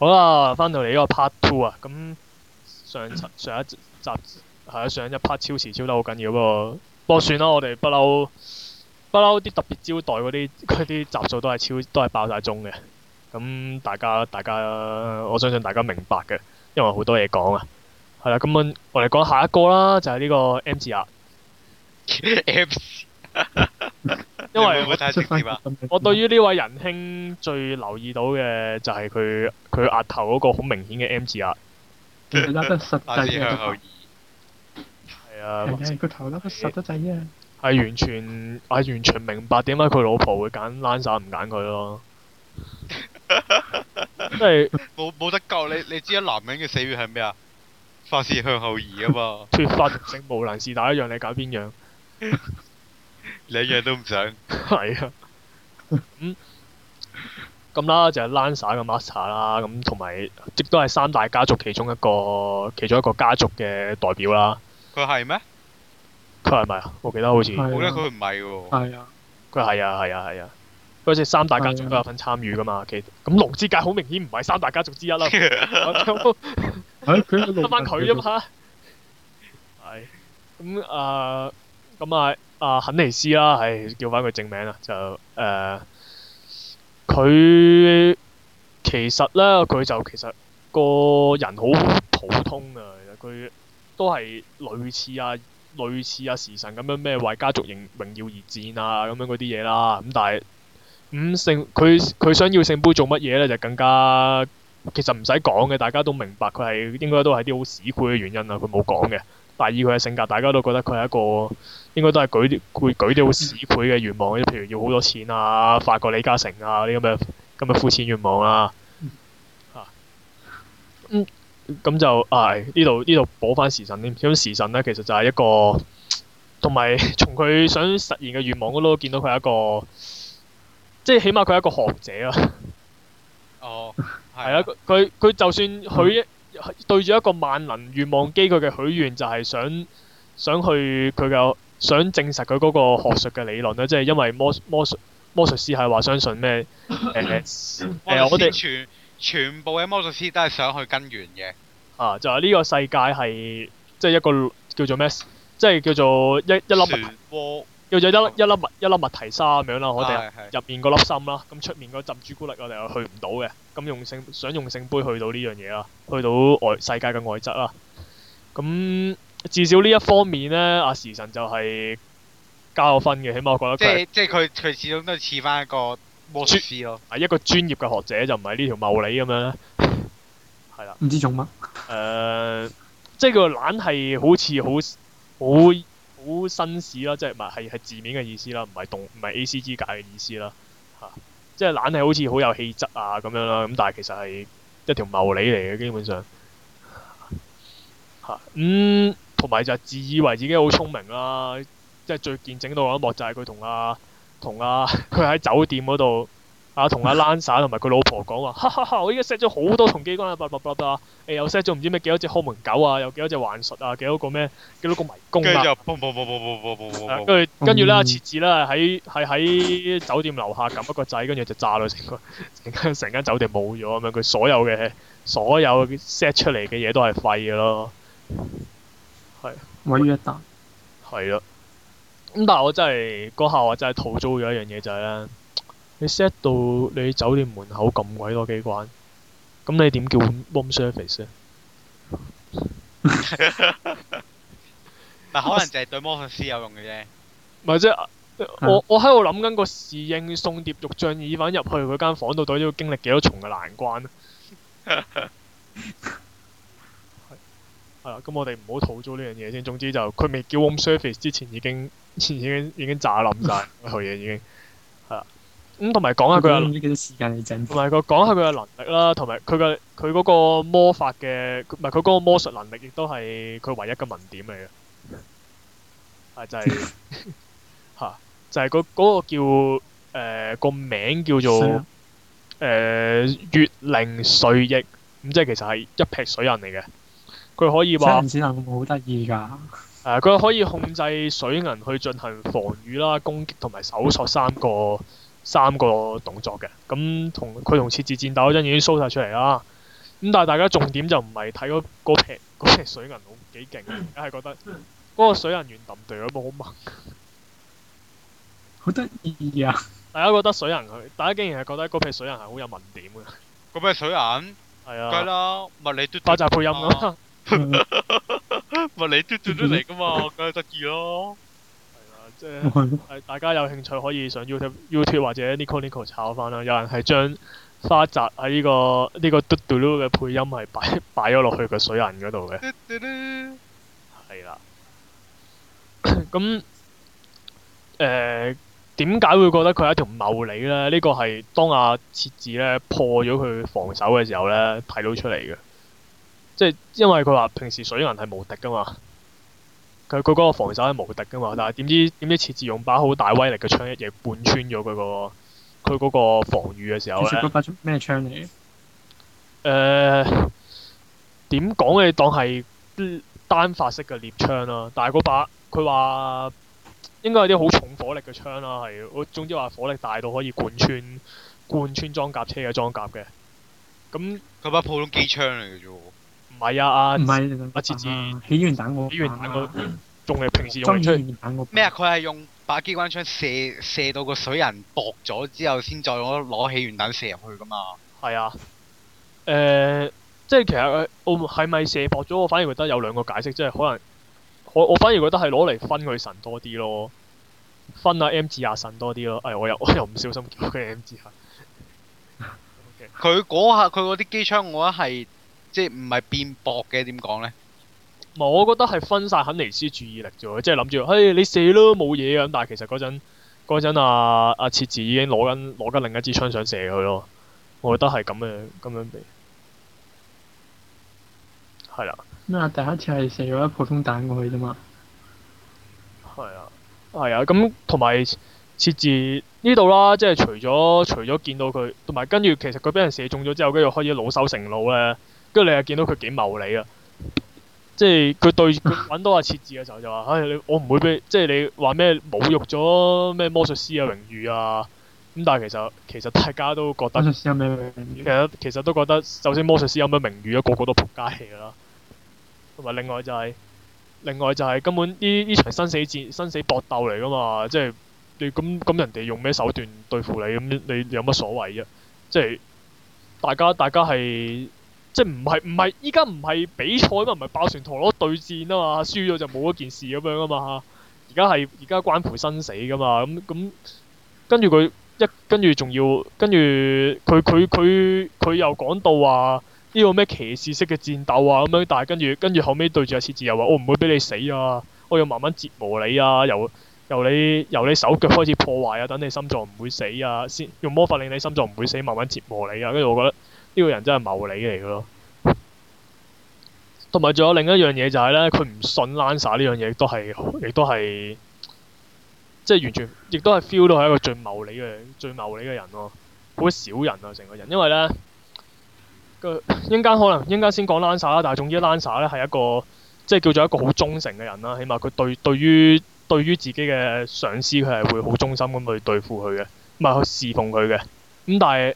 好啦，翻到嚟呢個 part two 啊，咁、嗯、上上一集係啊、嗯、上一，集、嗯、上一集 part 超時超得好緊要喎，不過算啦，我哋不嬲不嬲啲特別招待嗰啲嗰啲集數都係超都係爆晒鐘嘅，咁、嗯、大家大家我相信大家明白嘅，因為好多嘢講啊，係、嗯、啦，咁、嗯、晚我哋講下一個啦，就係、是、呢個 M 字壓。 因為我對於呢位仁兄最留意到嘅就係佢佢額頭嗰個好明顯嘅 M 字壓，其實拉得實際啊，係啊、 嗯，個頭得實得滯啊，係 完全係完全明白點解佢老婆會揀 Lancer 唔揀佢咯，即係冇冇得救你？你知男人嘅死穴係咩啊？髮泄向後移啊嘛，脫髮同無能是打一樣，你搞邊樣？ 兩樣都唔想，係 啊，咁咁啦，就係 Lancer 嘅 Master 啦，咁同埋亦都係三大家族其中一個其中一個家族嘅代表啦。佢係咩？佢係咪啊？我記得好似、啊、我覺得佢唔係喎。係啊，佢係啊，係啊，係啊。好似三大家族都有份參與噶嘛？啊、其實咁龍之介好明顯唔係三大家族之一啦。誒， 佢得翻佢啫嘛？係咁啊，咁、嗯、啊。啊肯尼斯啦，唉、哎、叫翻佢正名啊就誒，佢、呃、其實咧佢就其實個人好普通啊，佢都係類似啊類似啊時辰咁樣咩為家族榮耀而戰啊咁樣嗰啲嘢啦，咁但係咁聖佢佢想要聖杯做乜嘢咧就更加其實唔使講嘅，大家都明白佢係應該都係啲好市儈嘅原因啊，佢冇講嘅，但係以佢嘅性格，大家都覺得佢係一個。應該都係舉啲會舉啲好屎鬼嘅願望，啲譬如要好多錢啊，發過李嘉誠啊呢啲咁嘅咁嘅膚淺願望啊。咁、啊嗯、就唉，呢度呢度補翻時辰添。咁時辰呢，其實就係一個，同埋從佢想實現嘅願望嗰度見到佢係一個，即、就、係、是、起碼佢係一個學者、哦、 啊。哦，係啊，佢佢就算佢對住一個萬能願望機，佢嘅許願就係想想去佢嘅。想證實佢嗰個學術嘅理論咧，即係因為魔魔魔術師係話相信咩？誒誒，我哋全全部嘅魔術師都係想去根源嘅。啊，就係呢個世界係即係一個叫做咩？即係叫做一一粒波，叫做一粒一粒物一粒物體沙咁樣啦。我哋入面嗰粒心啦，咁出面嗰浸朱古力我哋又去唔到嘅。咁用聖想用聖杯去到呢樣嘢啦，去到外世界嘅外質啦。咁。至少呢一方面咧，阿時辰就係加咗分嘅，起碼我覺得即係即係佢佢始終都係似翻一個魔術師咯，啊一個專業嘅學者就唔係呢條茂利咁樣啦，係啦，唔知做乜，誒，即係個懶係好似好好好紳士啦，就是啊，即係唔係係字面嘅意思啦，唔係動唔係 A C G 界嘅意思啦，吓，即係懶係好似好有氣質啊咁樣啦，咁但係其實係一條茂利嚟嘅，基本上吓，啊，嗯。同埋就自以為自己好聰明啦，即係最見整到嗰一幕就係佢同啊同啊，佢喺酒店嗰度啊，同啊 Lancer 同埋佢老婆講話，哈哈哈！我依家 set 咗好多同機關啊，叭叭叭叭，誒又 set 咗唔知咩幾多隻看門狗啊，又幾多隻幻術啊，幾多個咩幾多個迷宮啦，跟住就嘣嘣嘣嘣嘣，跟住咧設置咧喺喺喺酒店樓下撳一個掣，跟住就炸到成個成間酒店冇咗咁樣。佢所有嘅所有 set 出嚟嘅嘢都係廢嘅咯。係，毀於一旦。係啦，咁但係我真係嗰下我真係吐槽咗一樣嘢就係、是、咧，你 set 到你酒店門口咁鬼多機關，咁你點叫 room service 啊？但可能就係對魔術師有用嘅啫。唔係即係我我喺度諗緊個侍應送碟肉醬意粉入去佢間房度，到底要經歷幾多重嘅難關咧？ 咁我哋唔好吐槽呢樣嘢先。總之就佢未叫 w service 之前，已經已經已經炸冧晒佢嘢，已經係啦。咁同埋講下佢嘅時間同埋佢講下佢嘅能力啦，同埋佢嘅佢個魔法嘅，唔係佢嗰個魔術能力，亦都係佢唯一嘅盲點嚟嘅。係就係吓，就係嗰嗰個叫誒個、呃、名叫做誒的、呃、月令水翼咁、嗯，即係其實係一劈水印嚟嘅。佢可以話，真係咁好得意㗎。誒，佢可以控制水銀去進行防禦啦、攻擊同埋搜索三個三個動作嘅。咁同佢同設置戰鬥嗰陣已經 show 曬出嚟啦。咁但係大家重點就唔係睇嗰嗰撇水銀好幾勁，而係 覺得嗰個水銀員揼隊有冇好猛？ 好得意啊！大家覺得水銀佢，大家竟然係覺得嗰撇水銀係好有文點嘅。嗰撇水銀係啊，梗係啦，物理都爆炸配音咯～物理嘟嘟出嚟噶嘛，梗係得意咯。係 啊，即係，大家有興趣可以上 YouTube、YouTube 或者啲 NicoNico 炒翻啦。有人係將花澤喺呢個呢、這個嘟嘟嚕嘅配音係擺擺咗落去個水印嗰度嘅。嘟嘟嚕，係 啦。咁， 誒，點解會覺得佢係一條茂理呢？啊、呢個係當阿設置咧破咗佢防守嘅時候呢，睇到出嚟嘅。即係因為佢話平時水銀係無敵噶嘛，佢佢嗰個防守係無敵噶嘛，但係點知點知設置用把好大威力嘅槍一嘢貫穿咗佢，嗰個佢嗰個防禦嘅時候咧，把咩槍嚟？誒點講你當係單發式嘅獵槍啊？但係嗰把佢話應該係啲好重火力嘅槍啦、啊，係我總之話火力大到可以貫穿貫穿裝甲車嘅裝甲嘅。咁嗰把普通機槍嚟嘅啫喎。唔係啊，唔、啊、係，我設置起源彈，我起源彈、嗰個，我仲係平時用、啊、用起源彈。我咩啊？佢係用把機關槍射射到個水人搏咗之後，先再攞攞起源彈射入去㗎嘛？係啊，誒，即係其實佢，我係咪射搏咗？我反而覺得有兩個解釋，即係可能我我反而覺得係攞嚟分佢神多啲咯，分啊 M 字啊神多啲咯。哎，我又我又唔小心叫佢 M 字啊。佢嗰下佢嗰啲機槍，我覺得係。即唔係變薄嘅？點講咧？我覺得係分散肯尼斯注意力啫，即係諗住，嘿，hey，你射咯，冇嘢啊。咁但係其實嗰陣嗰陣，阿阿設置已經攞緊攞緊另一支槍想射佢咯。我覺得係咁樣咁樣嘅，係啦。咩啊？第一次係射咗一普通彈過去啫嘛？係啊，係啊。咁同埋設置呢度啦，即係除咗除咗見到佢，同埋跟住其實佢俾人射中咗之後，跟住開始老羞成怒咧。跟住你又見到佢幾謀利啊！即係佢對佢揾到下設置嘅時候就話，唉、哎，我你我唔會俾即係你話咩侮辱咗咩魔術師嘅名譽啊！咁但係其實其實大家都覺得，其實其實都覺得首先魔術師有咩名譽啊？個個都仆街嘅啦。同埋另外就係、是、另外就係根本呢呢場生死戰、生死搏鬥嚟噶嘛！即係你咁咁人哋用咩手段對付你咁，你有乜所謂啫、啊？即係大家大家係。即係唔係唔係依家唔係比賽啊嘛，唔係爆旋陀螺對戰啊嘛，輸咗就冇嗰件事咁樣啊嘛。而家係而家關乎生死噶嘛，咁咁跟住佢一跟住仲要跟住佢佢佢佢又講到話呢個咩騎士式嘅戰鬥啊咁樣，但係跟住跟住後尾對住阿次子又話我唔會俾你死啊，我要慢慢折磨你啊，由由你由你手腳開始破壞啊，等你心臟唔會死啊，先用魔法令你心臟唔會死，慢慢折磨你啊，跟住我覺得。呢個人真係謀利嚟嘅咯，同埋仲有另一樣嘢就係咧，佢唔信 Lancer 呢樣嘢，都係亦都係即係完全，亦都係 feel 到係一個最謀利嘅、最謀利嘅人喎，好小人啊成個人，因為咧，佢陣間可能陣間先講 Lancer 啦，但係總之 Lancer 咧係一個即係叫做一個好忠誠嘅人啦，起碼佢對對於對於，對於自己嘅上司，佢係會好忠心咁去對付佢嘅，唔係去侍奉佢嘅，咁、嗯、但係。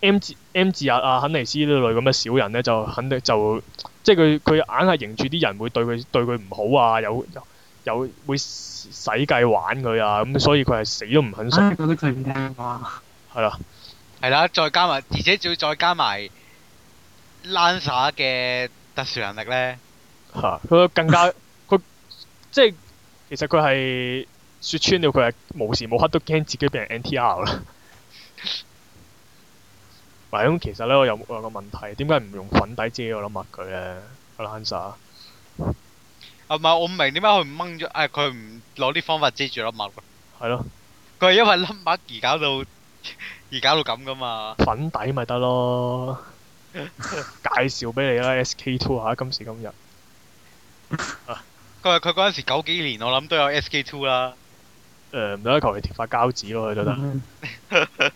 M 字 M 字啊！啊肯尼斯呢類咁嘅小人咧，就肯定就即係佢佢硬係迎住啲人會對佢對佢唔好啊，有有有會使計玩佢啊，咁、嗯、所以佢係死都唔肯信。覺得佢唔聽話。係啦，係啦，再加埋，而且仲要再加埋 Lancer 嘅特殊能力咧。吓佢更加佢 即係其實佢係說穿了，佢係無時無刻都驚自己變成 NTR 啦。 喂，咁，其實咧，我有我有個問題，點解唔用粉底遮我粒麥佢咧？阿 Lance 啊唔係，我唔明點解佢唔掹咗，誒佢唔攞啲方法遮住粒麥喎？係咯了，佢係因為粒麥而搞到 而搞到咁噶嘛？粉底咪得咯， 介紹俾你啦，SK Two 嚇、啊，今時今日，佢話佢嗰陣時九幾年，我諗都有 SK Two 啦。誒唔得，求其貼塊膠紙咯，佢都得。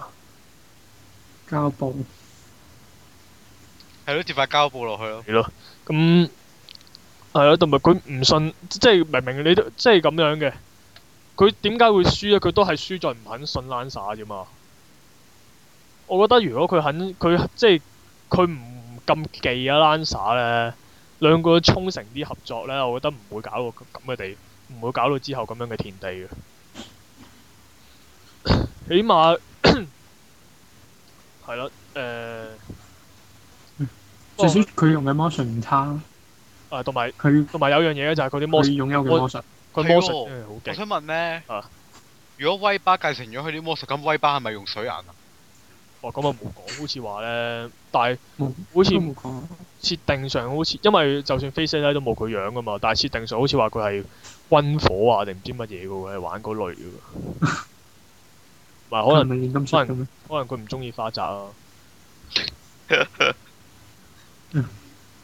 膠布，係咯，接塊膠布落去咯。係咯，咁係咯，同埋佢唔信，即係明明你都，即係咁樣嘅，佢點解會輸咧？佢都係輸在唔肯信 Lancer 啫嘛。我覺得如果佢肯，佢即係佢唔咁忌啊 Lancer 咧，兩個沖繩啲合作咧，我覺得唔會搞到咁嘅地，唔會搞到之後咁樣嘅田地嘅。 起碼。係咯，誒，至少佢用嘅魔術唔差，誒，同埋佢同埋有樣嘢咧，就係佢啲魔術擁有嘅魔術，佢魔術好勁。我想問咧，如果威巴繼承咗佢啲魔術，咁威巴係咪用水銀啊？哇，咁又冇講，好似話咧，但係好似設定上好似，因為就算 f a c e t 都冇佢樣噶嘛，但係設定上好似話佢係軍火啊定唔知乜嘢噶喎，佢係玩嗰類噶唔係、嗯、可能，可可能佢唔中意花澤啊。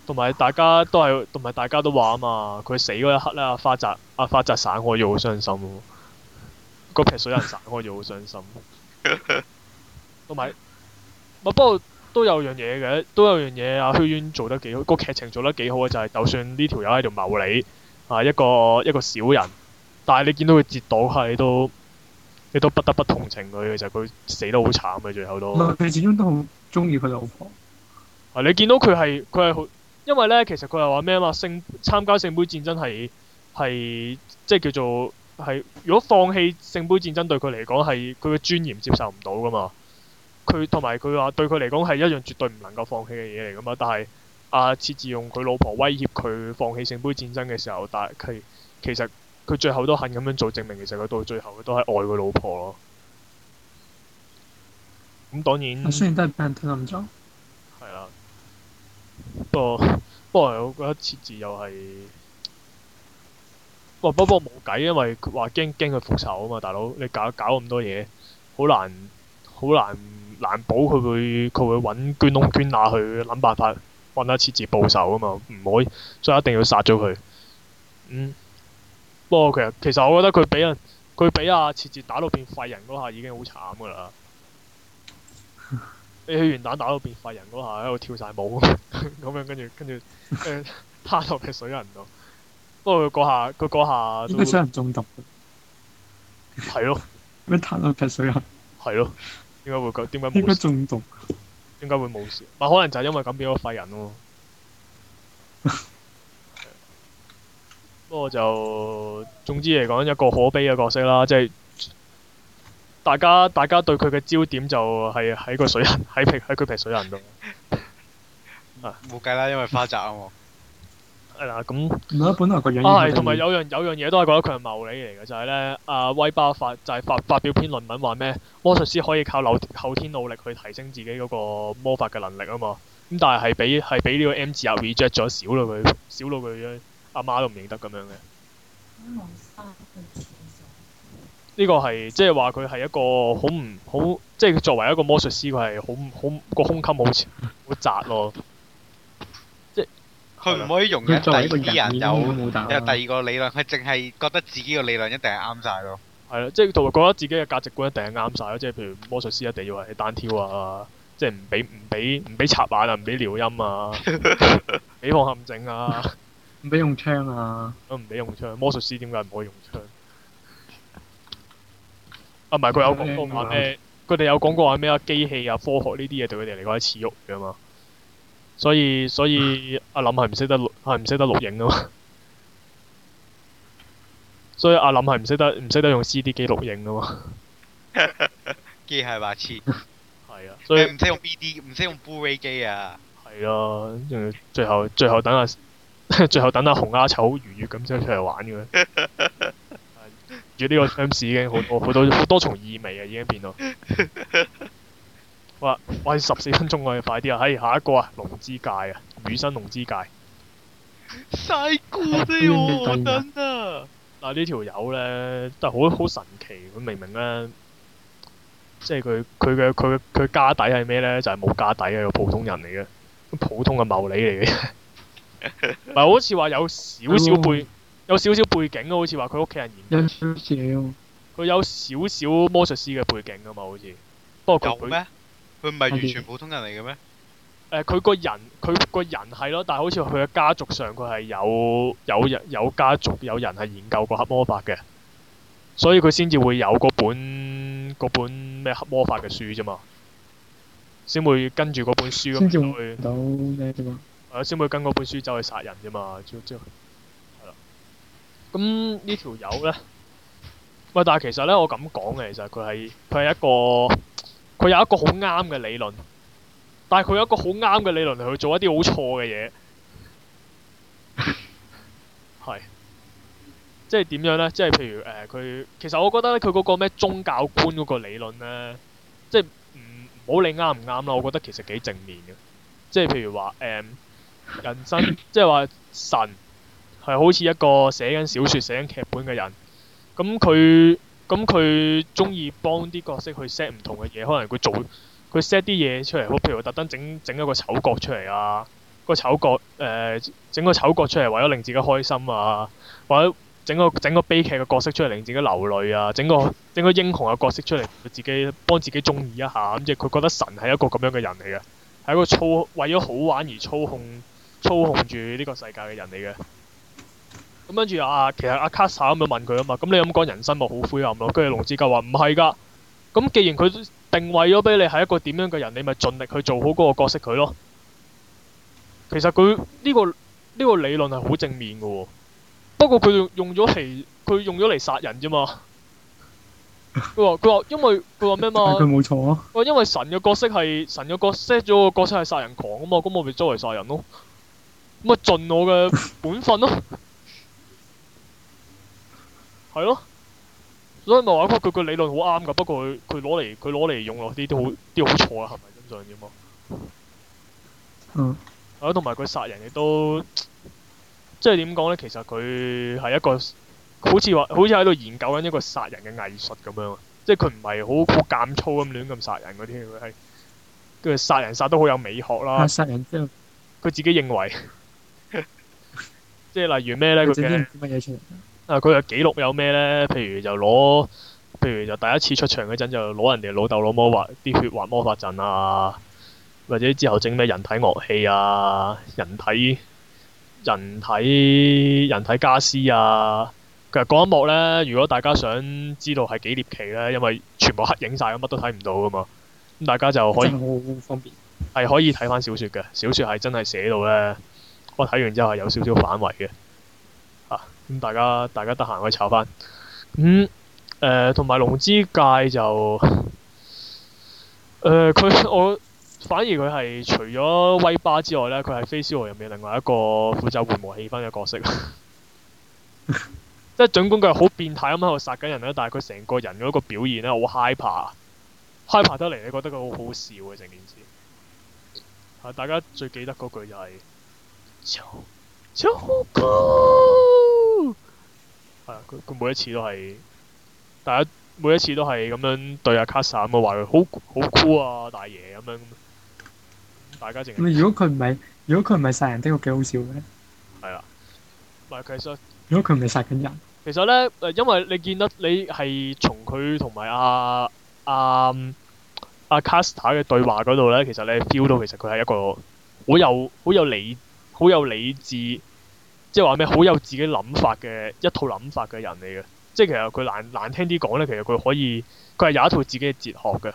同埋大家都係，同埋大家都話啊嘛。佢死嗰一刻咧、啊，阿花澤，阿、啊、花澤散開就好傷心咯、啊。個皮水人散開就好傷心、啊。同埋， 不過都有樣嘢嘅，都有樣嘢、啊。阿虛淵做得幾好，那個劇情做得幾好啊！就係、是、就算呢條友喺度謀你，啊，一個一個小人，但係你見到佢跌倒係都。你都不得不同情佢，其實佢死得好慘嘅，最後都。佢始終都好中意佢老婆。啊！你見到佢係佢係好，因為咧，其實佢係話咩啊嘛？聖參加聖杯戰爭係係即係叫做係，如果放棄聖杯戰爭對佢嚟講係佢嘅尊嚴接受唔到噶嘛。佢同埋佢話對佢嚟講係一樣絕對唔能夠放棄嘅嘢嚟噶嘛。但係阿切嗣用佢老婆威脅佢放棄聖杯戰爭嘅時候，但係佢其實。佢最後都肯咁樣做，證明其實佢到最後都係愛佢老婆咯。咁、嗯、當然、啊，雖然都係病態林裝，係啦。不過不過，我覺得設置又係哇，不過冇計，因為佢話驚驚佢復仇啊嘛，大佬你搞搞咁多嘢，好難好難難保佢會佢會揾捐窿捐罅去諗辦法揾阿設置報仇啊嘛，唔可以，所以一定要殺咗佢嗯。不過其實其實我覺得佢俾人佢俾阿切治打到變廢人嗰下已經好慘㗎啦，你去完蛋打到變廢人嗰下喺度跳晒舞咁 樣，跟住跟住誒塌落劈水人度。不過佢嗰下佢嗰下應該水人中毒。係 咯，咁塌落劈水人？係咯，應該會點解冇事？中毒，點 解會冇事？咪可能就係因為咁變咗廢人咯。 不過就總之嚟講，一個可悲嘅角色啦，即係大家大家對佢嘅焦點就係喺個水人，喺皮喺佢皮水人度，冇計啦，因為花澤 啊嘛，係啦咁，嗱本來個樣，係同埋有樣有樣嘢都係覺得佢係謀利嚟嘅，就係咧阿威巴發就係、是、發發表篇論文話咩，魔術師可以靠後天努力去提升自己嗰個魔法嘅能力啊嘛，咁但係係畀係畀呢個 M Z R reject 咗少到佢，少咯佢阿媽都唔認得咁樣嘅。呢個係即係話佢係一個好唔好，即係作為一個魔術師，佢係好唔好個胸襟好好窄咯。即係佢唔可以容得第二人有， 有，有第二個理論，佢淨係覺得自己個理論一定係啱晒咯。係咯，即係同埋覺得自己嘅價值觀一定係啱晒咯。即係譬如魔術師一定要係單挑啊，即係唔俾唔俾唔俾插眼啊，唔俾撩陰啊，俾放陷阱啊。唔俾用槍啊！我唔俾用槍。魔術師點解唔可以用槍？啊，唔係佢有講過話咩？佢哋有講過話咩啊？機器啊，科學呢啲嘢對佢哋嚟講係恥辱嘅嘛。所以，所以阿、 啊、林係唔識得錄，係唔識得錄影噶嘛。所以阿、啊、林係唔識得唔識得用 C D 機錄影噶嘛。機械白痴。係 啊。所以唔識用 B D，唔識 用 Blu-ray 機啊。係仲要、 啊、最後，最後，最，後最後等下。最後等阿紅阿丑愉悅咁先出嚟玩嘅，而呢個 f a 已經好多好多，多重意味啊，已經變到。 哇，喂，十四分鐘我你快啲啊！喺、哎、下一個啊，龍之介啊，雨生龍之介。晒鼓先喎，等啊！ 但呢條友咧，都係好好神奇。佢明明咧，即係佢佢嘅佢佢家底係咩咧？就係、是、冇家底啊，個普通人嚟嘅，普通嘅牟利嚟嘅。唔係， 好似話有少少背，有少少背景啊，好似話佢屋企人研究少少，佢有少少魔術師嘅背景噶嘛。好似不過佢佢唔係完全普通人嚟嘅咩？佢個、 呃、人佢個人係咯，但係好似話佢嘅家族上佢係有有有家族有人係研究過黑魔法嘅，所以佢先至會有嗰本嗰本咩黑魔法嘅書啫嘛，先會跟住嗰本書咁佢先會跟嗰本書走去殺人啫嘛。即係，係啦。咁、呢個、呢條友咧，喂，但係其實咧，我咁講嘅，其實佢係佢係一個，佢有一個好啱嘅理論，但係佢有一個好啱嘅理論嚟去做一啲好錯嘅嘢，係， 即係點樣咧？即係譬如誒，佢、呃、其實我覺得咧，佢嗰個咩宗教觀嗰個理論咧，即係唔好理啱唔啱啦。我覺得其實幾正面嘅，即係譬如話誒。呃人生即係話神係好似一個寫緊小説、寫緊劇本嘅人。咁佢咁佢中意幫啲角色去 set 唔同嘅嘢，可能佢做佢 set 啲嘢出嚟，好譬如話特登整整一個丑角出嚟啊。個丑角誒整、呃、個丑角出嚟，為咗令自己開心啊，或者整個整個悲劇嘅角色出嚟，令自己流淚啊。整個整個英雄嘅角色出嚟，佢自己幫自己中意一下。咁即係佢覺得神係一個咁樣嘅人嚟嘅，係一個操為咗好玩而操控。操控住呢個世界嘅人嚟嘅。咁跟住啊，其實阿、啊、卡薩咁樣問佢啊嘛，咁你咁講人生咪好灰暗咯？跟、啊、住龍之介話唔係噶，咁、啊、既然佢定位咗俾你係一個點樣嘅人，你咪盡力去做好嗰個角色佢咯。其實佢呢、這個呢、這個理論係好正面噶，不過佢用咗嚟佢用咗嚟殺人啫嘛。佢話佢話因為佢話咩嘛？佢冇錯啊。因為神嘅角色係神嘅角色，咗個角色係殺人狂啊嘛，咁我咪周圍殺人咯。咁咪盡我嘅本分咯、啊，係咯， 所以咪話佢佢嘅理論好啱噶。不過佢佢攞嚟佢攞嚟用落啲都好啲好錯、嗯、啊，係咪真相啫嘛？嗯，啊，同埋佢殺人亦都，即係點講咧？其實佢係一個好似話，好似喺度研究緊一個殺人嘅藝術咁樣。即係佢唔係好好減粗咁亂咁殺人嗰啲，佢係，佢、佢係、殺人殺得好有美學啦。啊、殺人之後佢自己認為。即係例如咩咧？佢嘅啊，佢嘅記錄有咩咧？譬如就攞，譬如就第一次出場嗰陣就攞人哋老豆老魔畫啲血畫魔法陣啊，或者之後整咩人體樂器啊，人體人體人體家私啊。其實嗰一幕咧，如果大家想知道係幾獵奇咧，因為全部黑影曬，乜都睇唔到噶嘛。咁大家就可以好方便，係可以睇翻小説嘅。小説係真係寫到咧。我睇完之後係有少少反胃嘅。啊，啊、嗯、咁大家大家得閒可以炒翻，咁誒同埋龍之界就誒佢、呃、我反而佢係除咗威巴之外咧，佢係《飛蕭河》入面另外一個負責緩和氣氛嘅角色，呵呵 即係儘管佢係好變態咁喺度殺緊人咧，但係佢成個人嗰個表現咧好 hyper，hyper 得嚟你覺得佢好好笑嘅成件事。啊，大家最記得嗰句就係、是。超酷，係啊！佢佢每一次都係，大家每一次都係咁樣對阿卡莎咁樣話佢好好酷啊，大爺咁樣，大家淨。咁如果佢唔係，如果佢唔係殺人的，的確幾好笑嘅。係啊，唔係其實。如果佢唔係殺緊人，其實咧，因為你見得你係從佢同埋阿阿阿卡莎嘅對話嗰度咧，其實你 feel 到其實佢係一個好有好有理。好有理智，即係話咩？好有自己諗法嘅一套諗法嘅人嚟嘅，即係其實佢難難聽啲講呢，其實佢可以，佢係有一套自己嘅哲學嘅。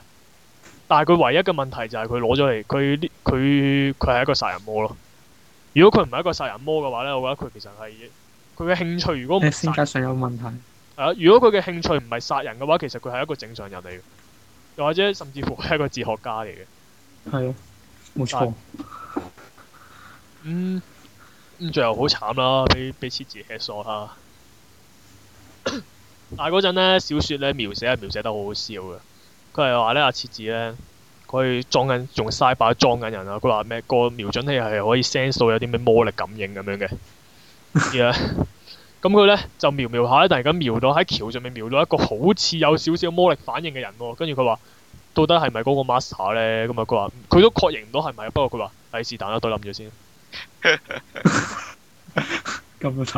但係佢唯一嘅問題就係佢攞咗嚟，佢呢，佢佢係一個殺人魔咯。如果佢唔係一個殺人魔嘅話呢，我覺得佢其實係佢嘅興趣。如果唔係性格上有問題，啊，如果佢嘅興趣唔係殺人嘅話，其實佢係一個正常人嚟嘅，又或者甚至乎係一個哲學家嚟嘅。係啊，冇錯。嗯，咁最後好慘啦，俾俾切子吃傻啦。但係嗰陣咧，小說咧描寫係描寫得好好笑嘅。佢係話咧阿切子咧，佢裝緊用晒把裝緊人啊。佢話咩個瞄準器係可以 sense 到有啲咩魔力感應咁樣嘅。咁佢咧就瞄瞄下，突然間瞄到喺橋上面瞄到一個好似有少少魔力反應嘅人啊。跟住佢話到底係咪嗰個 master 咧？咁啊，佢話佢都確認唔到係咪。不過佢話第時等阿隊諗住先。咁就，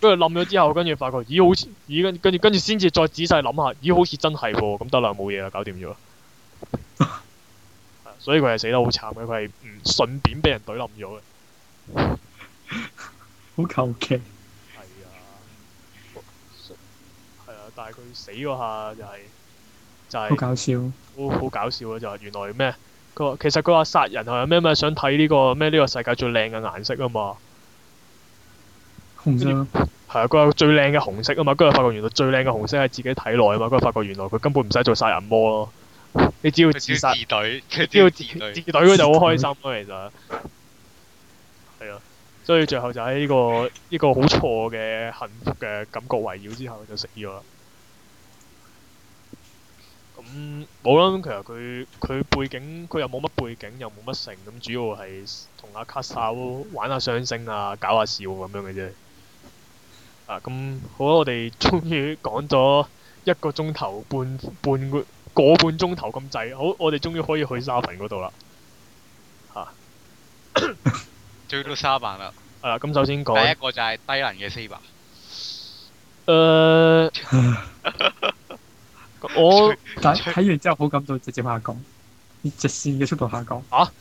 跟住冧咗之後，跟住發覺，咦，好似，咦，跟住跟住先至再仔細諗下，咦，好似真係，咁得啦，冇嘢啦，搞掂咗。 所以佢係死得好慘嘅，佢係順便俾人懟冧咗嘅，好求其。係啊，係、哦、啊，但係佢死嗰下就係、是，就係、是、好搞笑，好好，好搞笑啊。就係、是、原來咩。佢話其實佢話殺人啊，咩咩想睇呢個咩呢個世界最靚嘅顏色啊嘛，紅色係啊，佢話最靚嘅紅色啊嘛，跟住發覺原來最靚嘅紅色喺自己體內啊嘛，佢發覺原來佢根本唔使做殺人魔咯，你只要自殺自隊，只要自隊，自隊佢就好開心咯，其實係啊，所以最後就喺呢個呢個好錯嘅幸福嘅感覺圍繞之後就死咗啦。嗯，冇啦。咁其實佢佢背景，佢又冇乜背景，又冇乜成。咁主要係同阿卡薩玩下相聲啊，搞下笑咁樣嘅啫。啊，咁好啦，我哋終於講咗一個鐘頭半半個半鐘頭咁滯，好，我哋終於可以去沙盆嗰度啦。吓，再到沙扮啦。係啦，咁首先講第一個就係低能嘅四吧。誒、呃。 我睇推完之後好感度直接下降，直線嘅速度下降。吓、啊，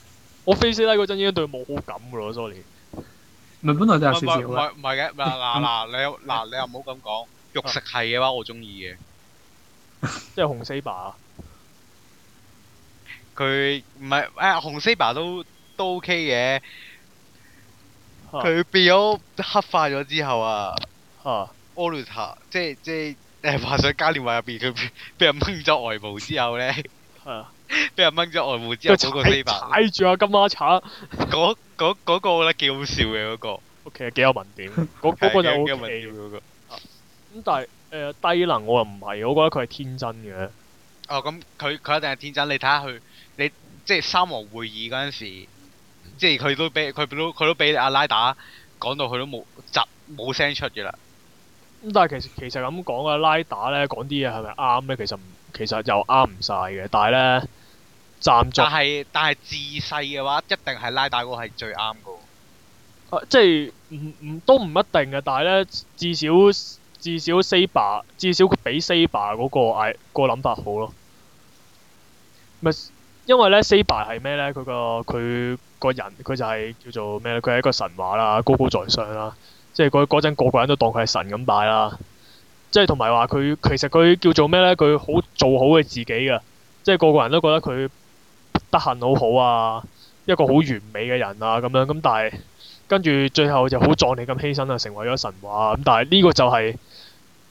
我飛死低嗰陣已經對佢冇好感噶咯，sorry。唔係本來就係少少唔係嘅，嗱嗱嗱，你嗱、啊、你又唔好咁講。肉食係嘅話我，我中意嘅，即係紅 Saber 佢唔係誒，紅 Saber 都都 OK 嘅。佢變咗黑化咗之後啊，Alter 即係即係。誒，說上話上嘉年華入邊，佢俾人掹咗外帽之後咧，俾 人掹咗外帽之後個 ar, 踩，踩、啊、踩住阿金馬茶，嗰嗰嗰個我覺得幾好笑嘅，嗰屋企 k 幾有文點，嗰就個有 OK。咁但係誒低能我又唔係，我覺得佢係天真嘅。哦，咁佢佢一定係天真，你睇下佢，你即係三王會議嗰陣時，即係佢都俾佢都佢都俾阿拉打，講到佢都冇窒冇聲出嘅啦。咁但係其實其實咁講啊，拉打咧講啲嘢係咪啱咧？其實其實又啱唔晒嘅。但係咧，暫住。但係但係自細嘅話，一定係拉打嗰個係最啱噶、啊。即係唔唔都唔一定嘅。但係咧，至少至少 Saber，至少比 Saber 嗰、那個嗌、啊那個諗法好咯。咪因為咧 Saber 係咩咧？佢、er 那個佢個人佢就係叫做咩咧？佢係一個神話啦，高高在上啦。即係嗰嗰陣，個個人都當佢係神咁拜啦，即係同埋話佢其實佢叫做咩呢？佢好做好佢自己㗎，即係個個人都覺得佢德行好好啊，一個好完美嘅人啊，咁樣咁。但係跟住最後就好壯烈咁犧牲啊，成為咗神話咁。但係呢個就係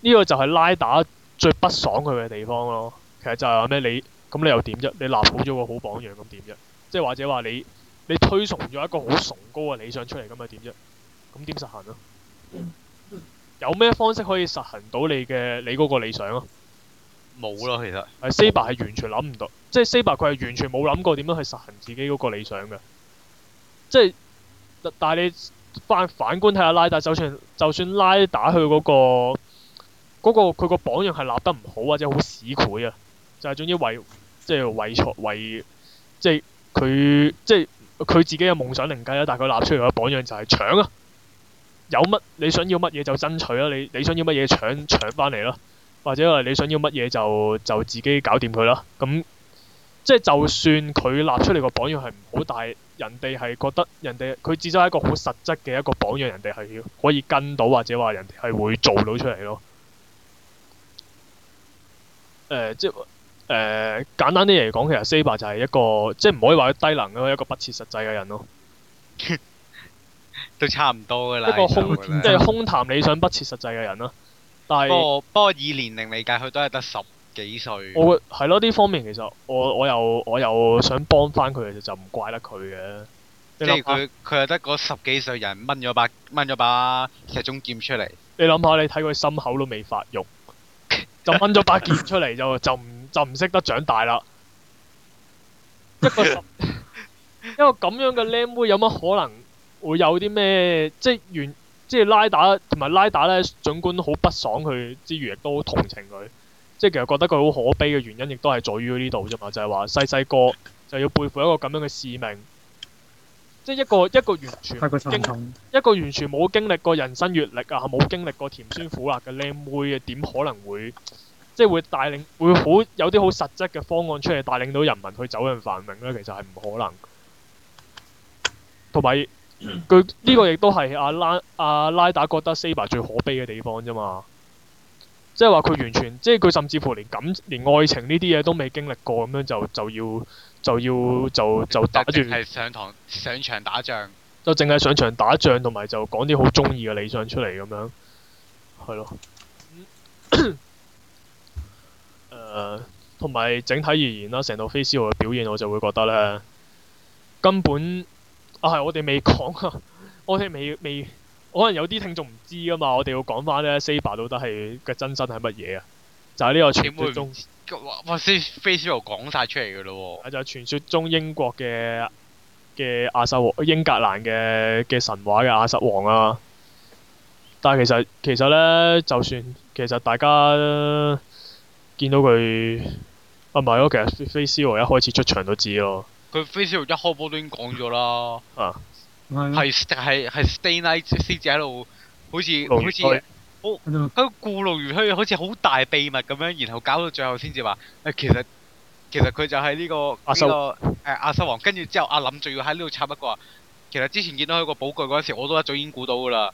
呢個就係拉打最不爽佢嘅地方咯。其實就係話咩？你咁你又點啫？你立好咗個好榜樣咁點啫？即係或者話你你推崇咗一個好崇高嘅理想出嚟咁咪點啫？咁點實行啊？有咩方式可以實行到你嘅你嗰個理想啊？冇啦，其實。Saber 係完全諗唔到，即係，Saber 佢係完全冇諗過點樣去實行自己嗰個理想嘅。即係，但係你反反觀睇下拉達，但就算就算拉打佢嗰個，嗰個佢個榜樣係立得唔好啊，或者好市儈啊，就係總之為即係為財為即係佢即係佢自己嘅夢想凌駕啦，但係佢立出嚟嘅榜樣就係搶啊！有乜你想要乜嘢就爭取啦，你你想要乜嘢搶搶翻嚟咯，或者係你想要乜嘢就就自己搞掂佢啦。咁即係就算佢立出嚟個榜樣係唔好，但係人哋係覺得人哋佢至少係一個好實質嘅一個榜樣，人哋係可以跟到，或者話人哋係會做到出嚟咯。誒、呃，即係誒，簡單啲嚟講，其實 Saber 就係一個即係唔可以話佢低能咯，一個不切實際嘅人咯。 都差唔多噶啦，個空即係空談理想不切實際嘅人咯，啊是哦。但係不過不過以年齡嚟計，佢都係得十幾歲。我係咯，呢方面其實我我又我又想幫翻佢，其實就唔怪得佢嘅。想想即係佢佢係得個十幾歲人掹咗把掹咗把石中劍出嚟。你諗下，你睇佢心口都未發育， 就掹咗把劍出嚟就就唔就唔識得長大啦。 一個十一個咁樣嘅靚妹有乜可能？會有啲咩？即係完，即係拉打同埋拉打咧，總管好不爽佢之餘，亦都好同情佢。即係其實覺得佢好可悲嘅原因，亦都係在於呢度啫嘛。就係話細細個就要背負一個咁樣嘅使命，即係一個一個完全分分一個完全冇經歷過人生閲歷啊，冇經歷過甜酸苦辣嘅靚妹嘅點，可能會即係會帶領會好有啲好實質嘅方案出嚟，帶領到人民去走向繁榮呢？其實係唔可能。同埋。佢呢、嗯，這個亦都係阿拉阿、啊、拉達覺得 Saber 最可悲嘅地方啫嘛，即係話佢完全，即係佢甚至乎連感，連愛情呢啲嘢都未經歷過，咁樣就就要就要就就打住。係上堂上場打仗，就淨係上場打仗，同埋就講啲好中意嘅理想出嚟咁樣，係咯。誒、嗯，同 埋、呃、整體而言啦，成套 Face 嘅表現，我就會覺得呢，根本。啊，係我哋未講啊，我哋未未，可能有啲聽眾唔知㗎嘛，我哋要講翻呢，Saber 到底係嘅真身係乜嘢啊？就係、是、呢個傳說中，哇哇 Fate Zero 講晒出嚟噶咯喎！就係、是、傳說中英國嘅嘅亞瑟王，英格蘭嘅嘅神話嘅亞瑟王啊！但係其實其實呢，就算其實大家、呃、見到佢，啊唔係，我其實 Fate Zero 一開始出場都知咯。Facebook 一開波都已經講咗啦，係係係 stay night 先至喺度，好似魚好似魚好佢顧路如虛好似好大秘密咁樣，然後搞到最後先至話，其實其實佢就係呢、這個呢、啊這個、呃、亞瑟王，跟住之後阿林仲要喺呢度插一句話，其實之前見到佢個寶具嗰時，我都一早已經估到㗎喇。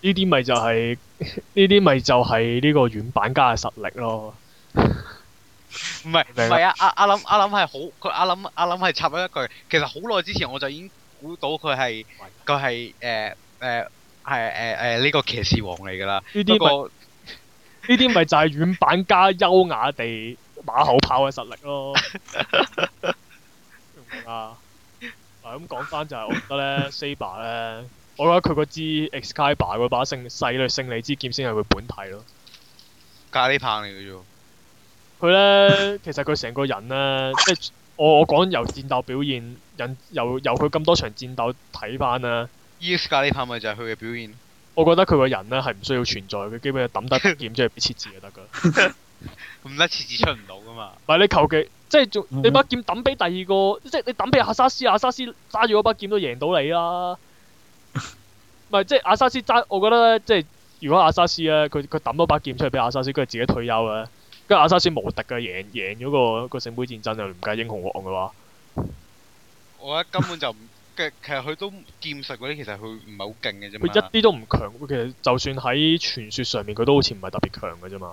呢啲咪就係呢啲咪就係呢個軟板家嘅實力咯。 唔係唔係啊！阿阿諗阿諗係好佢阿諗阿諗係插咗一句，其實好耐之前我就已經估到佢係佢係誒誒係誒誒呢個騎士王嚟噶啦，呢啲咪呢啲咪就係軟板加優雅地馬後炮嘅實力咯。明唔明啊？嗱咁講翻就係我覺得咧，Saber 咧，我覺得佢個支 Excalibur 嗰把勝利女勝利之劍先係佢本體咯，咖喱棒嚟嘅啫。佢咧，其實佢成個人咧，即係我我講由戰鬥表現，人由由佢咁多場戰鬥睇翻啊。Elsa 呢排咪就係佢嘅表現。我覺得佢個人咧係唔需要存在嘅，基本上抌得劍出去俾設置就得噶。唔得設置出唔到噶嘛。唔係你求其，即係仲你把劍抌俾第二個，即係你抌俾阿沙斯，阿沙斯揸住嗰把劍都贏到你啦。唔係即係阿沙斯揸，我覺得咧，即係如果阿沙斯咧，佢佢抌咗把劍出去俾阿沙斯，佢係自己退休啊。跟阿沙士無敵嘅贏贏咗個個聖杯戰爭就唔計英雄王嘅話，我覺得根本就唔其實佢都劍術嗰啲，其實佢唔係好勁嘅啫。佢一啲都唔強，其實就算喺傳說上面，佢都好似唔係特別強嘅啫嘛。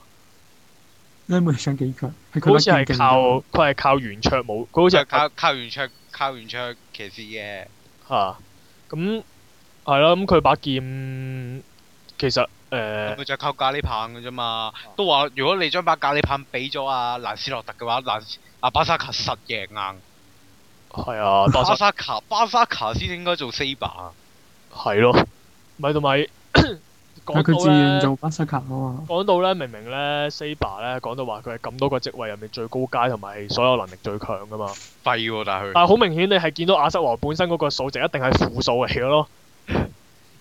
你唔冇想幾強？佢好似係靠佢係靠圓桌冇，佢好似係靠靠圓桌靠圓桌騎士嘅吓。咁係咯，咁佢、嗯嗯嗯、把劍其實。佢就靠咖喱棒嘅啫嘛，啊、都話如果你將把咖喱棒俾咗阿蘭斯洛特嘅話，蘭阿巴薩卡實贏硬，係啊，巴沙卡巴沙卡先應該做 Saber 啊，係咯，咪同咪，但佢自願做巴沙卡，講到咧明明咧 Saber 咧講到話佢係咁多個職位入面最高階同埋所有能力最強噶嘛，廢但係佢，但係好明顯你係見到亞瑟王本身嗰個數值一定係負數嚟嘅咯。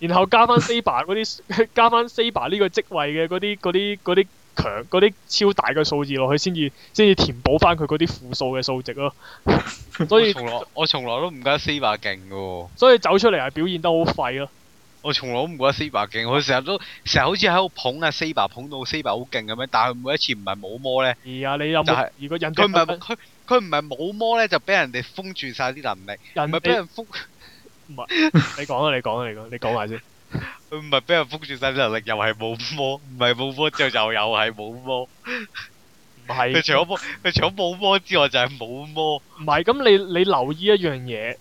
然後加翻 Saber 嗰啲，加翻 Saber 呢個職位嘅嗰啲嗰啲嗰啲強嗰啲超大嘅數字落去，先至先至填補翻佢嗰啲負數嘅數值咯。 所以我從來我從來都唔覺得 Saber 勁嘅。所以走出嚟係表現得好廢咯。我從來都唔覺得 Saber 勁，我成日都成日好似喺度捧啊 Saber，捧，捧，捧到 Saber 好勁咁樣。但係每一次唔係冇魔咧，而家你有冇？係、就是、如果人佢唔係佢佢唔係冇魔咧，就俾人哋封住晒啲能力，唔係俾人，家人封。 唔係，你講啊，你講啊，你講， 你講埋先。佢唔係俾人封住身能力，又係冇魔，唔係冇魔之後就又係冇魔。唔係佢除咗魔，佢除咗冇魔之外就係冇魔。唔係咁，你你留意一樣嘢，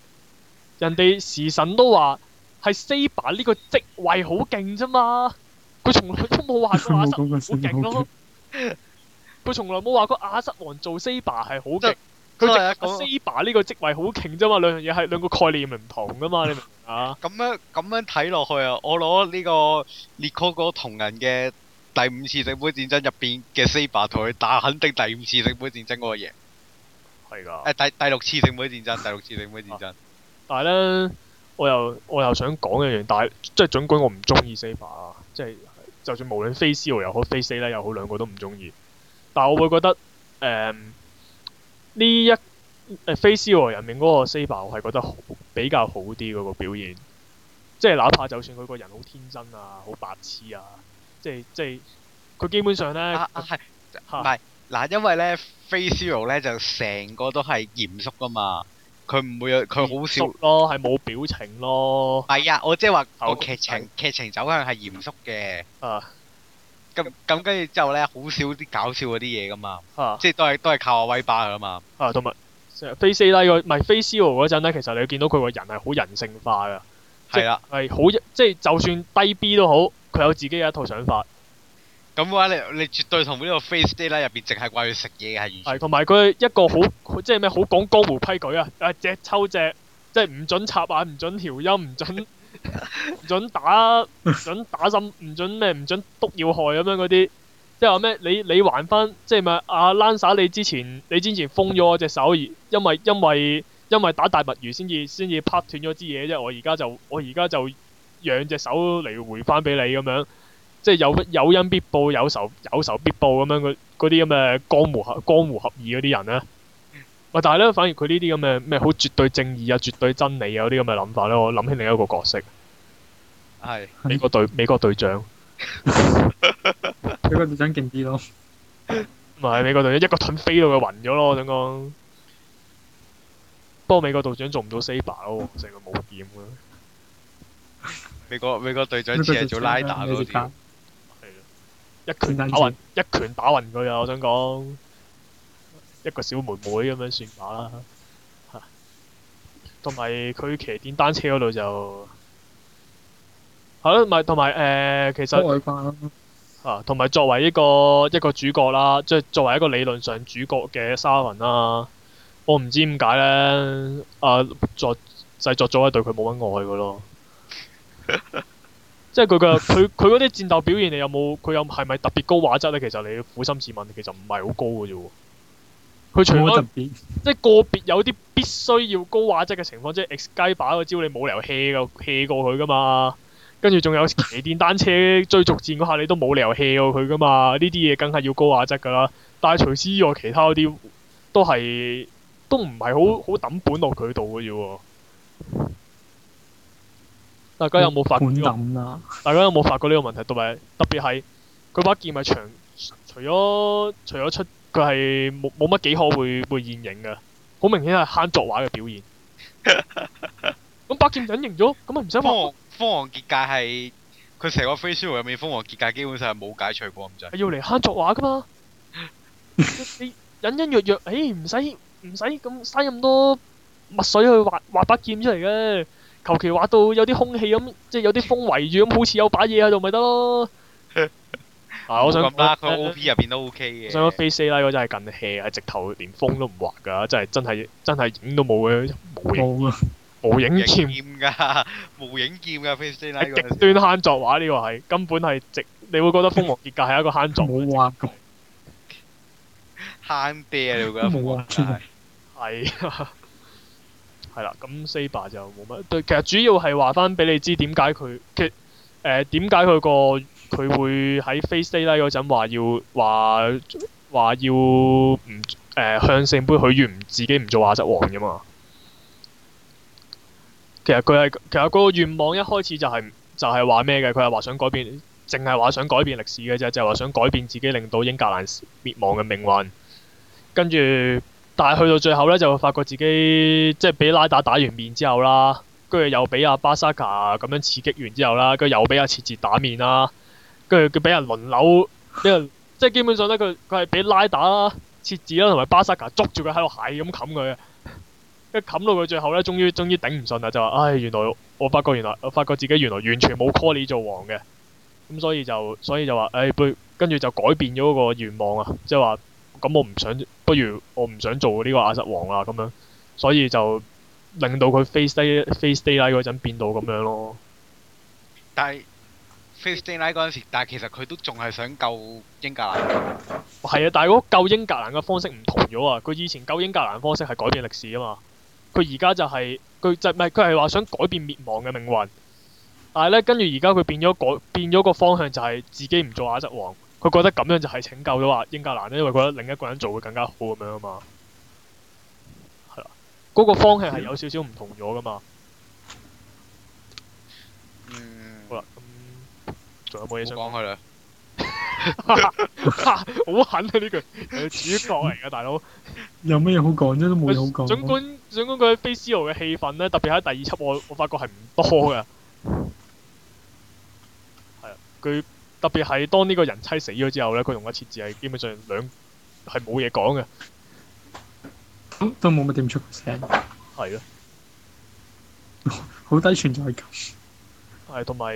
人哋時神都話係 Saber 呢個職位好勁啫嘛。佢從來都冇話過亞瑟王好勁咯。佢從 來冇話過亞瑟王做 Saber 係好勁。 佢就係個 Saber 呢個職位好勁啫嘛，兩樣嘢係兩個概念唔同噶嘛，你明啊？咁樣咁樣睇落去啊，我攞呢、這個列柯個同人嘅第五次聖杯戰爭入邊嘅 Saber 同佢打，肯定第五次聖杯戰爭個贏。係噶的。誒、欸，第第六次聖杯戰爭，第六次聖杯戰爭。啊、但係咧，我又我又想講一樣，但係即係盡管我唔中意 Saber 啊。即係就算無論 Face 又好 Face 又好，兩個都唔中意。但係我會覺得誒。嗯呢一誒 Fate/Zero 入面嗰個 Saber，我係覺得好比較好啲嗰個表現，即係哪怕就算佢個人好天真啊、好白痴啊，即係即係佢基本上咧、啊，啊係唔係嗱？因為咧 Fate/Zero 咧就成個都係嚴肅噶嘛，佢唔會有佢好少咯，係冇表情咯。唔係啊，我即係話個劇情對 劇情走向係嚴肅嘅。啊。咁咁跟住之後咧，好少啲搞笑嗰啲嘢噶嘛，啊、即係都係都係靠阿威巴噶嘛。啊、同埋 Face Day，e 唔係 Face 嗰陣咧，其實你見到佢個人係好人性化噶，係啦的，係好即係就算低 B 都好，佢有自己嘅一套想法。咁嘅話，你你絕對同呢個 Face Day 入邊淨係掛住食嘢係完全。係同埋佢一個好即係咩好講江湖規矩啊！啊，隻抽隻，即係唔准插眼，唔准調音，唔准。 唔准打，唔准打針，唔准咩，唔准督要害咁樣嗰啲。即係話咩？你你還翻，即係咪阿 Lancer？你之前你之前封咗我隻手，因為因為因為打大物魚先至先至拍斷咗支嘢啫。我而家就我而家就養隻手嚟回翻俾你咁樣。即係有有因必報，有仇有仇必報咁樣嗰啲咁嘅江湖江湖合義嗰啲人咧。喂，但係咧，反而佢呢啲咁嘅咩好絕對正義啊、絕對真理啊嗰啲咁嘅諗法咧，我諗起另一個角色，係的美國隊、美國隊長，美國隊長勁啲咯，唔係美國隊長一個盾飛到佢暈咗咯，我想講。不過美國隊長做唔到 Saber 咯、啊，成個冇劍噶。美國美國隊長只係做拉打嗰啲 一拳打暈，一拳打暈佢啊！我想講。一個小妹妹咁樣算罷啦，吓，同埋佢騎電單車嗰度就吓，唔係，同埋誒，其實啊，同埋作為一個一個主角啦，即係作為一個理論上主角嘅沙文啦，我唔知點解咧啊，作製作組係對佢冇乜愛嘅咯，即係佢嘅佢佢嗰啲戰鬥表現有有，你有冇佢有係咪特別高畫質咧？其實你苦心自問，其實唔係好高嘅啫。佢除咗、嗯，即係個別有啲必須要高畫質嘅情況，即係 X 雞把個招，你冇理由 hea 過佢噶嘛，跟住仲有騎電單車追逐戰嗰下，你都冇理由 hea 過佢噶嘛，呢啲嘢梗係要高畫質噶啦。但係除此之外其他嗰啲都係都唔係好好抌本落佢度嘅啫。大家有冇發覺？抌大家有冇發覺呢個問題？同埋特別係佢把劍咪長？除咗除咗出。佢係冇冇乜幾可會會現形噶，好明顯係慳作畫嘅表現。咁八劍隱形咗，咁咪唔使畫。風王結界係佢成個 facial 入面，風王結界基本上係冇解除過咁滯。要嚟慳作畫噶嘛？你隱隱約約，哎，唔使唔使咁嘥咁多墨水去畫畫八劍出嚟嘅，求其畫到有啲空氣咁，即係有啲風圍住咁，好似有把嘢喺度咪得咯。啊、我想咁啦，佢 O P 入邊都 O K 嘅。所我以 Face 拉嗰真係近戲，係直頭連風都唔畫噶，真係真係真係影都冇嘅，冇影無影劍噶，無影劍噶 Face 拉。係極端慳作畫呢個係，根本係直你會覺得《封魔結界》係一個慳作，冇畫過慳爹 你會覺得封魔結界係啊係啦，咁四 r 就冇乜。對，其實主要係話翻俾你知點解佢佢誒點解佢個。佢會喺 Face Day 啦嗰陣話要話話要唔誒、呃、向聖杯許願，佢願自己唔做亞瑟王啫嘛。其實佢係，其實嗰個願望一開始就係、是、就係話咩嘅？佢係話想改變，淨係話想改變歷史嘅啫，就係、是、話想改變自己，令到英格蘭滅亡嘅命運。跟住，但係去到最後呢，就發覺自己即係俾拉打打完面之後啦，跟住又俾阿巴薩卡咁樣刺激完之後啦，跟住又俾阿切捷打面啦。跟住佢俾人輪流，即係基本上咧，佢佢係俾拉打啦、設置啦，同埋巴薩卡捉住佢喺度鞋咁冚佢嘅，一冚到佢最後咧，終於終於頂唔順啦，就話：唉，原來我發覺原來我發覺自己原來完全冇 call 你做王嘅，咁所以就所以就話：唉，跟住就改變咗個願望啊，即係話咁我唔想，不如我唔想做呢個亞瑟王啦咁樣，所以就令到佢 face day face day 拉嗰陣變到咁樣咯。但係。Fifth Day Night 嗰陣時，但係其實佢都仲係想救英格蘭。係啊，但係嗰救英格蘭嘅方式唔同咗啊！佢以前救英格蘭嘅方式係改變歷史啊嘛，佢而家就係佢就唔係佢係話想改變滅亡嘅命運。但係咧，跟住而家佢變咗改變咗個方向，就係自己唔做亞瑟王，佢覺得咁樣就係拯救咗啊英格蘭咧，因為覺得另一個人做會更加好咁樣啊嘛。係啦，嗰個方向係有少少唔同咗噶嘛。仲有冇嘢想講佢啦？好狠啊！呢句主角嚟噶大佬， 有咩嘢好講啫？都冇嘢好講、啊。儘管儘管佢 Faceo 嘅戲份咧，特別喺第二輯，我我發覺係唔多噶。係 啊，佢特別係當呢個人妻死咗之後咧，佢同個設置係基本上兩係冇嘢講嘅，都都冇乜點出聲，係咯的， 好低存在感。係同埋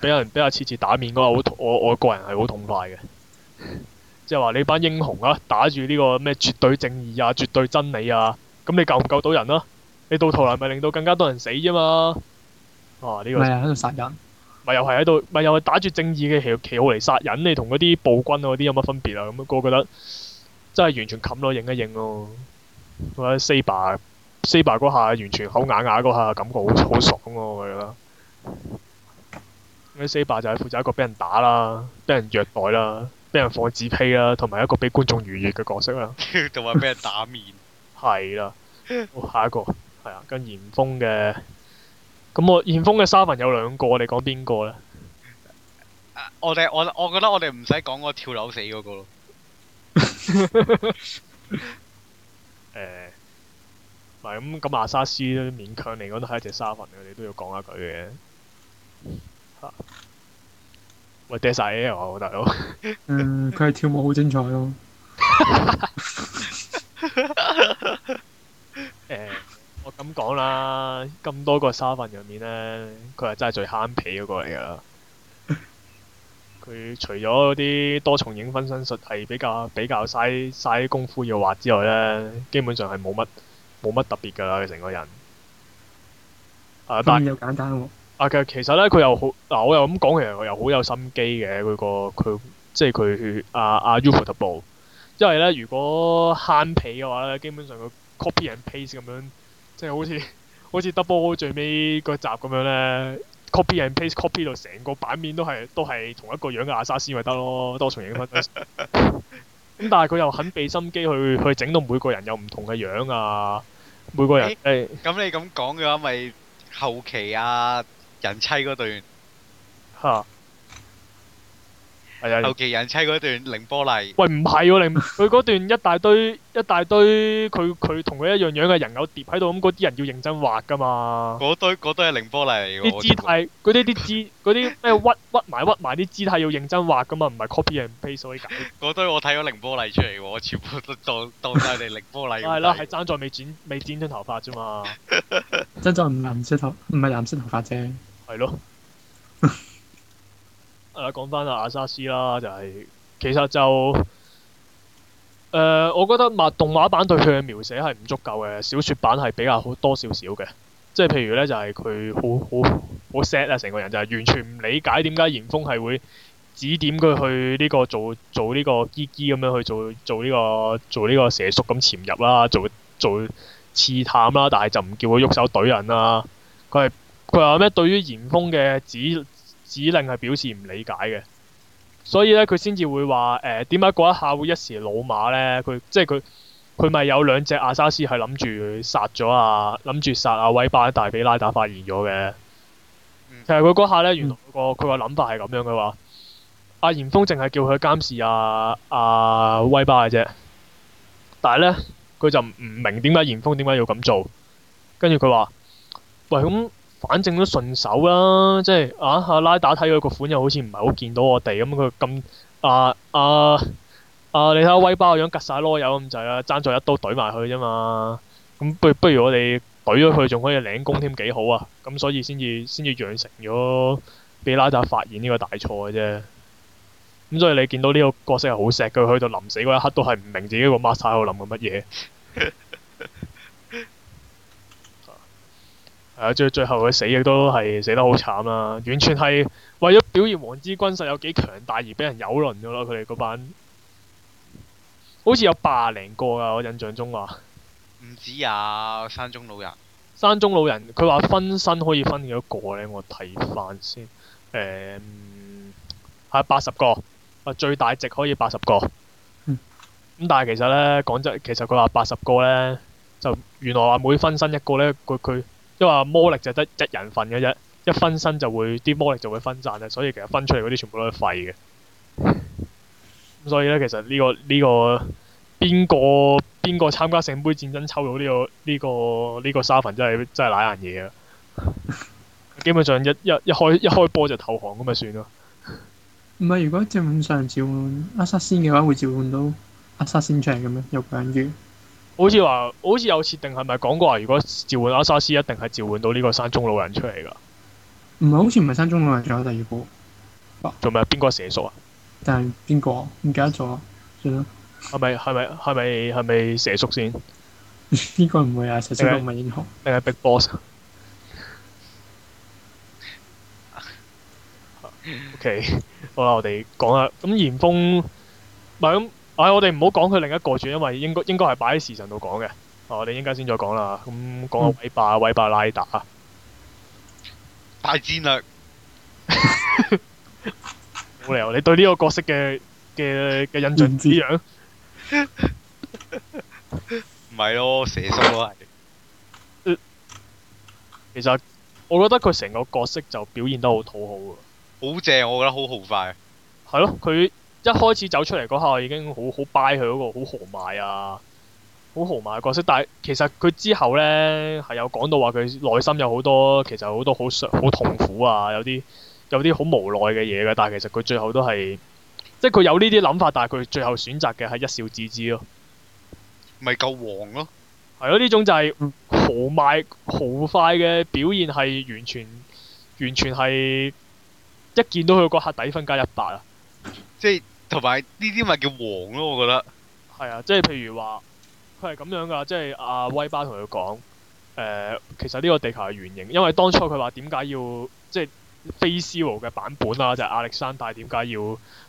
俾人俾阿次次打面嗰下好，我我個人係好痛快嘅，即係話你班英雄啊，打住呢個咩絕對正義啊、絕對真理啊，咁你救唔救到人啊？你到頭嚟咪令到更加多人死啫嘛、啊？哦、啊，呢、這個係喺度殺人咪又係喺度咪又係打住正義嘅旗旗號嚟殺人，你同嗰啲暴君啊嗰啲有乜分別啊？咁我覺得真係完全冚咯，認一認咯、啊。我喺 Saber Saber 嗰下完全口啞啞嗰下，感覺好好爽咯、啊，我覺得。Saber 就係負責一個俾人打啦，俾人虐待啦，俾人放置 play 啦，同埋一個俾觀眾愉悦嘅角色啦。仲話俾人打面 係、哦、啦。好，下一個，係啊，跟嚴峰嘅。咁我嚴峰嘅沙文有兩個，你講邊個呢？Uh, 我哋我我覺得我哋唔使講個跳樓死嗰個咯。誒、 欸，係咁咁阿沙斯勉強嚟講都係一隻沙文，我哋都要講下佢嘅。我跌晒嘢，我大佬，oh、 嗯，佢係跳舞好精彩咯。我咁講啦，咁多個沙發入面呢，佢係真係最慳皮嗰個嚟噶。佢 除咗啲多重影分身術係比較比較嘥嘥功夫要畫之外呢，基本上係冇乜冇乜特別噶佢成個人。真係好簡單喎。啊其實咧佢又好，嗱我又咁講，其實我又好有心機嘅佢個佢，即係佢阿阿 Ufo t e 因為咧如果慳皮嘅話咧，基本上個 copy and paste 咁樣，即係好似好似 double 最尾嗰集咁樣咧 ，copy and paste copy 到成個版面都係都係同一個樣嘅阿沙斯咪得咯，多重影分。咁 但係佢又肯畀心機去去整到每個人有唔同嘅樣啊，每個人誒。咁、欸欸、你咁講嘅話，咪後期啊？人妻嗰段吓，係啊，尤其人妻嗰段凌波麗。喂，唔係喎，佢嗰段一大堆一大堆，佢佢同佢一樣樣嘅人偶疊喺度，咁嗰啲人要認真畫噶嘛？嗰堆嗰堆係凌波麗嚟，啲姿態，嗰啲啲姿，嗰啲咩屈屈埋屈埋啲姿態要認真畫噶嘛？唔係 copy and paste 所以。嗰堆我睇咗凌波麗出嚟喎，我全部都當當晒你凌波麗。係啦，係爭在未剪未剪短頭髮啫嘛，真在唔係藍色頭，唔係藍色頭髮啫。係咯，誒、呃，講翻阿阿薩斯啦，就係、是、其實就誒、呃，我覺得麥動畫版對佢嘅描寫係唔足夠嘅，小說版係比較好多少少嘅，即係譬如咧就係佢好好好 sad 啊，成個人就係完全唔理解點解嚴峰係會指點佢去呢個做做呢、這個 G G 咁樣去做、這個、做呢個做呢個蛇叔咁潛入啦、啊，做做刺探啦、啊，但係就唔叫佢喐手懟人啦、啊，佢係。佢話咩？對於嚴峰嘅指指令係表示唔理解嘅，所以咧佢先至會話誒，點解嗰一下會一時老馬咧？佢即係佢佢咪有兩隻阿薩斯係諗住殺咗啊，諗住殺阿威巴，但係俾拉達發現咗嘅。嗯、其實佢嗰下咧，原來、個佢個諗法係咁樣佢話，阿嚴、啊、峰淨係叫佢監視啊阿威、啊、巴嘅啫，但係咧佢就唔明點解嚴峰點解要咁做，跟住佢話喂咁。反正都順手啦、啊，即係啊阿拉打睇佢個款又好似唔係好見到我哋咁，佢、嗯、咁啊啊啊！你睇下威巴個樣吉晒囉柚咁滯啊，啦，爭在一刀懟埋佢啫嘛。咁、嗯、不如不如我哋懟咗佢，仲可以領功添，幾好啊！咁所以先至先至養成咗俾拉打發現呢個大錯嘅啫。咁、嗯、所以你見到呢個角色係好錫佢，去到臨死嗰一刻都係唔明自己個 master 諗緊乜嘢。 最、啊、最後佢死亦都係死得好慘啦，完全係為咗表現王之軍勢有幾強大而俾人蹂躪咗咯，佢哋嗰班，好似有八零個啊，我印象中話，唔止啊，山中老人，山中老人佢話分身可以分幾多個呢？我睇翻先，誒、嗯，係八十個，最大值可以八十個，咁、嗯嗯、但係其實呢，講真，其實佢話八十個呢，就原來話每分身一個呢。佢佢。因為魔力就得一人份嘅啫，一分身就會啲魔力就會分散啦，所以其實分出嚟嗰啲全部都係廢嘅。咁所以咧，其實呢、這個呢、這個邊個邊個參加聖杯戰爭抽到呢、這個呢、這個呢、這個沙粉真係真係瀨硬嘢啊！基本上一一一開一開波就投降咁咪算咯。唔係，如果正常召喚阿薩仙嘅話，會召喚到阿薩仙出嚟嘅咩？有鬼嘢？好似話，好似有設定係咪講過話、啊？如果召喚阿薩斯，一定係召喚到呢個山中老人出嚟㗎？唔係，好似唔係山中老人，仲有第二個。仲有邊個蛇叔啊？但係邊個唔記得咗，算啦。係咪係咪係咪係咪蛇叔先？應該唔會啊！蛇叔唔係英雄。定係 Big Boss。OK，好啦，我哋講下咁嚴峯，唔係咁。我哋，我哋唔好講佢另一個住，因為應該應該係擺喺時辰度講嘅。我哋，應該先再講啦。咁講下威霸，威霸拉打，大戰略。冇理由，你對呢個角色嘅嘅嘅印象點樣？唔係咯，蛇叔咯，係。其實我覺得佢成個角色就表現得好討好啊，好正，我覺得好豪快。係咯，佢。一開始走出嚟嗰刻，已經好好 buy 佢嗰個好豪邁啊，好豪邁嘅角色。但係其實佢之後呢，係有講到話佢內心有好多，其實好多好好痛苦啊，有啲有啲好無奈嘅嘢嘅。但係其實佢最後都係，即係佢有呢啲諗法，但係佢最後選擇嘅係一笑置之咯。咪夠黃咯，啊，係咯，嗯？呢種就係豪邁豪快嘅表現，係完全完全係一見到佢嗰刻底分加一百啊！即係。同埋呢啲咪叫黃咯，我覺得。係啊，即係譬如話，佢係咁樣噶，即係阿、啊、威巴同佢講，誒、呃，其實呢個地球係圓形，因為當初佢話點解要即係菲斯王嘅版本啊，就係亞歷山大點解要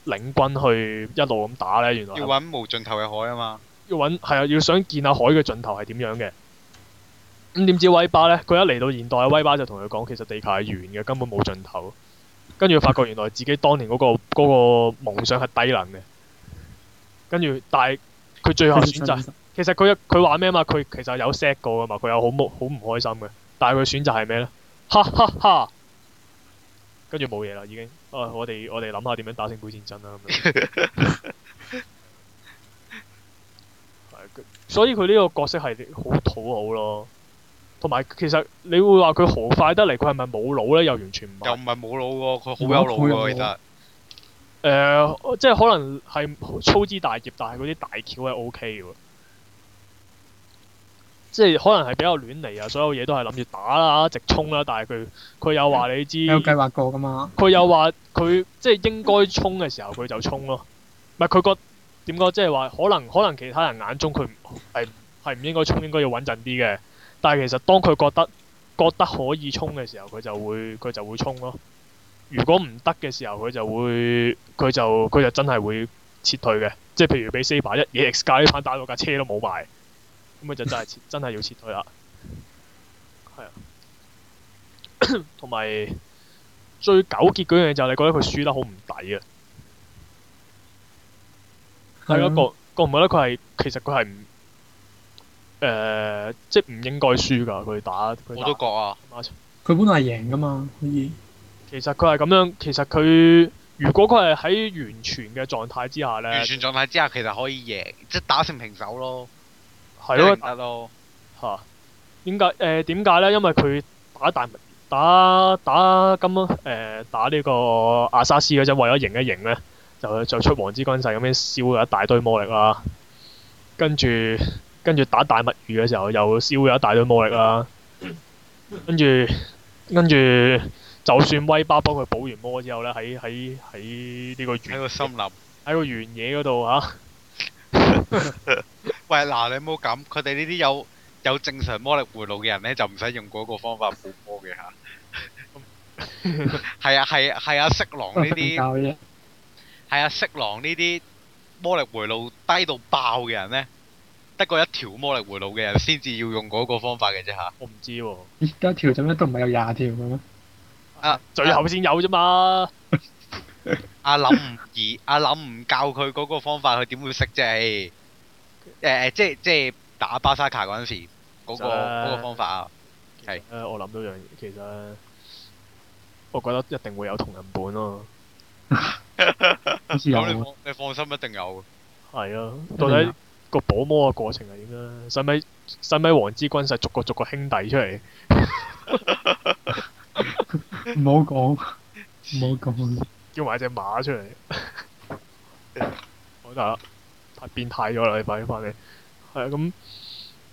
領軍去一路咁打呢？原來要揾無盡頭嘅海啊嘛！要揾係啊，要想見下海嘅盡頭係點樣嘅。咁點知威巴呢？佢一嚟到現代，威巴就同佢講，其實地球係圓嘅，根本冇盡頭。跟住發覺原來自己當年嗰個嗰個夢想係低能嘅。跟住但係佢最後選擇，其實佢佢話咩嘛？佢其實有 set 過噶嘛？佢有好冇好唔開心嘅，但係佢選擇係咩呢？哈哈哈！跟住冇嘢啦，已經。啊、我哋我哋諗下點樣打勝古戰爭啦、啊、咁樣。 所以佢呢個角色係好討好咯。同埋，其實你會話佢何快得嚟？佢係咪冇腦呢？又完全唔又唔係冇腦喎，佢好有腦喎，其實。誒、呃，即係可能係粗枝大葉，但係嗰啲大橋係 OK 嘅喎。即係可能係比較亂嚟啊！所有嘢都係諗住打啦，直衝啦。但係佢佢又話你知，有計劃過㗎嘛？佢又話佢即係應該衝嘅時候，佢就衝咯。唔係佢覺點講？即係話可能可能其他人眼中佢係係唔應該衝，應該要穩陣啲嘅。但係其實當佢覺得覺得可以衝嘅時候，佢就會佢就會衝咯。如果唔得嘅時候，佢就會佢就佢就真係會撤退嘅。即係譬如俾 Saber 一嘢 x 加呢班打到架車都冇埋，咁佢就真係 真係要撤退啦。係啊，同埋 最糾結嗰樣嘢就係你覺得佢輸得好唔抵啊？大家覺覺唔覺得佢係其實佢係唔。誒、呃，即係唔應該輸噶。佢打，打我都覺啊。佢本來係贏噶嘛。可以，其實佢係咁樣。其實佢如果佢係喺完全嘅狀態之下咧，完全狀態之下其實可以贏，就即係打成平手咯。係、啊、咯、啊，得咯吓？點、呃、解？誒，點解咧？因為佢打大打打金誒，打呢、呃、個阿薩斯嗰陣為咗贏一贏咧，就就出王之軍勢咁樣燒咗一大堆魔力啊，跟住。跟住打大墨魚嘅時候，又燒咗一大堆魔力啦、啊。跟住，跟住，就算威巴幫佢補完魔之後呢，喺喺喺呢個喺個森林喺個原野嗰度啊。 喂，嗱，你唔好咁，佢哋呢啲有有正常魔力回路嘅人呢，就唔使用嗰個方法補魔嘅吓、啊。係 啊係啊係啊，色狼呢啲，係啊色狼呢啲魔力回路低到爆嘅人呢，得個一條魔力回路嘅人先至要用嗰個方法嘅啫吓，我唔知喎。而家條做咩都唔係有廿條嘅咩？啊，最後先有啫嘛、啊 啊。阿、啊、林而阿林唔教佢嗰個方法，佢點會識啫？誒、欸、誒、啊，即係即係打巴薩卡嗰陣時，嗰實、嗰個、嗰個方法啊，係實。誒是，我諗到樣嘢，其實我覺得一定會有同人本咯、啊。 有、啊你，你放心，一定有。係啊，到底，個補魔嘅過程係點樣？使咪使咪王之軍勢逐個逐個兄弟出嚟？ 唔好講，唔好講，叫埋隻馬出嚟。 好啦，太變態咗啦！你快啲翻嚟。係啊咁，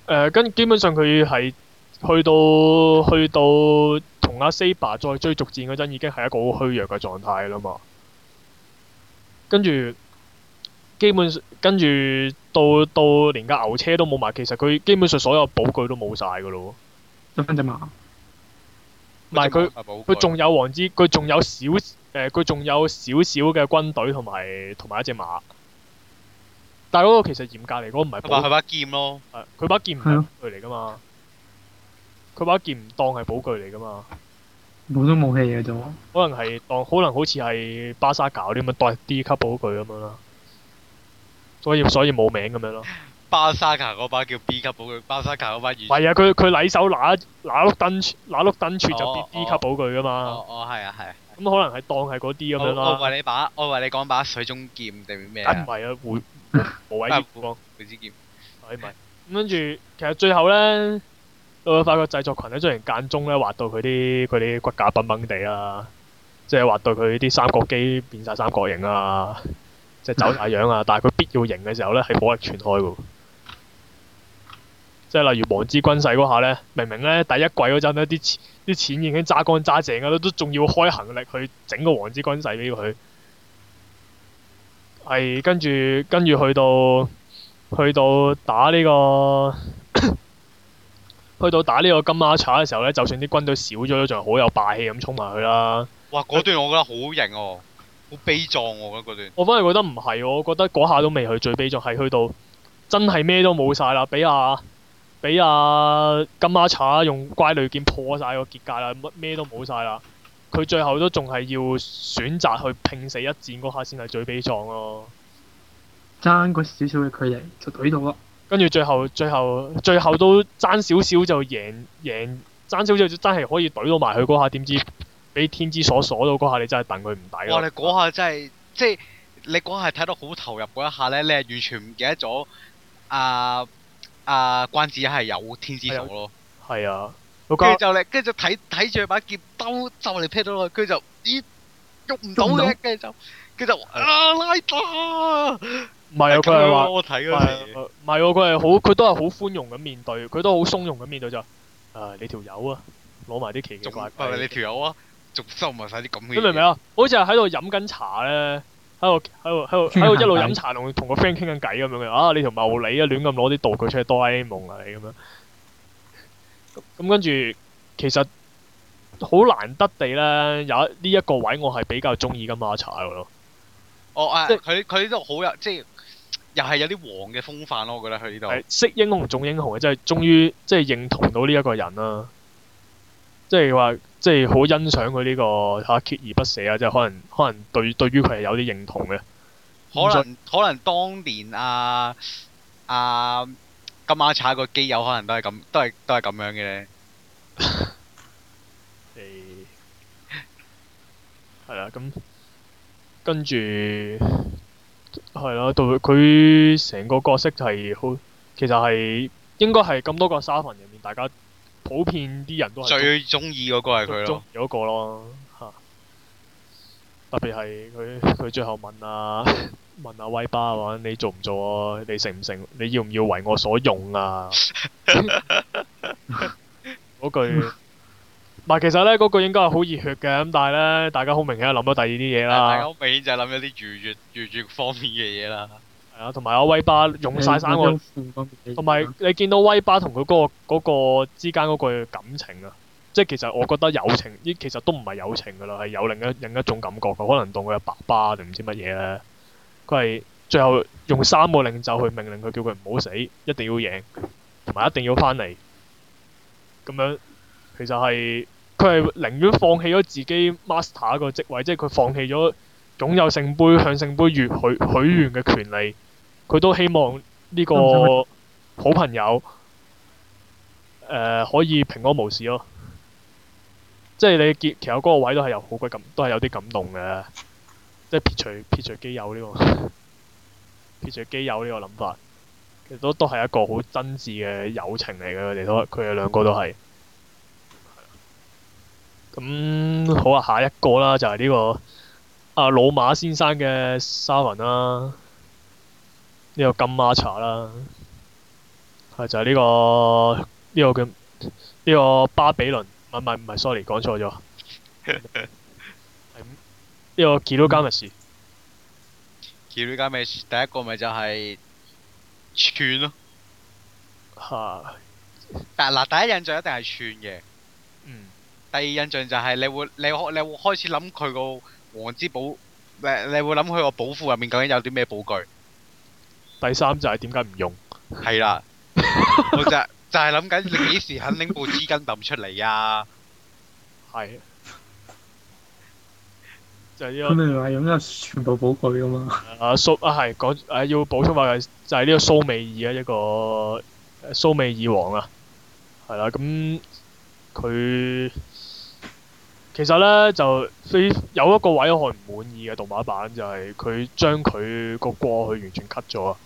誒，跟、呃、基本上佢係去到去到同阿 Saber 再追逐戰嗰陣，已經係一個好虛弱嘅狀態啦嘛。跟住。基本上跟住到到連架牛車都冇埋，其實佢基本上所有寶具都冇晒噶咯得翻隻馬。唔係佢佢仲有王之，佢仲有少，誒佢仲有少少嘅軍隊同埋同埋一隻馬。但係嗰個其實嚴格嚟講唔係寶具。佢把劍咯。佢把劍唔係寶具嚟噶嘛佢把劍唔當係寶具嚟噶嘛冇都冇武器嘅啫。可能係當可能好似係巴沙搞啲咁嘅當係 D 級寶具咁樣啦。所以所以冇名咁樣咯。巴沙卡嗰把叫 B 級寶具，巴沙卡把班軟係啊！佢佢禮手拿拿碌燈拿碌燈柱就 B, oh, oh. B 級寶具㗎嘛。哦、oh, oh, oh, 嗯，係啊，係啊。咁可能係當係嗰啲咁樣囉。我為、oh, oh, 嗯、你把，我為你講把，把水中劍定咩？唔係啊，無無畏之劍。無畏之劍。唔係。 咁跟住，其實最後咧，我發覺製作群咧，雖然間中咧畫到佢啲佢啲骨架崩崩地啊，即係畫到佢啲三角肌變晒三角形啊。即係走大樣啊！ 但係佢必要贏嘅時候呢，係火力全開嘅。即係例如《王之軍勢》嗰下呢，明明呢第一季嗰陣呢啲錢啲錢已經揸乾揸淨啦，都仲要開行力去整個《王之軍勢》俾、哎、佢。係跟住跟住去到去到打呢、這個 去到打呢個金馬賊嘅時候呢，就算啲軍隊少咗，都仲係好有霸氣咁衝埋去啦。哇！嗰段我覺得 好型哦。好悲壯喎，我覺得嗰段。我反而覺得唔係，我覺得嗰下都未去最悲壯，係去到真係咩都冇晒啦，俾阿俾阿金阿叉用乖女劍破晒個結界啦，乜咩都冇晒啦。佢最後都仲係要選擇去拼死一戰嗰下先係最悲壯咯。爭嗰少少嘅距離就懟到咯。跟住最後最後最後都爭少少就贏贏爭少少就真係可以懟到埋去嗰下，點知？俾天之鎖鎖到嗰下，你真係戥佢唔抵，我哋嗰下真係，即係你嗰下睇到好投入嗰一下咧，你係完全唔記得咗，呃呃，啊，啊，啊，關子依係有天之鎖咯，係啊！跟住就嚟，跟住就睇睇住把劍兜就嚟劈到佢，佢就咦，喐唔到嘅，跟住就佢就啊拉達！唔係佢係話，我睇嗰時唔係佢係好，佢，啊呃啊，都係好寬容咁面對，佢都好松容咁面對就，啊你條友啊，攞埋啲奇奇怪怪你條友啊！仲收埋晒啲咁嘅嘢，你明唔明啊？好似係喺度飲緊茶咧，喺度喺度喺度喺度一路飲茶同同個 friend 傾緊偈咁樣嘅。啊，你同茂利啊，亂咁攞啲道具出嚟《哆啦 A 夢、啊這個哦》啊，你咁樣。咁跟住，其實好難得地咧，有一呢一個位，我係比較中意嘅馬查嘅咯。哦，即係佢佢呢度好有，即、就、係、是、又係有啲黃嘅風範咯。我覺得佢呢度識英雄重英、英雄，即係終於即係認同到呢一個人啦。即係話。即係好欣賞佢呢個吓鍥而不捨啊！即係可能可能對對於佢係有啲認同嘅，可能像可能當年啊啊金馬查，個基友，可能都係咁，都係都係咁樣嘅咧。係、 欸，係啦， 咁跟住係啦，到佢成個角色係好，其實係應該係咁多個沙墳入面，大家。普遍啲人都係最中意嗰個係佢咯，有一個咯嚇，特別係佢佢最後問啊問阿、啊、威巴話：你做唔做啊？你成唔成？你要唔要為我所用啊？嗰 句，嗱其實呢，嗰、那、句、個、應該係好熱血嘅，咁但係呢，大家好明顯係諗到第二啲嘢啦。大家好明顯就係諗咗啲逾越逾越，越，越方面嘅嘢啦。同埋阿威巴用晒三個，同埋你見到威巴同佢嗰個、嗰個之間嗰個感情啊，即係其實我覺得友情呢，其實都唔係友情噶啦，係有另一另一種感覺噶，可能當佢係爸爸定唔知乜嘢咧。佢係最後用三個令咒去命令佢，叫佢唔好死，一定要贏，同埋一定要翻嚟。咁樣，其實係佢係寧願放棄咗自己 master 個職位，即係佢放棄咗擁有聖杯向聖杯許許許願嘅權利。佢都希望呢個好朋友誒、呃、可以平安無事咯。即係你見其實嗰個位都係有好鬼感，都係有啲感動嘅。即係撇除撇除基友呢個，撇除基友呢個諗法，其實都都係一個好真摯嘅友情嚟嘅。佢哋都佢哋兩個都係。咁好啊！下一個啦，就係呢個阿老馬先生嘅沙文啦。呢個金馬茶啦，係就係呢、這個呢、這個叫呢、這個這個巴比倫，唔係唔係唔係，sorry 講錯咗。呢 、這個基爾加美什？基爾加美什？第一個咪就係、是、串咯、啊。嚇！但嗱，第一印象一定係串嘅。嗯。第二印象就係你會你開你,會你會開始諗佢個王之寶、呃，你你會諗佢個寶庫入面究竟有啲咩寶具？第三就係點解唔用？係啦了， 就係就係諗緊你幾時肯拎部紙巾抌出嚟啊？係就呢、呢個。我咪話用呢個全部補佢噶嘛。阿蘇啊，係講誒，要補充埋嘅就係呢個蘇美爾一個蘇美爾王啊，係啦，咁佢、嗯、其實咧就非有一個位我唔滿意嘅動畫版就係佢將佢個過去完全 cut 咗啊。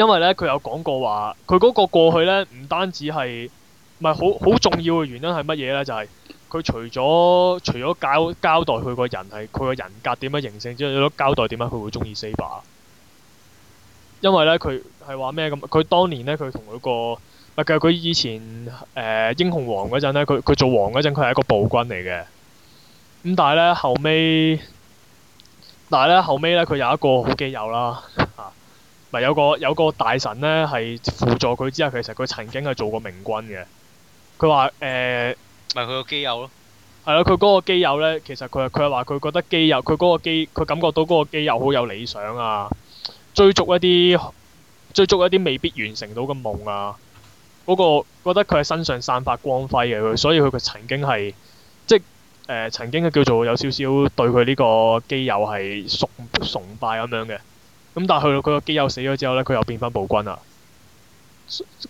因為咧佢有講過話，佢嗰個過去咧唔單止係唔係好好重要嘅原因係乜嘢咧？就係、是、佢除咗除咗交交代佢個人係佢個人格點樣形成之外，佢都交代點解佢會中意 Saber。因為咧佢係話咩咁？佢當年咧佢同佢個咪係佢佢以前誒、呃、英雄王嗰陣咧，佢佢做王嗰陣佢係一個暴君嚟嘅。咁但係咧後尾，但係咧後尾咧佢有一個好基友啦。咪有個有個大神咧，係輔助佢之下，其實佢曾經係做過明君嘅。佢話：誒咪佢個基友咯。係咯，佢嗰個基友咧，其實佢佢話佢覺得基友，佢嗰個基，佢感覺到嗰個基友好有理想啊，追逐一啲追逐一啲未必完成到嘅夢啊。嗰、那個覺得佢喺身上散發光輝嘅佢，所以佢佢曾經係即係誒、呃、曾經叫做有少少對佢呢個基友係崇崇拜咁樣嘅。咁但係去到佢個機友死咗之後呢，佢又變翻暴君啊！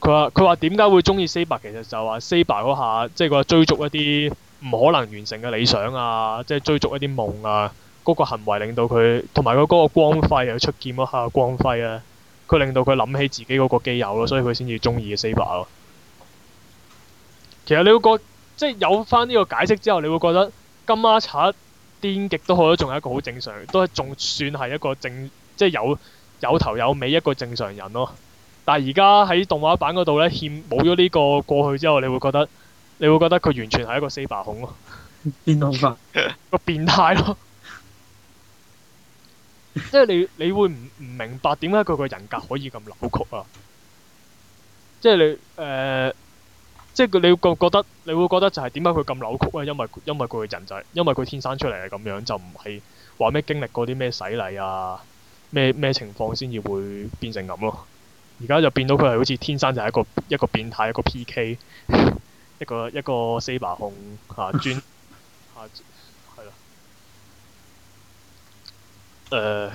佢話佢話點解會中意 Saber？其實就話 Saber 嗰下，即係個追逐一啲唔可能完成嘅理想啊，即係追逐一啲夢啊，嗰個行為令到佢，同埋佢嗰個光輝又出劍嗰下光輝啊，佢令到佢諗起自己嗰個機友咯，所以佢先至中意 Saber 咯。其實你會覺即係有翻呢個解釋之後，你會覺得金阿賊癲極都好，都仲係一個好正常，都仲算係一個正。即係有有頭有尾一個正常人咯，但係而家喺動畫版嗰度咧，欠冇咗呢個過去之後，你會覺得你會覺得佢完全係一個四爸控咯，變態咯，即係你你會唔唔明白點解佢個人格可以咁扭曲啊？即係你誒、呃，即係你覺覺得你會覺得就係點解佢咁扭曲啊？因為因為佢嘅人就係、是、因為佢天生出嚟係咁樣，就唔係話咩經歷過啲咩洗禮啊？咩咩情況先至會變成咁咯？而家就變到佢係好似天生就係一個一個變態，一個 PK，一個一個 Saber 控嚇、啊、專嚇，係啦。誒、呃，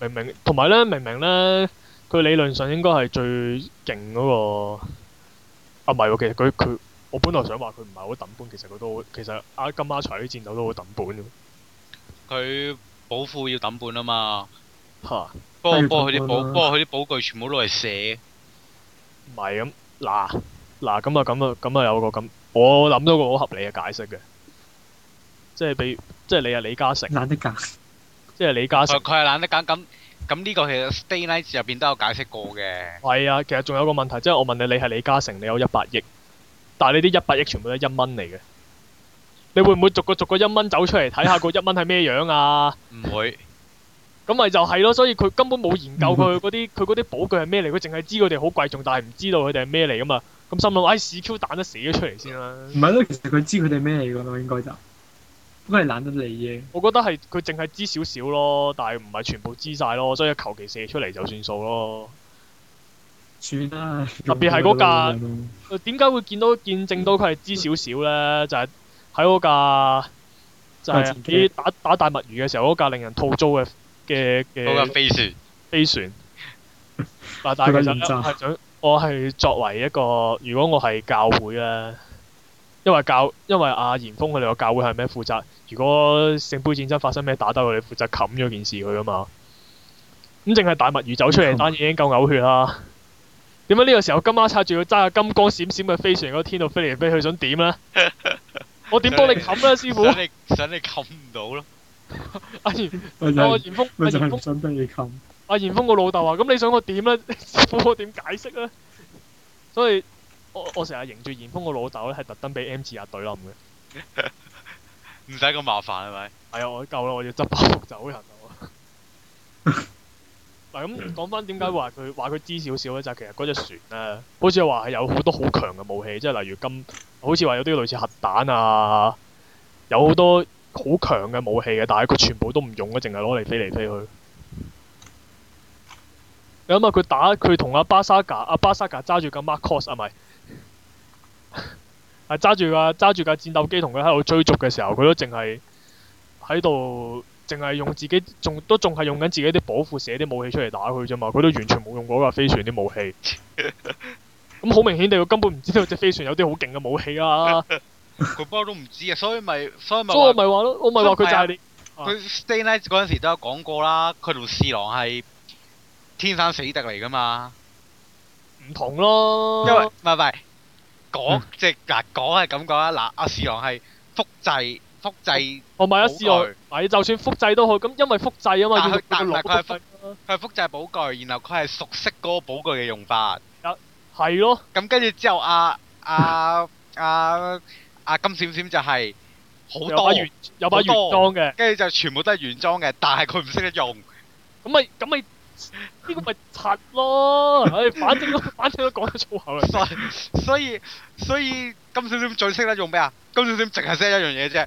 明明同埋咧，明明咧，佢理論上應該係最勁嗰個。啊，唔係喎，其實佢佢，我本來想話佢唔係好抌本，其實佢都其實阿金阿財啲戰鬥都好抌本嘅。佢。寶庫要抌本啊，嘛吓，不過不過佢啲寶，不過佢啲寶具全部攞嚟寫，唔係咁，嗱嗱咁啊咁啊咁啊有個咁，我諗到個好合理嘅解釋嘅，即係比即係你係李嘉誠，懶得揀，即係李嘉誠，佢係懶得揀，咁咁呢個其實《Stay Night》入邊都有解釋過嘅，係啊，其實仲有個問題，即係我問你，你係李嘉誠，你有一百億，但係你啲一百億全部都係一蚊嚟嘅。你會唔會逐個逐個一蚊走出嚟睇下個一蚊係咩樣啊？唔會。咁咪就係咯，所以佢根本冇研究佢嗰啲，佢嗰啲寶具係咩嚟？佢淨係知佢哋好貴重，但係唔知道佢哋係咩嚟噶嘛？咁心諗，哎，史 Q 彈都射咗出嚟先啦。唔係咯，其實佢知佢哋咩嚟噶咯，應該就。咁係懶得理嘢。我覺得係佢淨係知少少咯，但係唔係全部知曬咯，所以求其射出嚟就算數咯。算啦、啊。特別係嗰架，點解會見到見證到佢係知少少咧？就係、是。喺嗰架就係啲打打大墨魚嘅時候，嗰、那、架、個、令人吐糟嘅嘅嘅飛船。飛船， 但係其實我係想，我係作為一個，如果我係教會咧，因為教因為阿、啊、嚴峰佢哋個教會係咩負責？如果聖杯戰爭發生咩打鬥，佢哋負責冚咗件事佢噶嘛？咁淨係大墨魚走出嚟，當然已經夠嘔血啦。點解呢個時候今晚叉住要揸個金光閃閃嘅飛船喺天度飛嚟飛去，想點呢？ 我點幫你冚啦，師傅！想你冚唔到咯，阿嚴，嚴峰想俾你冚。阿嚴峰個老豆啊，咁你想我點咧？師傅 我點解釋咧？所以，我我成日迎住嚴峰個老豆咧，係特登俾 M 字壓懟冧嘅。唔使咁麻煩係咪？係啊，我夠啦、啊 哎，我要執包袱走人。 嗱咁講翻點解話佢話佢知少少咧？就係、是、其實嗰隻船咧、啊，好似話係有好多好強嘅武器，即係例如咁，好似話有啲類似核彈啊，有好多好強嘅武器嘅，但係佢全部都唔用咯，淨係攞嚟飛嚟飛去。你諗下佢打佢同阿巴沙格，阿巴沙格揸住架 Mark Cross 係咪、 啊？係揸住架揸住架戰鬥機同佢喺度追逐嘅時候，佢都淨係喺度。淨係用自己，仲都仲係用緊自己啲寶庫射啲武器出嚟打佢啫嘛，佢都完全冇用過架飛船啲武器。咁好、 嗯、明顯，你佢根本唔知道隻飛船有啲好勁嘅武器啊！佢 不過都唔知啊，所以咪所以咪，咪話咯，我咪話佢就係、是、你。佢、啊、stay night 嗰陣時都講過啦，佢同士郎係天生死敵嚟噶嘛？唔同咯。因為唔係唔係，講即嗱，講係咁講啦。嗱阿士郎係複製。複製我買咗施外，咪就算複製都好，咁因為複製啊嘛，佢佢攞佢複，佢係複製寶具，然後佢係熟悉嗰個寶具嘅用法。係咯。咁跟住之後阿阿阿阿金閃閃就係好多，有把原裝嘅，跟住就全部都係原裝嘅，但係佢唔識得用。咁咪咁咪呢個咪柒咯？唉，反正反正都講得粗口啦。所以所以金閃閃最識得用咩啊？金閃閃淨係識一樣嘢啫。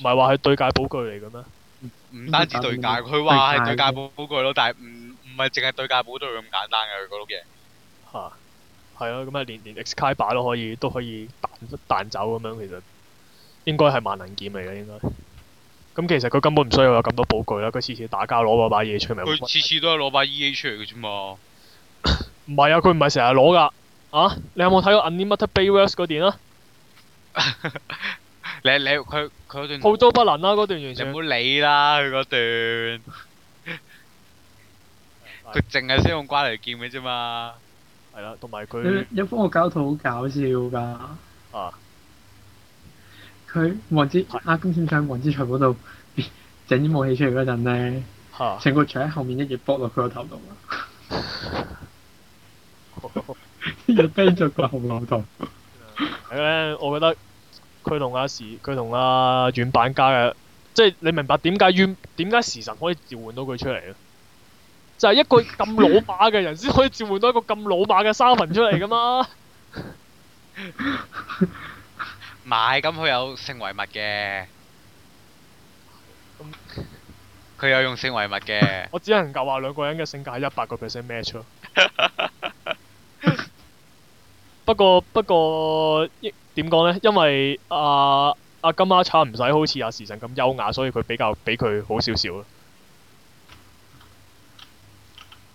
唔係話係對戒寶具嚟嘅咩？唔唔、嗯、單止對戒，佢話係對戒寶具咯，但係唔唔係淨係對戒寶具咁簡單嘅佢嗰碌嘢。吓、那個，係咯，咁啊，啊嗯、連連 Excalibur 都可以都可以彈彈走咁樣，其實應該係萬能劍嚟嘅應該。咁、嗯、其實佢根本唔需要有咁多寶具啦，佢次次打交攞把嘢出嚟。佢次次都係攞把 E.A. 出嚟嘅啫嘛。唔係 啊，佢唔係成日攞㗎。啊，你有冇睇過《Unlimited Blade Works》嗰段啊？你你佢佢嗰段好多不能啦，嗰段完全你唔好理啦，佢嗰段。佢淨係先用瓜嚟劍嘅啫嘛，係啦，同埋佢一幫個膠套好搞笑噶。啊！佢黃之阿金先生黃之財嗰度整啲武器出嚟嗰陣咧，嚇！成個場喺後面一嘢卜落佢個頭度，一啤咗個喉嚨頭。咧，我覺得。佢同阿時，佢同阿軟板家嘅，即係你明白點解軟？點解時辰可以召喚到佢出嚟咧？就係、是、一個咁老馬嘅人先可以召喚到一個咁老馬嘅沙文出嚟噶嘛？唔係，咁佢有聖遺物嘅，佢有用聖遺物嘅。 我只能夠話兩個人嘅性格係一百個 percent match 咯。 不過，不過點講呢？因為阿阿、啊啊、金馬叉唔使好似阿時辰咁優雅，所以佢比較比佢好少少咯。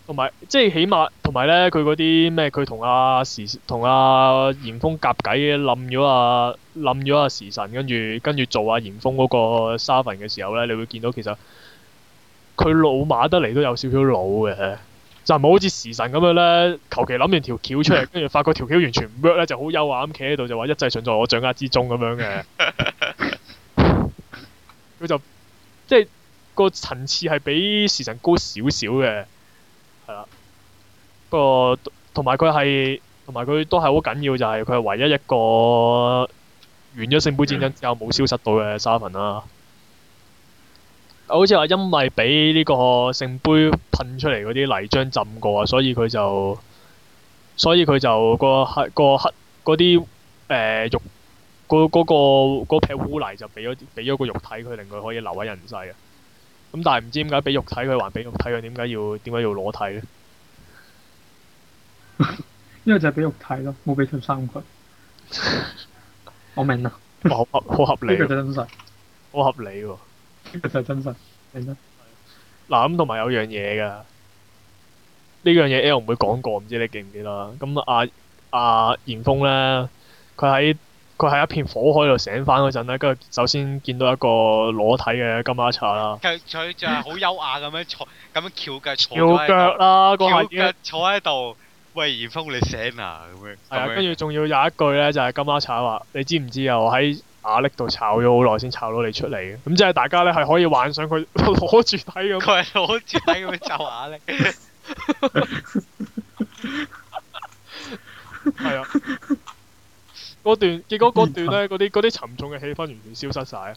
同埋即係起碼，同埋呢，佢嗰啲咩，佢同阿時同阿嚴峰夾計，冧咗阿冧咗阿時辰，跟住跟住做阿、啊、嚴峰嗰個沙文嘅時候呢，你會見到其實佢老馬得嚟都有少少老嘅。就唔係好似時神咁樣咧，求其諗完條橋出嚟，跟住發覺條橋完全唔 work 咧，就好優雅。咁企喺度就話一切盡在我掌握之中咁樣嘅。佢 就即係、嗰個層次係比時神高少少嘅，係啦。不過同埋佢係同埋佢都係好緊要，就係佢係唯一一個完咗聖杯戰爭之後冇消失到嘅沙文啦、啊。啊、好似話因為俾呢個聖杯噴出嚟嗰啲泥漿浸過啊，所以佢就所以佢就、那個黑、那個黑嗰啲誒肉嗰嗰個嗰污、那個那個那個那個、泥就俾咗俾咗個肉體佢，令佢可以留喺人世啊。咁、嗯、但係唔知點解俾肉體佢還俾肉體佢，點解要點解要裸體呢？ 因為就係俾肉體咯，冇俾佢生骨。我明啦，好合理，好合理呢個 真實，係咯。嗱咁同埋有樣嘢噶，呢樣嘢 L 唔會講過，唔知你記唔記得啦？咁阿阿嚴峯咧，佢喺佢喺一片火海度醒翻嗰陣咧，跟住首先見到一個裸體嘅金瓜茶啦。佢就仲係好優雅咁樣坐，咁 樣翹腳坐喺度。翹腳啦，個腳坐喺度。喂，嚴峯對，你醒啊？咁樣。係。跟住仲要有一句咧，就係金瓜茶話：你知唔知啊？我喺壓力度炒咗好耐，先炒到你出嚟嘅。咁即係大家咧，係可以幻想佢攞住底咁，佢係攞住底咁樣就壓力。係啊，嗰、 啊、段結果嗰段咧，嗰啲啲沉重嘅氣氛完全消失晒。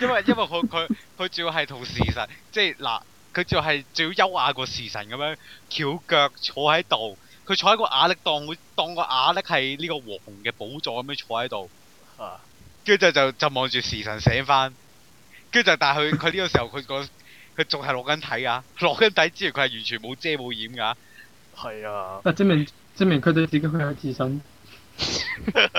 因為因為佢佢佢仲係同時辰，即係嗱，佢仲係要最優雅個時辰咁樣翹腳坐喺度。佢坐喺個壓力檔，當，當個壓力係呢個黃嘅寶座咁樣坐喺度。啊！跟住就就望住時辰醒翻，跟住就但佢。佢呢個時候，佢、嗰個佢仲係落緊睇啊，落緊睇，之然佢係完全冇遮冇掩噶。係啊！啊，證明證明佢對自己好有自信。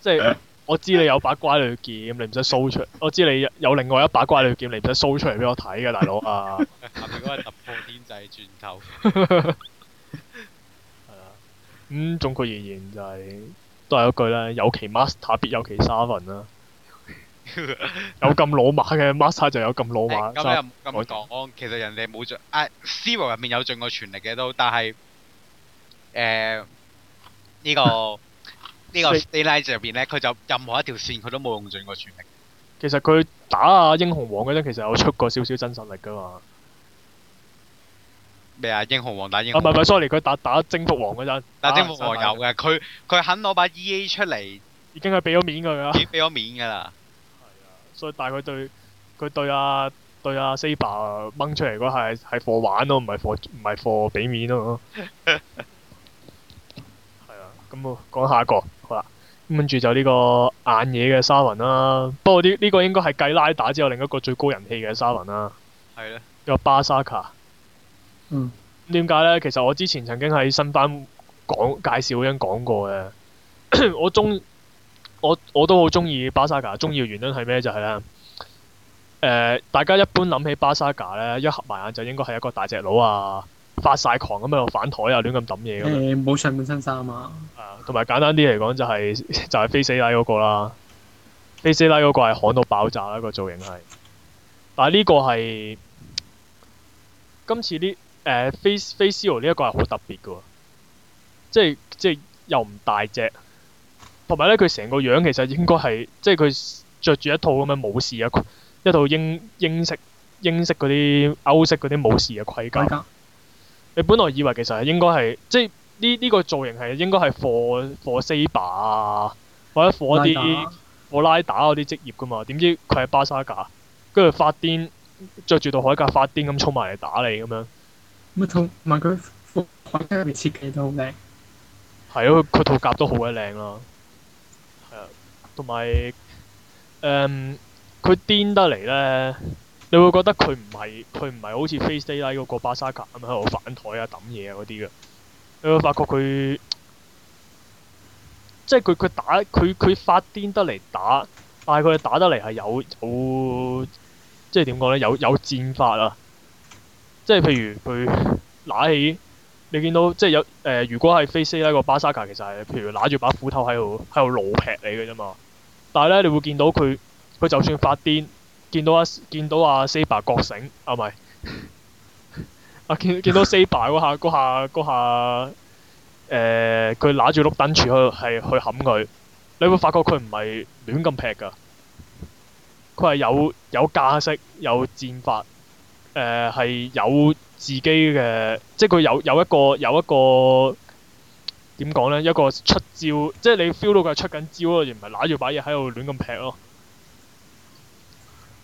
即係我知你有把乖女劍，你唔使 show 出。我知你有另外一把乖女劍，你唔使 show 出嚟俾我睇噶，大佬啊！下邊嗰個突破天際轉頭。係 啊、 嗯，咁總而言之就係、是。都係一句啦，有其 master 必 有其 servant 啦。有咁老馬嘅 master 就有咁老馬。咁又咁講，我其實人哋冇盡啊，zero 入面有盡過全力嘅都，但係誒、呃這個、 呢個呢個 stay night 入邊咧，佢就任何一條線佢都冇用盡過全力。其實佢打啊英雄王嗰啲，其實有出過少少真實力噶嘛。咩啊？英雄王打英雄王王，唔係唔係？Sorry，佢打打征服王嗰陣，打征服王，王有嘅。佢佢了的肯攞把 E A 出嚟，已經係俾咗面噶啦，已經俾咗面噶啦。 所以但係佢對佢對啊，對阿 Saber 掹出嚟嗰係係貨玩咯，唔係貨唔係貨俾面咯。係啊，咁啊，講 下一個好啦。跟住就呢個眼嘢嘅沙文啦、啊，不過呢，呢、這個應該係計拉打之後另一個最高人氣嘅沙文啦、啊。係啦的，個巴沙卡。嗯，點解咧？其實我之前曾經喺新班講介紹嗰陣講過嘅， 我中我我都好中意巴沙噶，中意嘅原因係咩就係咧？誒，大家一般諗起巴沙噶咧，一合埋眼就應該係一個大隻佬啊，發晒狂咁喺度反台啊，亂咁抌嘢咁樣。你冇上半身衫啊！啊，同埋簡單啲嚟講就係就係飛死奶嗰個啦，飛死奶嗰個係悍到爆炸啦、啊，個造型係，但係呢個係今次呢？誒、uh, face faceo 呢一個係好特別嘅，即係即係又唔大隻，同埋咧佢成個樣其實應該係即係佢着住一套咁嘅武士嘅一套英英式英式嗰啲歐式嗰啲武士嘅盔甲。啊、你本來以為其實係應該係即係呢呢個造型係應該係火火 saber 啊或者火啲火拉打嗰、啊、啲職業嘅嘛，點知佢係巴沙甲，跟住發癲，着住套海格發癲咁衝埋嚟打你咁樣。乜套？同佢款間嘅設計都好靚。係啊，佢套甲都好鬼靚啦。係啊，同埋誒，佢、嗯、癲得嚟咧，你會覺得佢唔係佢唔係好似 Face Day 嗰個巴薩甲咁喺度反台啊、揼嘢啊嗰啲嘅。你會發覺佢即係佢佢打佢佢發癲得嚟打，但係佢打得嚟係有有即係點講咧？有呢有，有戰法啊！即係譬如佢拿起，你見到即係有，誒、呃，如果係 face 咧個巴沙卡，其實係譬如揦住把斧頭喺度，喺度怒劈你嘅啫嘛。但係咧，你會見到佢，佢就算發癲，見到阿見到阿 Saber 覺醒，啊唔係，啊見見到 Saber 嗰下，嗰下嗰下，誒，佢揦住碌燈柱去係去冚佢，你會發覺佢唔係亂咁劈噶，佢係有有架式，有戰法。誒，係、呃、有自己嘅，即係佢有有一個有一個點講咧，一個出招，即係你 feel 到佢係出緊招咯，而唔係拿住把嘢喺度亂咁劈咯。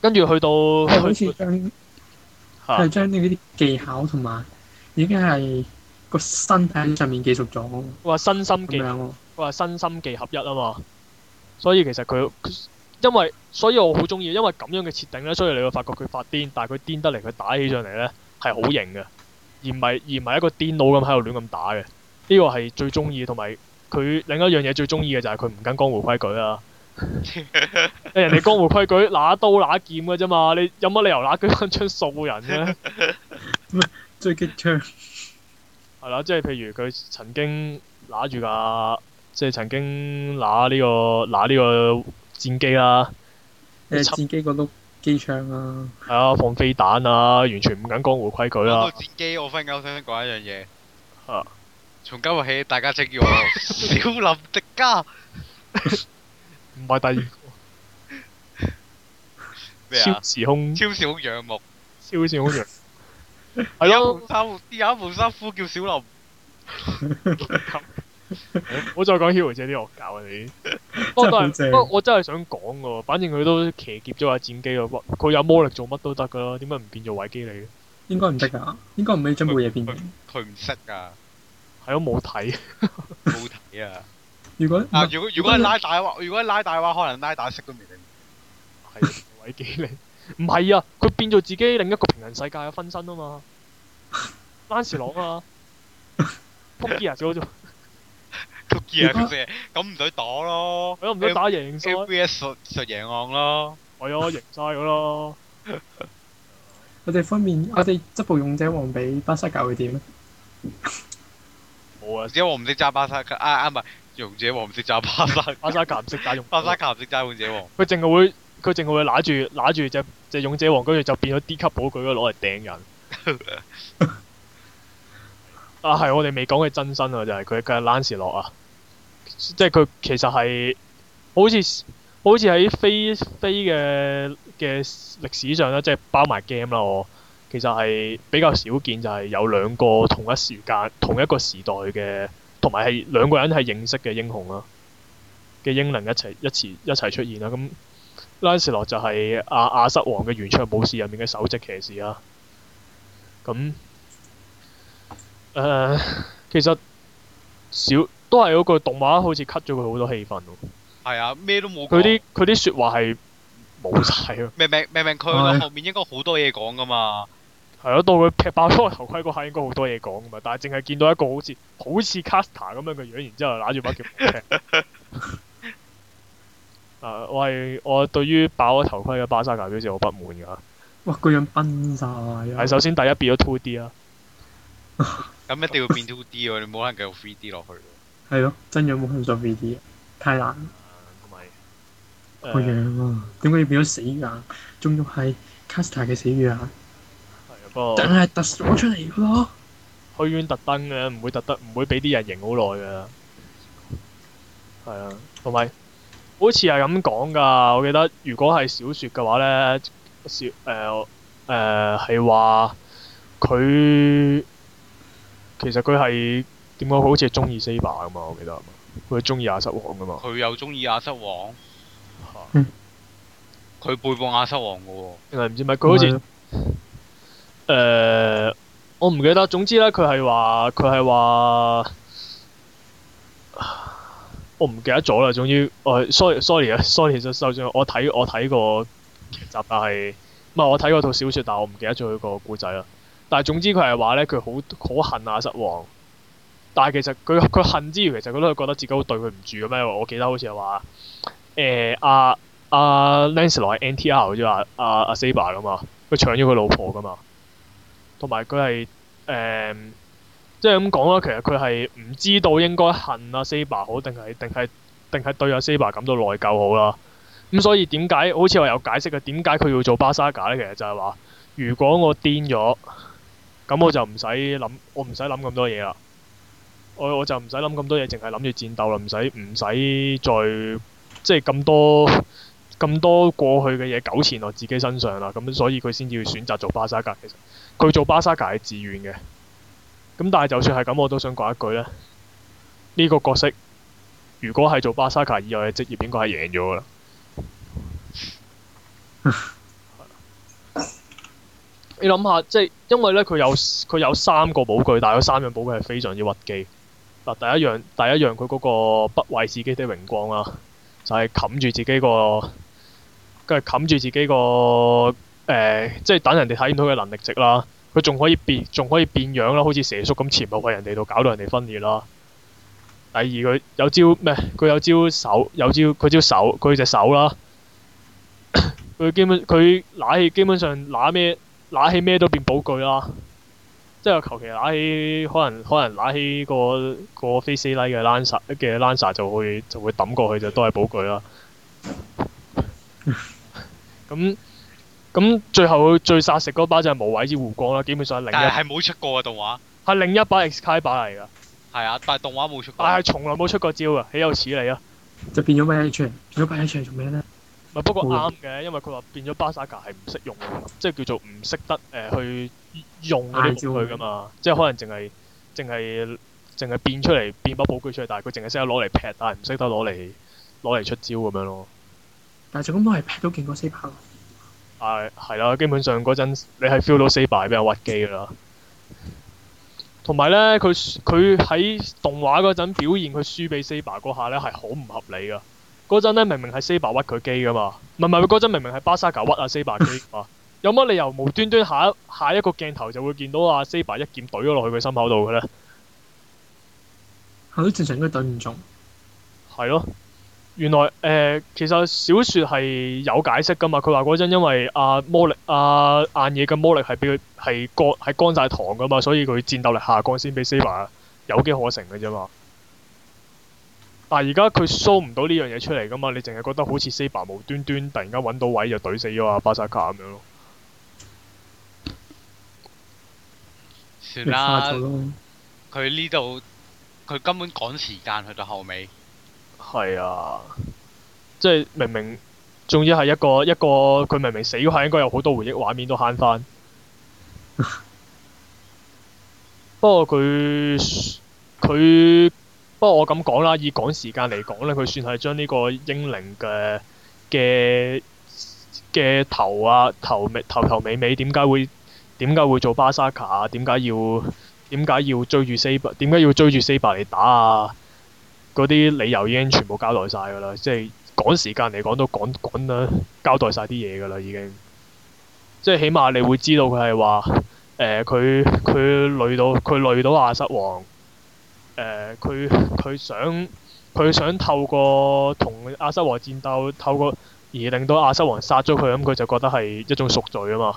跟住去到，係好似將將呢啲技巧同埋，已經係個身體上面記熟咗。話身心技，話、啊、身心技合一啊嘛。所以其實佢，因為所以我好中意，因為咁樣嘅設定咧，所以你會發覺佢發癲，但係佢癲得嚟，佢打起上嚟咧係好型嘅，而唔係而唔係一個癲佬咁喺度亂咁打嘅。呢個係最中意，同埋佢另一樣嘢最中意嘅就係佢唔跟江湖規矩啊！人哋江湖規矩拿刀拿劍嘅啫嘛，你有乜理由拿狙擊槍掃人咧？唔係，即係狙擊槍係啦，即係譬如佢曾經拿住架，即係曾經拿呢個拿呢個。戰機啦，誒，戰機個碌機槍啊，係啊，放飛彈啊，完全唔跟江湖規矩啦。講到戰機，我忽然想講一樣嘢，吓、啊，從今日起，大家請叫我 小林迪加，唔 係第二個咩啊？ 超時空，超少仰目，超少仰啊， 哦、有一布沙呼叫小林。 我，我再講《虛榮者》啲惡搞啊。你，不 我不過 我真係想講個，反正佢都騎劫咗架戰機啊。佢有魔力做乜都得噶啦，點解唔變做韋基利？應該唔識噶，應該唔可以將冇嘢變。佢唔識噶，係咯冇睇，冇睇 呢啊！如果啊，如果如果係拉大嘅話，如果係拉大嘅話，可能拉大識都未。係韋基你唔係啊！佢、 啊、變做自己另一個平行世界嘅分身啊嘛，班士 朗啊，托比亞少少。撲嘢撲嘢，咁唔使躲咯。佢都唔使打贏，打 V S 實實贏硬咯。我有我贏晒佢咯。 我哋方面，我哋執部勇者王畀巴沙教會點咧？冇啊，只因我唔識揸巴沙啊啊，唔係，勇者王唔識揸巴沙，巴沙教唔識揸勇，巴沙教唔識揸勇者王。佢淨係會，佢淨係會拿住拿住隻隻勇者王，跟住就變咗 D 級寶具，攞嚟掟人。 啊，係我哋未講嘅真身啊，就係佢嘅蘭斯洛啊，即係佢其實係好似好似喺飛飛嘅嘅歷史上咧，即係包埋 game 啦。我其實係比較少見，就係有兩個同一時間、同一個時代嘅，同埋係兩個人係認識嘅英雄啊嘅英靈一齊一齊一齊出現啦，啊，咁蘭斯洛就係亞亞瑟王嘅圓桌武士入面嘅首席騎士啊。咁誒，uh, 其實少都係嗰個動畫，好似 cut 咗佢好多氣氛咯。係啊，咩都冇。佢啲佢啲說話係冇晒啊。明明明明佢後面應該好多嘢講噶嘛。係咯、啊，到佢劈爆咗頭盔嗰下，應該好多嘢講噶嘛。但係淨係見到一個好似好似 Caster 咁樣嘅樣，然之後拿住把劍。嗱、 uh,，我係我對於爆咗頭盔嘅巴薩代表示我不滿噶。哇，嗰樣崩晒啊！係首先第一變咗 two D 啦。 咁一定要變 two D 你冇可能繼續 three D 落去。係咯，真嘅冇可能做 three D，太難。同埋，個樣啊，點解要變咗死魚眼？仲要係 caster 嘅死魚眼。係啊，不,的的不過。但係突咗出嚟噶咯，可以特登嘅，唔會特登，唔會俾啲人凝好耐噶。係啊，同埋，好似係咁講噶，我記得如果係小說嘅話咧，小誒誒係話佢。呃呃呃其實佢係點講？好似係中意 Saber 噶嘛，我記得。佢中意亞瑟王噶嘛？佢又中意亞瑟王。佢 背叛亞瑟王噶喎、哦。唔知咩？佢好似誒是、呃，我唔記得。總之咧，佢係話，佢係話，我唔記得咗啦。總之，呃、Sorry, Sorry, Sorry, Sorry, Sorry, 我 sorry，sorry 啊，sorry。其實就就算我睇我睇過劇集，但係唔係我睇過套小說，但我唔記得咗佢個故仔啦。但係總之佢係話咧，佢好好恨啊，失望。但係其實佢佢恨之餘，其實佢都係覺得自己好對佢唔住咁咩？我記得好似係話誒阿阿 Lancelot 係 NTR 啫嘛，阿阿 Saber 噶嘛，佢搶咗佢老婆噶嘛。同埋佢係誒即係咁講啦，其實佢係唔知道應該恨阿、啊、Saber 好定係定係定係對阿、啊、Saber 感到內疚好啦。咁、嗯、所以點解好似我有解釋嘅點解佢要做巴沙賈咧？其實就係話如果我癲咗。咁我就唔使諗，我唔使諗咁多嘢啦。我我就唔使諗咁多嘢，淨係諗住戰鬥啦，唔使唔使再即係咁多咁多過去嘅嘢糾纏我自己身上啦。咁所以佢先至會選擇做巴沙卡。其實佢做巴沙卡係自願嘅。咁但係就算係咁，我都想講一句呢：呢、呢個角色如果係做巴沙卡以外嘅職業應該贏了了，應該係贏咗噶啦。你諗下，即係因為咧，佢有佢有三個寶具，但係佢三樣寶具係非常之屈機嗱。第一樣，第一樣佢嗰個不為自己的榮光啊，就係、是、冚住自己個，跟住冚住自己個誒，即、欸、係、就是、等人哋睇唔到嘅能力值啦。佢仲可以變，仲可以變樣啦，好似蛇叔咁潛伏喺人哋度，搞到人哋分裂啦。第二，佢有招咩？佢有招手，有招佢招手，佢隻手，手啦。佢 基本佢乸氣，基本上乸咩？揦起咩都變寶具啦，即係求其揦起，可能可能揦起，嗰個、嗰個 face line 嘅 lancer 嘅 lancer 就會就會抌過去，就都係寶具啦。咁咁 最後最殺食嗰把就係無畏之護光啦，基本上係零。但係係冇出過嘅動畫，係另一把 x、Sky、把嚟噶。係啊，但係動畫冇出。但係從來冇出過招噶，豈有此理啊！就變咗派一做咩咧？不過啱嘅，因為佢話變咗巴薩格係唔識用，即係叫做唔識得誒、呃、去用嗰啲招佢噶嘛，即係可能淨係淨係淨係變出嚟變把寶具出嚟，但係佢淨係識得攞嚟劈，但係唔識得攞嚟攞嚟出招咁樣咯。但係仲咁都係劈到勁過西巴。係係啦，基本上嗰陣你係 feel 到塞巴俾人屈機噶啦。同埋咧，佢佢喺動畫嗰陣表現佢輸俾塞巴嗰下咧，係好唔合理噶。嗰陣咧，明明係 Saber 屈佢機噶嘛，唔係唔係，嗰陣明明係巴沙卡屈阿 Saber 機啊！ 有乜理由無端端下一下一個鏡頭就會見到阿 Saber 一劍懟咗落去佢心口度嘅咧？係咯，正常應該懟唔中。係咯，原來誒、呃，其實小說係有解釋噶嘛。佢話嗰陣因為阿、啊、魔力阿硬嘢嘅魔力係俾佢係乾係乾晒糖噶嘛，所以佢戰鬥力下降，先俾 Saber 有機可乘嘅啫嘛。但而家佢 show 唔到呢樣嘢出嚟噶嘛？你淨係覺得好似 Saber 無端端突然間揾到位就懟死咗阿巴薩卡咁樣咯？算啦，佢呢度佢根本趕時間去到後尾。係啊，即係明明，仲要係一個一個，佢明明死嗰下應該有好多回憶畫面都慳翻。 不過佢佢。不過我咁講啦，以趕時間嚟講呢，佢算係將呢個英靈嘅嘅嘅頭啊，頭尾頭頭尾尾點解會點解會做巴薩卡啊？點解要點解要追住 Saber？點解要追住 Saber 嚟打啊？嗰啲理由已經全部交代晒㗎啦，即係趕時間嚟講都趕趕啦，交代晒啲嘢㗎啦，已經即係、就是、起碼你會知道佢係話誒，佢、呃、佢累到佢累到亞瑟王。誒，佢佢想佢想透過同亞瑟王戰鬥，透過而令到亞瑟王殺咗佢，咁佢就覺得係一種贖罪啊嘛。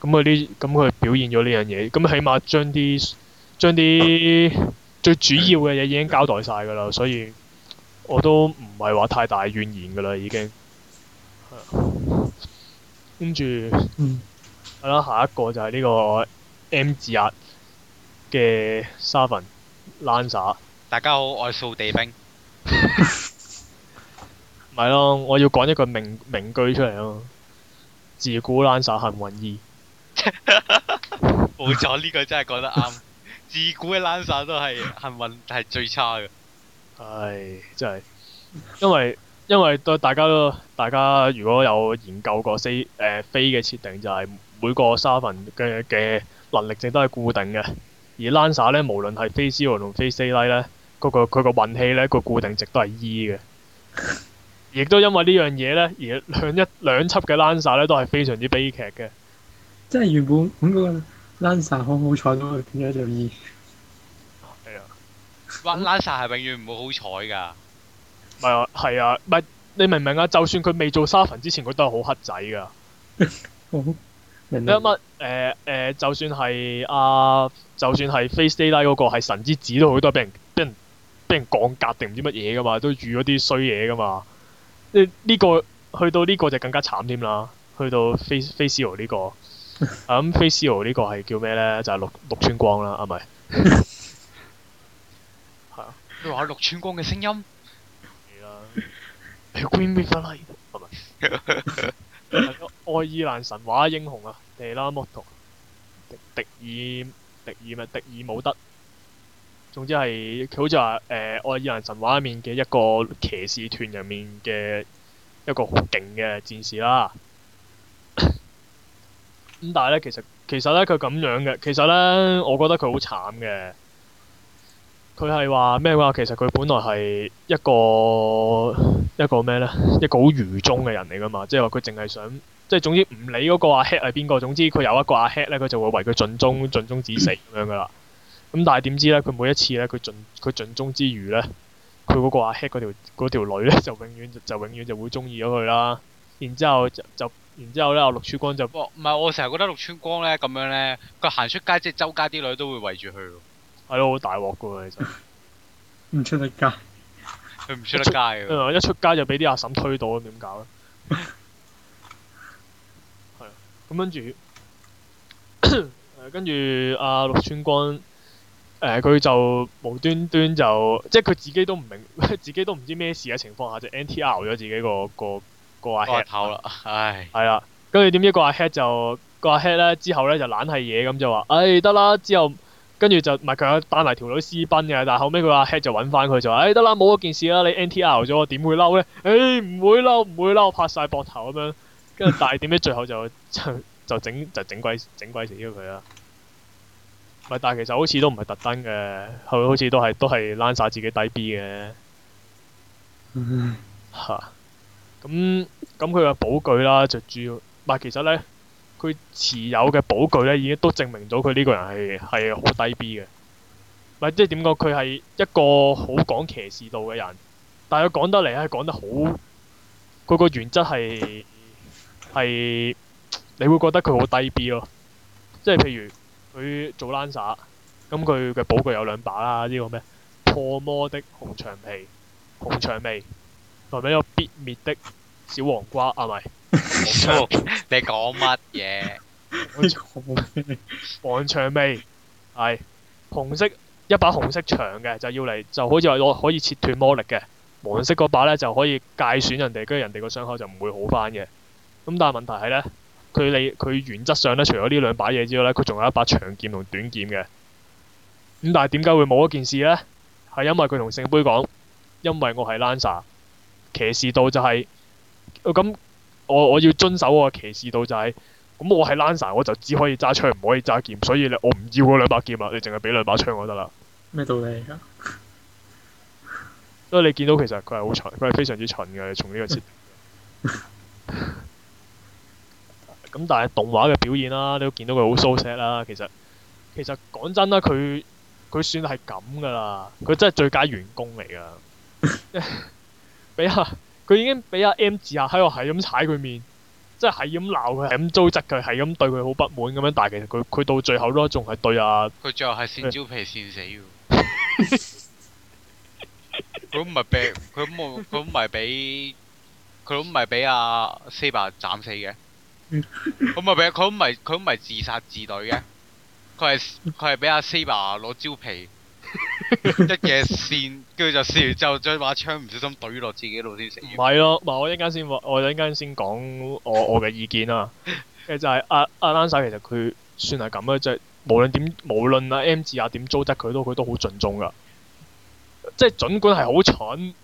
咁佢呢，咁佢表現咗呢樣嘢，咁起碼將啲將啲最主要嘅嘢已經交代晒噶啦，所以我都唔係話太大怨言噶啦，已經。跟住，嗯，係啦，下一個就係呢個 M 字壓嘅沙文。Larsa 大家好，我係掃地兵。咪咯，我要講一句名名句出嚟咯。自古 Larsa 幸運二，冇錯，呢句真係講得啱。自古嘅 Larsa 都係幸運係最差嘅。係 真係，因為因為對大家都大家如果有研究過飛誒飛嘅設定，就係每個沙文嘅嘅能力值都係固定嘅。而 Lancer 咧，無論係 Fate Zero 同 Fate Stay 咧，嗰個佢個運氣咧，個固定值都係 E 嘅。亦都因為呢樣嘢咧，而兩一兩輯嘅 Lancer 咧，都係非常之悲劇嘅。即係原本咁個 Lancer 好好彩都點解就 E。係啊，話 Lancer 係永遠唔會好彩㗎。咪啊，係啊，咪你明唔明啊？就算佢未做沙 h 之前，佢都係好黑仔㗎。 乜？誒誒、呃呃，就算係啊、呃，就算係 Face Day 拉嗰個係神之子都好，多係俾人俾人俾人降格定唔知乜嘢噶嘛，都預咗啲衰嘢噶嘛。呢、呃、呢、呢個去到呢個就更加慘添啦。去到 Face Faceo 呢、呢個，咁 Faceo 呢個係叫咩咧？就係、係、綠綠川光啦，係咪？係 啊！你話綠川光嘅聲音？係啦，誒咪嗯、愛爾蘭神話英雄啊，迪拉穆托、迪爾、迪爾咪，迪爾姆德，總之係佢好似話誒，愛爾蘭神話入面嘅一個騎士團入面嘅一個好勁嘅戰士啦。咁、 嗯、但係呢，其實其實呢，佢咁樣嘅，其實呢，我覺得佢好慘嘅。佢係話咩話？其實佢本來係一個一個咩咧？一個好愚忠嘅人嚟噶嘛？即係話佢淨係想，即係總之唔理嗰個阿 head 係邊個，總之佢有一個阿 head 咧，佢就會為佢盡忠，盡忠至死咁樣噶啦。咁、嗯、但係點知咧？佢每一次咧，佢盡佢盡忠之餘咧，佢嗰個阿 head 嗰條嗰條女咧，就永遠就永遠就會中意咗佢啦。然之後就，就然之後咧，陸川光就，唔係、哦、我成日覺得陸川光咧咁樣咧，佢行出街即係周街啲女都會圍住佢。係咯，好、 啊、大鑊噶喎！你唔出得街，佢唔 出得街嘅。一出街就俾啲阿嬸推到，咁點搞咧？係、 呃、啊，咁跟住，跟住阿陸川軍，誒佢就無端端就，即係佢自己都唔明， 自己都唔知咩事嘅情況下，就、NTR 咗自己、個、個、個阿 head。頭啦，唉，係啦，跟住點知個阿 head 就、個阿 head 咧，之後咧就懶係嘢咁就話，唉，得啦，之後。跟住就唔係佢有帶埋條女私奔嘅，但係後尾佢話 head 就揾翻佢就話，唉、欸，得啦，冇嗰件事啦，你 NTR 咗我點會嬲呢？唉、欸，唔會嬲唔會嬲，我拍晒膊頭咁樣。跟住但係點解最後就就整就整鬼整鬼死咗佢啦？唔係但係其實好似都唔係特登嘅，佢好似都係都係 r 晒自己低 B 嘅。咁咁佢嘅寶具啦，就主要，但係其實咧。佢持有嘅寶具呢，已經都證明到佢呢個人係係好低 B 嘅，或者點講？佢係一個好講騎士道嘅人，但佢講得嚟係講得好，佢個原則係係你會覺得佢好低 B 咯，即係譬如佢做 Lancer，咁佢嘅寶具有兩把啦，呢、呢個咩破魔的紅長皮、紅長味，同埋一個必滅的小黃瓜，係、啊、咪？ 你講乜嘢？黃薔薇係紅色一把紅色長嘅，就要嚟就好似話攞可以切斷魔力嘅，黃色嗰把咧，就可以界損人哋，跟住人哋個傷口就唔會好翻嘅。咁但係問題係咧，佢你佢原則上咧，除咗呢兩把嘢之外咧，佢仲有一把長劍同短劍嘅。咁但係點解會冇一件事咧？係因為佢同聖杯講，因為我係 Lancer，騎士道就係、是、咁。哦我我要遵守我嘅騎士道就係、是，咁、嗯、我係 Lancer 我就只可以揸槍唔可以揸劍，所以你我唔要嗰兩把劍啦，你淨係俾兩把槍我得啦。咩道理而、啊、家？所以你見到其實佢係好蠢，佢係非常之蠢嘅。從呢個設定，咁、 嗯、但係動畫嘅表現啦、啊，你都見到佢好 so sad 啦、啊。其實其實講真啦，佢佢算係咁噶啦，佢真係最佳員工嚟噶。俾下。佢已經俾阿 M 字下喺度，係咁踩佢面，即係咁鬧佢，係咁糟質佢，係咁對佢好不滿咁樣。但係其實佢佢到最後都仲係對阿、啊、佢最後係扇蕉皮扇死嘅。佢唔係俾佢冇，佢唔係俾佢唔係俾阿 Saber 斬死嘅。佢唔係俾佢唔係佢唔係自殺自懟嘅。佢係佢係俾阿 Saber 攞蕉皮。 一嘢線，跟住就試完之後，將把槍唔小心懟落自己度先死唔係咯，嗱、 啊啊、我一陣間先，我我一陣間先講我我嘅意見啦。誒，就係阿阿蘭其實佢算係咁啦，即、就、係、是、無論點，無論阿 M 字啊點糟質佢，都佢都好盡忠噶。即係盡管係好蠢，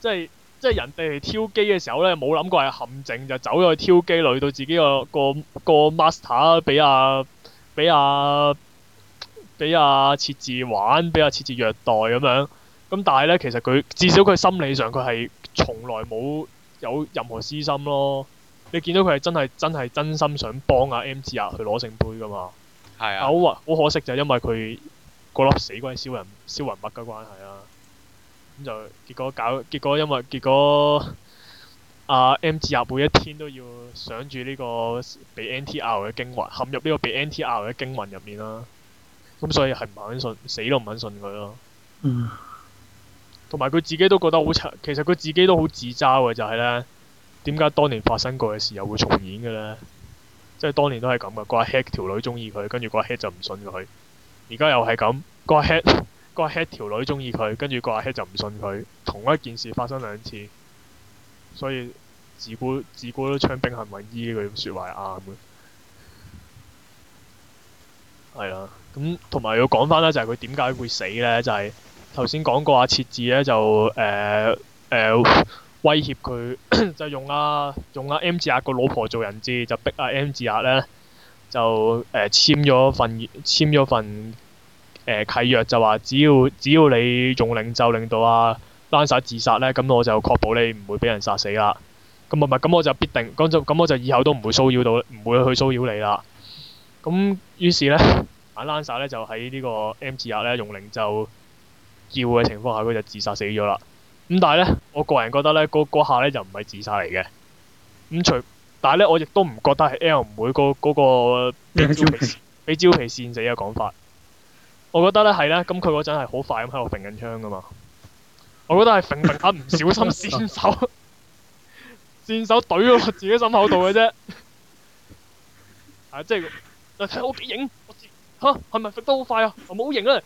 就是、即係即係人哋挑機嘅時候咧，冇諗過係陷阱，就走咗去挑機，累到自己個個個 master 俾阿俾阿。俾阿設置玩，俾阿設置虐待咁樣，咁但係咧，其實佢至少佢心理上佢係從來冇有，有任何私心咯。你見到佢係真係真係真心想幫阿 M 志亞去攞聖杯噶嘛？係啊，好好可惜就係因為佢嗰粒死鬼燒人燒魂魄嘅關係啊。咁就結果搞，結果因為結果阿、啊、M 志亞每一天都要想住呢個俾 NTR 嘅驚魂，陷入呢個俾 NTR 嘅驚魂入面啦。咁所以係唔肯信，死都唔肯信佢咯。嗯，同埋佢自己都覺得好，其實佢自己都好自嘲嘅，就係呢：點解當年發生過嘅事又會重演嘅呢？即係當年都係咁嘅，嗰阿 head 條女中意佢，跟住嗰阿 head 就唔信佢。而家又係咁，嗰阿 head 條女中意佢，跟住嗰阿 head 就唔信佢。同一件事發生兩次，所以自古自古都槍兵幸運 E 佢說話係啱嘅，係啊。咁同埋要講翻咧，就係佢點解會死咧？就係頭先講過阿設治咧，就誒誒威脅佢， 就用阿、啊、用阿、啊、M 字壓個老婆做人質，就逼阿、啊、M 字壓咧就誒、呃、簽咗份簽咗份、呃、契約，就話只要只要你用領袖令到啊，拉曬自殺咧，咁我就確保你唔會俾人殺死啦。咁唔咪，咁我就必定咁就咁我就以後都唔會騷擾到唔會去騷擾你啦。咁於是咧。玩 Lancer 咧，就喺呢個 M 字壓咧，用零就叫嘅情況下，佢就自殺死咗啦。咁但係咧，我個人覺得咧，嗰下咧就唔係自殺嚟嘅。咁除，但係咧，我亦都唔覺得係 L 唔嗰嗰個俾蕉、那個、皮俾蕉 皮跣死嘅講法。我覺得咧係咧，咁佢嗰陣係好快咁喺度揈緊槍噶嘛。我覺得係揈揈下唔小心線，先 手先手懟喺自己心口度嘅啫。 啊，即係睇我幾吓，係咪都好快啊？我冇型啊！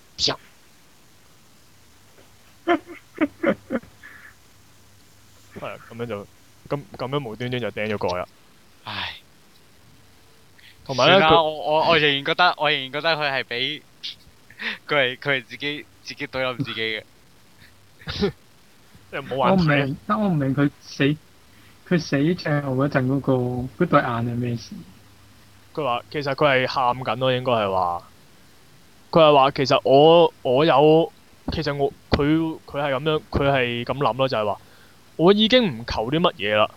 係咁樣就咁咁樣無端端就掟咗過嚟啦。唉，同埋咧，我我我仍然覺得，我仍然覺得佢係俾佢係佢係自己自己懟冧自己嘅。即係冇話，我唔明，我唔明佢死佢死最後嗰陣嗰個嗰對眼係咩事？佢話其實佢係喊緊咯，應該係話，佢係話其實我我有，其實我佢佢係咁樣，佢係咁諗咯，就係話我已經唔求啲乜嘢啦，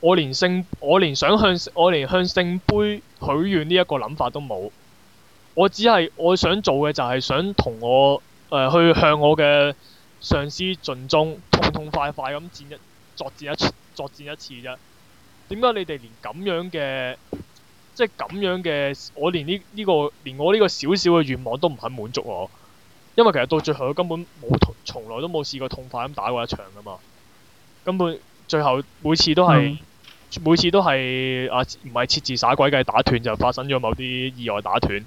我連聖我連想向我連向聖杯許願呢一個諗法都冇，我只係我想做嘅就係想同我誒、呃、去向我嘅上司盡忠，痛痛快快咁戰一作戰一作戰一次啫。點解你哋連咁樣嘅？即係咁樣嘅，我連呢呢、呢個，連我呢個小小嘅願望都唔肯滿足我，因為其實到最後，根本冇從，從來都冇試過痛快咁打過一場噶嘛，根本最後每次都係，嗯、每次都係阿唔係切治耍鬼計打斷就發生咗某啲意外打斷，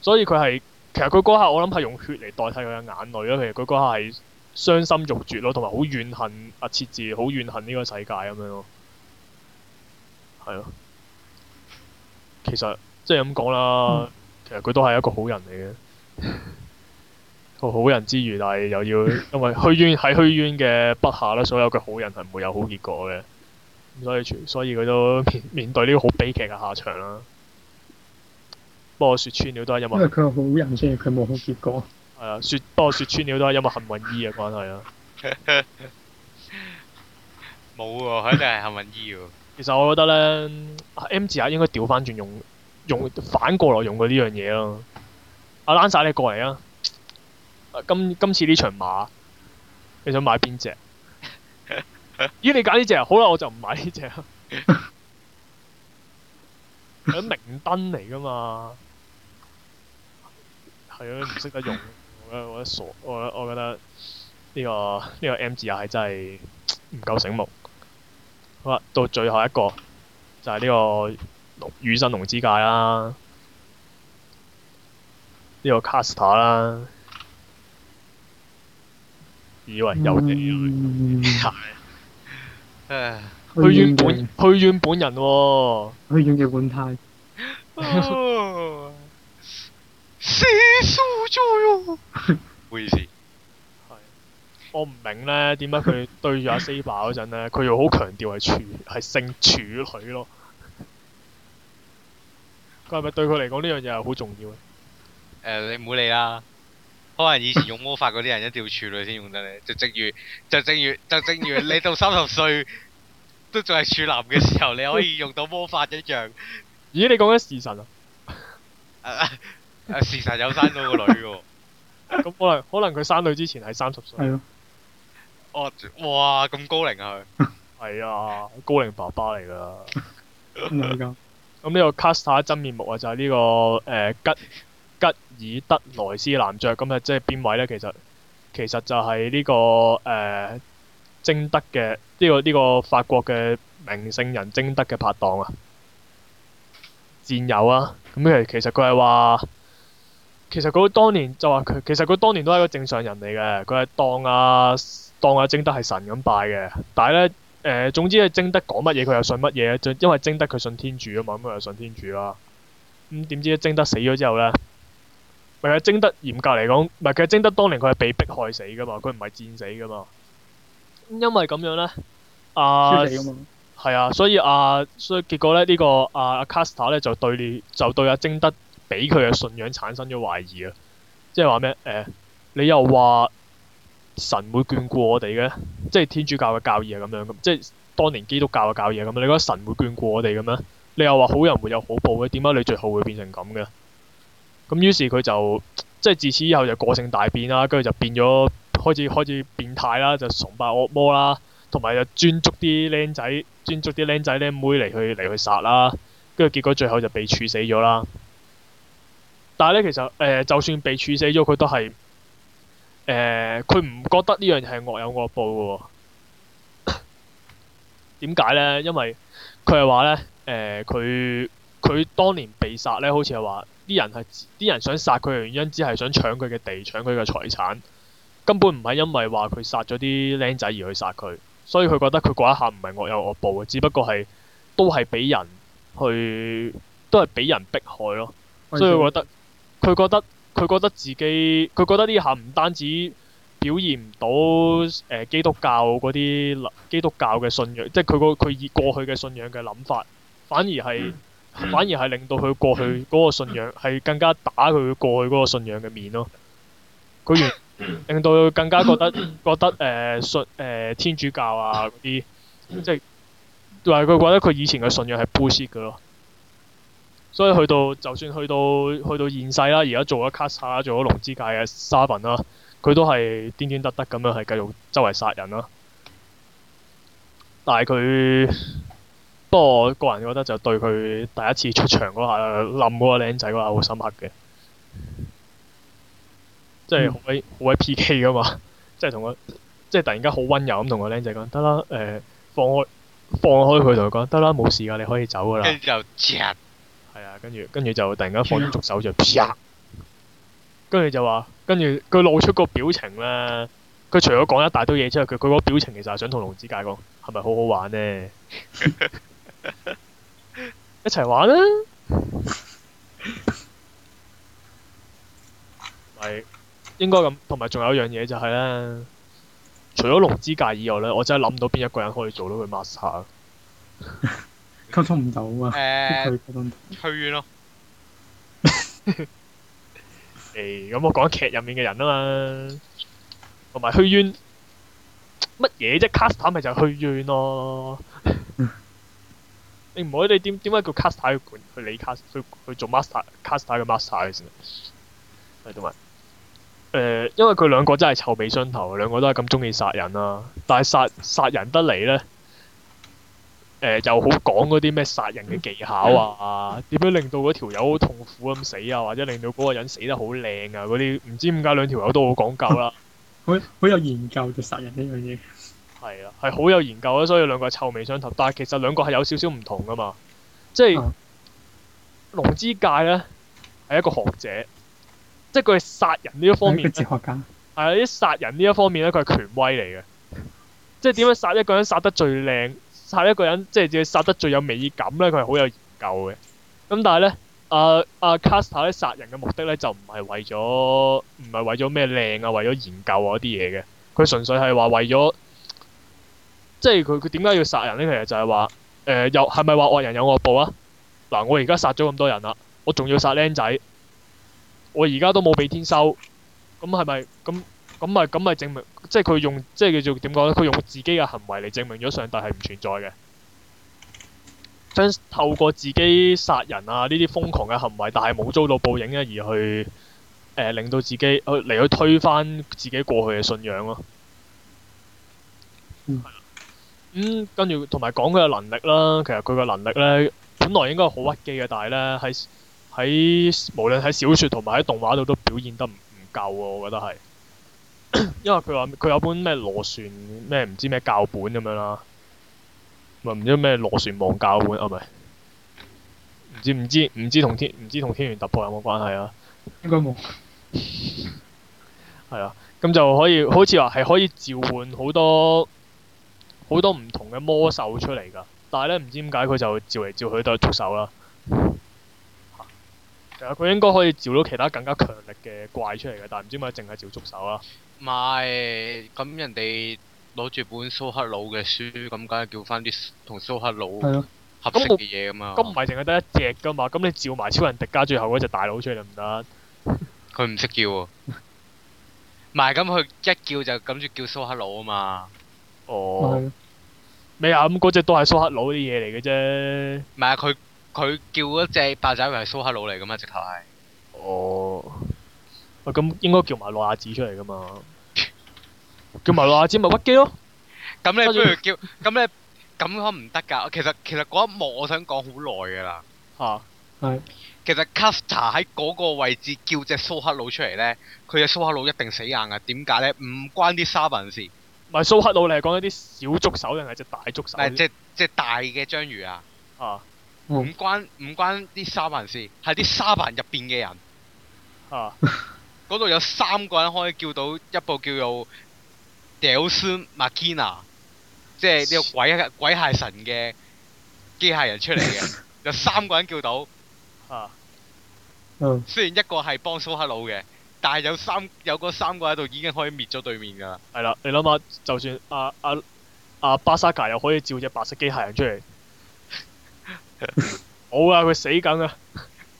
所以佢係其實佢嗰刻我諗係用血嚟代替佢嘅眼淚咯，其實佢嗰刻係傷心欲絕咯，同埋好怨恨阿、啊、切治，好怨恨呢個世界咁樣咯，係咯、啊。其實即係咁講啦，其實佢都係一個好人嚟嘅，好，好人之餘，但係又要因為虛淵喺虛淵嘅筆下啦。所有嘅好人係唔會有好結果嘅，咁所以所以佢都面，面對呢個好悲劇嘅下場啦。不過說穿了都係因為佢係好人先，佢冇好結果。係啊，說、啊、不過說穿了都係因為幸運醫嘅關係啦、啊。冇喎、 啊，佢一定係幸運醫喎。其實我覺得咧，M 字眼應該調翻轉用，用反過來用佢呢樣嘢咯。阿蘭晒你過嚟啊！今今次呢場馬，你想買邊隻？咦、 欸，你揀呢隻？好啦，我就唔買呢隻啦。佢 係明燈嚟噶嘛？係啊，唔識得用，我我傻，我覺我覺得呢、呢個呢、呢個 M 字眼係真係唔夠醒目。到最後一個就係、是、呢個龍雨生龍之介啦，呢、這個 caster 啦，以為有贏佢，係誒、嗯，本 唉去原本人喎，佢用嘅本態，死輸咗喎，冇事。 我唔明咧，點解佢對住阿 Saber 嗰陣咧，佢又好強調係處係性處女咯？佢係咪對佢嚟講呢樣嘢係好重要咧？誒、呃，你唔好理啦。可能以前用魔法嗰啲人一定要處女先用得咧。就正如就正如就正如 你到三十歲都仲係處男嘅時候，你可以用到魔法一樣。咦？你講緊時臣啊？誒、啊，時、啊、臣有生到個女噶，咁、 嗯、可能可能佢生女之前係三十歲。哇！咁高齡啊，佢係 啊，高齡爸爸嚟噶。咁呢 個 Caster 真面目啊，就係、是、呢、這個、呃、吉吉爾德萊斯男爵。咁、嗯、啊，即係邊位呢？其實其實就係呢、這個誒，貞、呃、德嘅呢、這個呢、這個法國嘅名聖人貞德嘅拍檔啊，戰友啊。咁其其實佢係話，其實佢當年就話佢，其實佢當，當年都係一個正常人嚟嘅。佢係當啊。當阿貞德係神咁拜嘅，但係咧，誒、呃，總之阿貞德講乜嘢，佢又信乜嘢，就因為貞德佢信天主啊嘛，咁佢又信天主啦。咁、嗯、點知貞德死咗之後咧，咪實貞德嚴格嚟講，唔係其實貞德當年佢係被迫害死噶嘛，佢唔係戰死噶嘛。因為咁樣咧，呃、啊，係啊，所以啊，所以結果咧呢、這個阿阿卡斯塔咧就對就對阿貞德俾佢嘅信仰產生咗懷疑啊，即係話咩？誒、呃，你又話？神會眷顧我哋嘅，即係天主教嘅教義係咁樣，即係當年基督教嘅教義係咁樣，你覺得神會眷顧我哋嘅咩？你又話好人會有好報嘅，點解你最後會變成咁嘅？咁於是佢就即係自此以後就個性大變啦，跟住就變咗開始開始變態啦，就崇拜惡魔啦，同埋就專捉啲僆仔，專捉啲僆仔僆妹嚟去嚟去殺啦，跟住結果最後就被處死咗啦。但係咧，其實誒、呃，就算被處死咗，佢都係。誒，佢唔、呃、覺得呢樣嘢係惡有惡報嘅。點解咧？因為佢係話咧，誒、呃，佢佢當年被殺咧，好似係話啲人係啲人想殺佢嘅原因，只係想搶佢嘅地、搶佢嘅財產，根本唔係因為話佢殺咗啲僆仔而去殺佢。所以佢覺得佢嗰一下唔係惡有惡報嘅，只不過係都係俾人去，都係俾人迫害咯。 所以佢覺得，佢覺得。佢覺得自己，佢覺得呢下唔單止表現唔到，誒、基督教嗰啲基督教嘅信仰，即係佢個佢以過去嘅信仰嘅諗法，反而係反而係令到佢過去嗰個信仰係更加打佢過去嗰個信仰嘅面咯。佢原令到佢更加覺得覺得誒、呃、信誒、呃、天主教啊嗰啲，即係佢覺得佢以前嘅信仰係 bullshit 嘅咯。所以去到，就算去到去到現世啦。而家做咗卡莎，做咗龍之界嘅沙文啦，佢都係顛顛得得咁樣，係繼續周圍殺人啦。但係佢不過我個人覺得就對佢第一次出場嗰下冧嗰個僆仔嗰下好深刻嘅，即係好鬼好鬼 P.K. 噶嘛即係同佢即係突然間好溫柔咁同個僆仔講得啦，誒、呃，放開放開佢，同佢講得啦，冇事噶，你可以走噶啦。跟住就係啊，跟住跟住就突然間放足手就啪！跟住就話，跟住佢露出個表情咧。佢除咗講一大堆嘢之後，佢佢個表情其實係想同龍之介講，係咪好好玩呢？ 一齊玩啦，啊！係應該咁，同埋仲有一樣嘢就係咧，除咗龍之介以外咧，我真係諗唔到邊一個人可以做到佢 master。 溝通唔到啊嘛，uh，去怨咯。誒，咁我講劇入面嘅人啊嘛，同埋去怨乜嘢啫 cast 咪就去怨咯。你唔可以，你點點解叫 cast 去管去理 cast 去去做 master cast 嘅 master 嘅先？誒、哎，同埋，誒、呃，因為佢兩個真係臭味相投，兩個都係咁中意殺人啦、啊。但係殺殺人得嚟咧？誒、呃，又好講嗰啲咩殺人嘅技巧啊，點樣、嗯啊、令到嗰條友好痛苦咁死啊，或者令到嗰個人死得好靚啊，嗰啲唔知點解兩條友都好講究啦、啊，好好 有研究就殺人呢樣嘢。係啊，係好有研究啊，所以兩個臭味相投。但係其實兩個係有少少唔同噶嘛，即係龍、啊、之介咧係一個學者，即係佢係殺人呢一方面，一個哲學家係啊，啲殺人呢一方面咧，佢係權威嚟嘅，即係點樣殺一個人殺得最靚。殺一個人，即係要殺得最有美感咧，佢係好有研究嘅。咁但係咧，阿阿卡斯塔咧殺人嘅目的咧就唔係為咗，唔係為咗咩靚啊，為咗研究啊啲嘢嘅。佢純粹係話為咗，即係佢佢點解要殺人咧？其實就係、是、話，誒、呃，又係咪話惡人有惡報啊？嗱，我而家殺咗咁多人啦，我仲要殺僆仔，我而家都冇俾天收，咁係咪咁？咁咪咁咪證明，即係佢用，即係叫做點講呢？佢用自己嘅行為嚟證明咗上帝係唔存在嘅。將透過自己殺人啊呢啲瘋狂嘅行為，但係冇遭到報應咧、啊，而去誒、呃、令到自己去嚟去推翻自己過去嘅信仰咯、啊。嗯。跟住同埋講佢嘅能力啦，其實佢嘅能力呢，本來應該好屈機嘅，但係呢，喺喺無論喺小説同埋喺動畫度都表現得唔唔夠啊，我覺得係。 因為佢話佢有本咩螺旋咩唔知咩教本咁樣啦，唔唔知咩螺旋王教本啊，唔係，唔知唔知唔知同天唔知同天元突破有冇關係啊？應該冇。係 啊，咁就可以好似話係可以召喚好多好多唔同嘅魔獸出嚟噶，但係咧唔知點解佢就召嚟召去都係觸手啦。其實佢應該可以召到其他更加強力嘅怪出嚟嘅，但係唔知點解淨係召觸手啦。唔係，咁、啊、人哋攞住本蘇克魯嘅書，咁梗係叫翻啲同蘇克魯合適嘅嘢吖嘛？咁唔係淨係得一隻噶嘛？咁你召埋超人迪迦最後嗰隻大佬出嚟唔 得、啊？佢唔識叫喎。唔係，咁佢一叫就諗住叫蘇克魯啊嘛。哦。咩 啊？咁嗰隻都係蘇克魯啲嘢嚟嘅啫。唔係啊！佢佢叫嗰隻八爪魚係蘇克魯嚟噶嘛？直頭係。哦。咁、啊、應該叫埋羅亞子出嚟噶嘛？ 叫埋羅亞子咪屈機咯？咁你不如叫咁咧？咁 可唔得噶？其實其實嗰一幕我想講好耐噶啦。吓係、啊。其實 Caster 喺嗰個位置叫隻蘇克佬出嚟咧，佢隻蘇克佬一定死硬噶。點解咧？唔關啲沙文事。唔係蘇克佬，你係講，啲小觸手定係隻大觸手。係只隻大嘅章魚啊！吓、啊，唔關唔關啲沙文事，係啲沙文入邊嘅人。吓、啊。 嗰度有三個人可以叫到一部叫做屌 m 斯麥 n a 即係呢個鬼鬼孩神嘅機械人出嚟嘅，有三個人叫到，啊，嗯，雖然一個係幫蘇克魯嘅，但係有三有三個喺度已經可以滅咗對面噶啦。係啦，你諗下，就算阿阿阿巴沙格又可以召隻白色機械人出嚟， 好啊，佢死緊啊！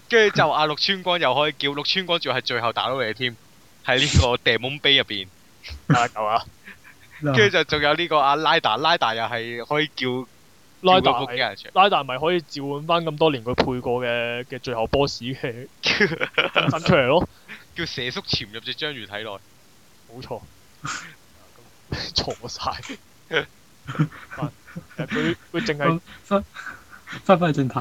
跟住就阿、啊、六川光又可以叫六川光，仲係最後打到你添。喺呢個 Demon Bay 入邊夠啊？跟、啊、住就仲有呢個阿拉達，拉達又係可以叫拉達打 是，出來拉達咪可以召喚翻咁多年佢配過嘅嘅最後 boss 嘅，出嚟咯。叫蛇叔潛入隻章魚體內，冇錯錯晒。佢佢淨係翻翻正題，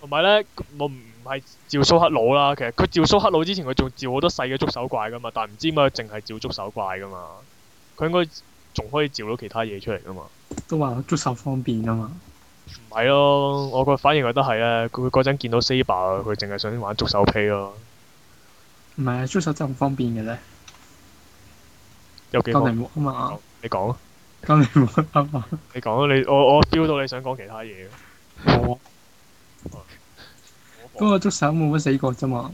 同埋咧我唔。係照蘇克佬啦，其實佢照蘇克佬之前，佢仲照好多細嘅觸手怪噶嘛，但係唔知點解淨係照觸手怪噶嘛。佢應該仲可以照到其他嘢出嚟噶嘛。都話觸手方便噶嘛。唔係咯，我個反應覺得係啊。佢嗰陣見到 Saber，佢淨係想玩觸手 P 咯。唔係啊，觸手真係唔方便嘅啫。有幾方便啊嘛。你講啊。九零啊你講啊！你我我 feel 到你想講其他嘢。我。 嗰個觸手冇乜死過啫嘛，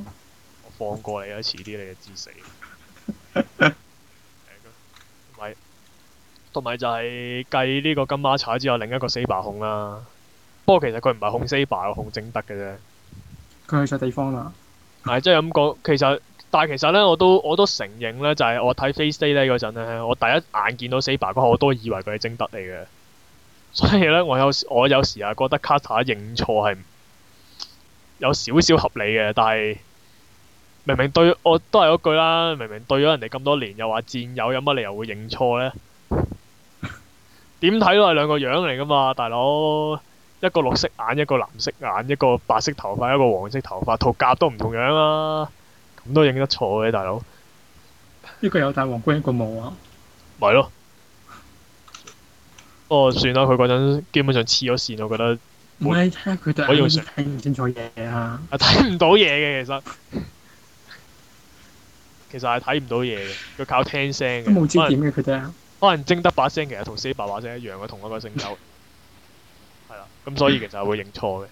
我放過你啊！遲啲你就知死。同埋 就係計呢個金馬踩之後，另一個 Saber 控啦。不過其實佢唔係控 Saber，控徵得嘅啫。佢去錯地方啦。係即係咁講，其實但係其實咧，我都我都承認咧，就係我睇 Face Day 咧嗰陣咧，我第一眼見到 Saber 嗰刻，我都以為佢係徵得嚟嘅。所以咧，我有我有時啊，覺得 Carter 認錯係。有少少合理嘅，但係明明對，我、哦、都係嗰句啦。明明對咗人哋咁多年，又話戰友有乜理由會認錯呢？點睇 都係兩個樣嚟㗎嘛，大佬一個綠色眼，一個藍色眼，一個白色頭髮，一個黃色頭髮，套甲都唔同樣啦、啊。咁都認得錯嘅大佬，呢個有戴王冠，一個冇啊。咪 咯。哦，算啦，佢嗰陣基本上黐咗線，我覺得。唔係睇佢對眼，睇唔清楚嘢啊！睇唔到嘢嘅，其實其實係睇唔到嘢嘅。佢靠聽聲嘅，冇知點嘅佢哋。可能徵得把聲，其實同 Saber 把聲一樣嘅，同一個聲調係啦。咁 所以其實係會認錯嘅。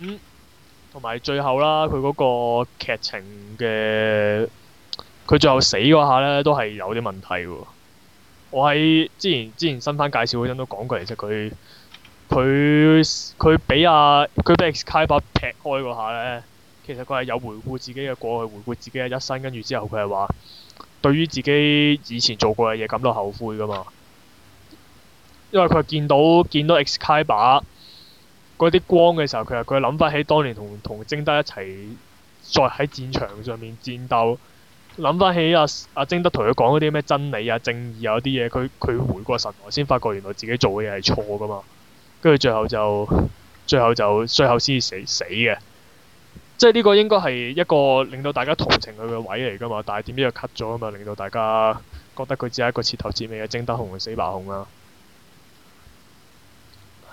嗯，同埋最後啦，佢嗰個劇情嘅，佢最後死嗰下咧，都係有啲問題嘅。我喺之前之前新番介紹嗰陣都講過，其實佢。佢佢俾阿佢畀 X 卡把劈開嗰下呢，其實佢係有回顧自己嘅過去，回顧自己嘅一生，跟住之後佢係話對於自己以前做過嘅嘢感到後悔噶嘛。因為佢見到見到 X 卡把嗰啲光嘅時候，佢係佢諗翻起當年同同貞德一齊再喺戰場上面戰鬥，諗翻起阿阿貞德同佢講嗰啲咩真理啊、正義啊啲嘢，佢佢回過神來先發覺原來自己做嘅嘢係錯噶嘛。跟住最後就，最後就最後先至死死嘅，即係呢個應該係一個令到大家同情佢嘅位嚟㗎嘛。但係點知又 cut 咗啊嘛，令到大家覺得佢只係一個徹頭徹尾嘅精打紅同死白紅啦。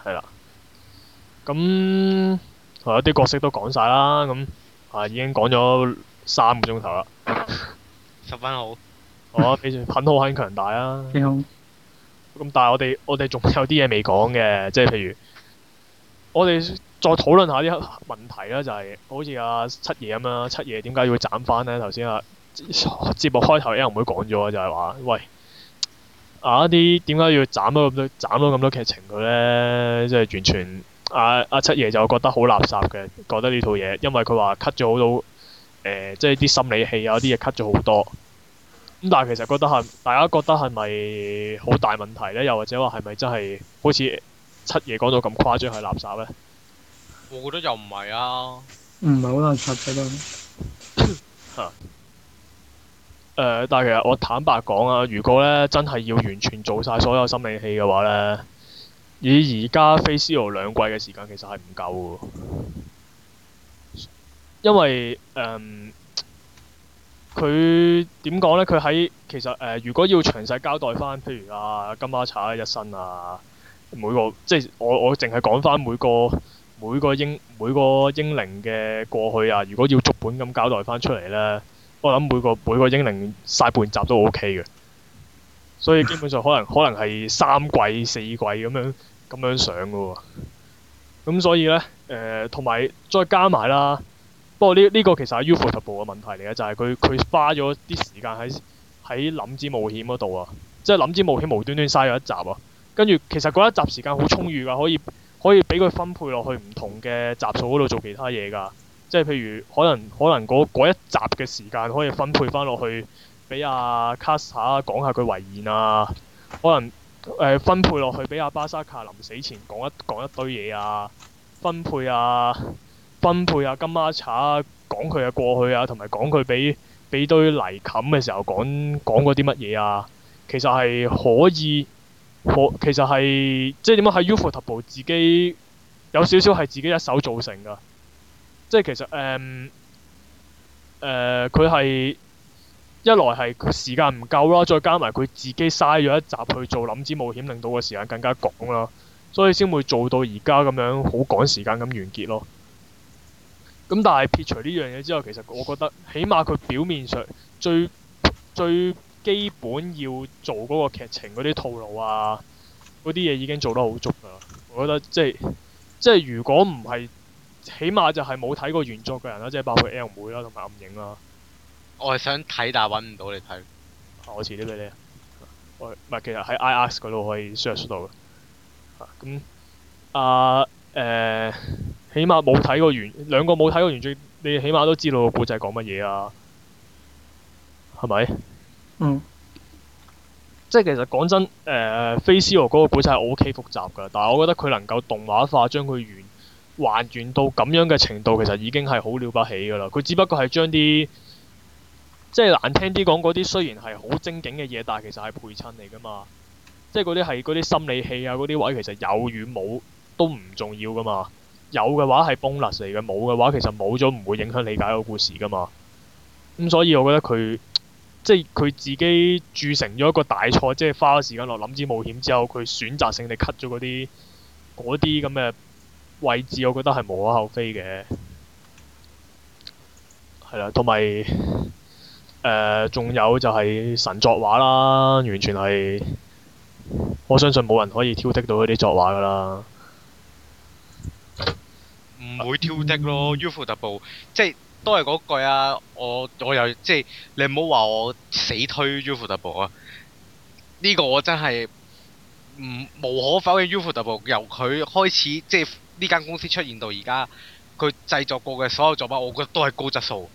係啦，咁有啲角色都講晒啦，咁啊已經講咗三個鐘頭啦，十分好。我非常好， 很好很強大啊！咁但係我哋我哋仲有啲嘢未講嘅，即係譬如我哋再討論下啲問題啦，就係好似阿七爺咁啦，七爺點解要斬翻呢？頭先啊，節目開頭啲人唔會講咗就係話，喂啊啲點解要斬咗咁多斬咗咁多劇情佢呢？」即係完全阿阿七爺就覺得好垃圾嘅，覺得呢套嘢。因為佢話 cut 咗好多即係啲心理戲啊啲嘢 cut 咗好多。咁、嗯、但係其實覺得係，大家覺得係咪好大問題呢？又或者話係咪真係好似七爺講到咁誇張係垃圾呢？我覺得又唔係啊、嗯，唔係好垃圾嘅咯。但係其實我坦白講啊，如果呢真係要完全做晒所有心理戲嘅話呢，以而家 Faceo 兩季嘅時間，其實係唔夠嘅。因為、嗯佢點講呢？佢喺其實誒、呃，如果要詳細交代翻，譬如啊，金巴茶嘅一生啊，每個即係我我淨係講翻每個每個英每個英靈嘅過去啊。如果要逐本咁交代翻出嚟呢，我諗每個每個英靈晒半集都 O K 嘅。所以基本上可能可能係三季四季咁樣咁樣上嘅喎、啊。咁所以呢，誒、呃，同埋再加埋啦。不過呢呢、呢個其實係 UFO 部嘅問題嚟嘅，就係佢佢花咗啲時間喺喺諗子冒險嗰度啊，即係諗子冒險無端端嘥咗一集啊，跟住其實嗰一集時間好充裕噶，可以可以俾佢分配落去唔同嘅集數嗰度做其他嘢噶，即係譬如可能可能嗰一集嘅時間可以分配翻落去俾阿卡斯講下佢遺言啊，可能誒、呃、分配落去俾阿巴沙卡臨死前講一講一,一堆嘢啊，分配啊。分配啊，今晚查講佢嘅過去啊，同埋講佢俾俾堆泥冚嘅時候講講過啲乜嘢啊。其實係可以，可其實係即係點樣喺 Ufotable 自己有少少係自己一手造成噶。即係其實誒誒，佢、呃、係、呃、一來係時間唔夠啦，再加埋佢自己嘥咗一集去做《諗子冒險》，令到個時間更加趕啦，所以先會做到而家咁樣好趕時間咁完結咯。咁但係撇除呢樣嘢之後，其實我覺得起碼佢表面上最最基本要做嗰個劇情嗰啲套路啊，嗰啲嘢已經做得好足噶啦。我覺得即係即係如果唔係，起碼就係冇睇過原作嘅人啦，即係包括 L 妹啦，同埋《暗影》啦。我係想睇，但係揾唔到你睇。我遲啲俾你。我唔係，其實喺 I X 嗰度可以 search 到咁啊，誒。起碼冇睇過原兩個冇睇過原著，你起碼都知道個故仔講乜嘢啊？係咪？嗯。即係其實講真，誒、呃，《菲斯和》嗰個故仔係 OK 複雜噶，但係我覺得佢能夠動畫化，將佢完還原到咁樣嘅程度，其實已經係好了不起噶啦。佢只不過係將啲即係難聽啲講嗰啲，雖然係好精警嘅嘢，但係其實係配襯嚟噶嘛。即係嗰啲係嗰啲心理戲啊，嗰啲位其實有與冇都唔重要噶嘛。有嘅話係崩 o 嚟嘅。冇嘅話其實冇咗唔會影響理解個故事噶嘛。咁、嗯、所以我覺得佢即係佢自己注成咗一個大錯，即、就、係、是、花咗時間落諗啲冒險之後，佢選擇性地 cut 咗嗰啲啲咁嘅位置，我覺得係無可厚非嘅。係啦，同埋誒，仲、呃、有就係神作畫啦，完全係我相信冇人可以挑剔到嗰啲作畫噶啦。唔會挑剔咯，UFO 特步即係都係嗰句啊！我我又即係你唔好話我死推 UFO 特步啊！呢個我真係唔無可否認，UFO 特步由佢開始即係呢間公司出現到而家，佢製作過嘅所有作品，我覺得都係高質素。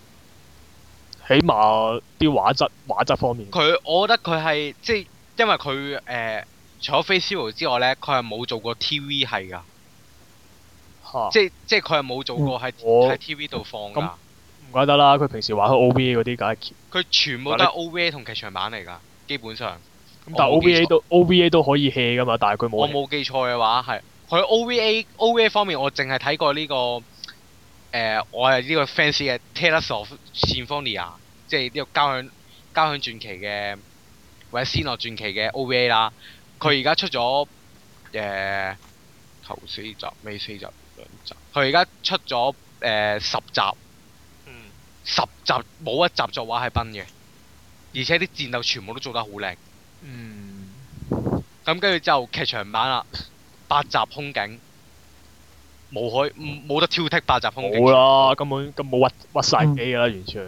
起碼啲畫質，畫質方面。佢我覺得佢係即係因為佢誒、呃，除咗 Facebook 之外咧，佢係冇做過 TV 係噶。啊、即係即係佢係冇做過，喺喺我 TV 度放噶。唔怪得啦，佢平時玩 OVA 嗰啲，梗係佢全部都係 OVA 同劇場版嚟噶，基本上。但係 OVA 都 OVA 都可以 hea 噶嘛，但係佢冇。我冇記錯嘅話，係佢 OVA OVA 方面，我淨係睇過呢個誒，我係呢個 fans 嘅 Tales of Symphonia，即係呢個交響交響傳奇嘅或者仙樂傳奇嘅 OVA 啦。佢而家出咗誒頭四集，尾四集。佢而家出咗誒、呃、十集，嗯、十集冇一集作畫係崩嘅，而且啲戰鬥全部都做得好靚。嗯，咁跟住之後劇場版啦，八集空境，無可冇、嗯、得挑剔八集空境。冇啦，根本咁冇屈屈晒機啦，完全。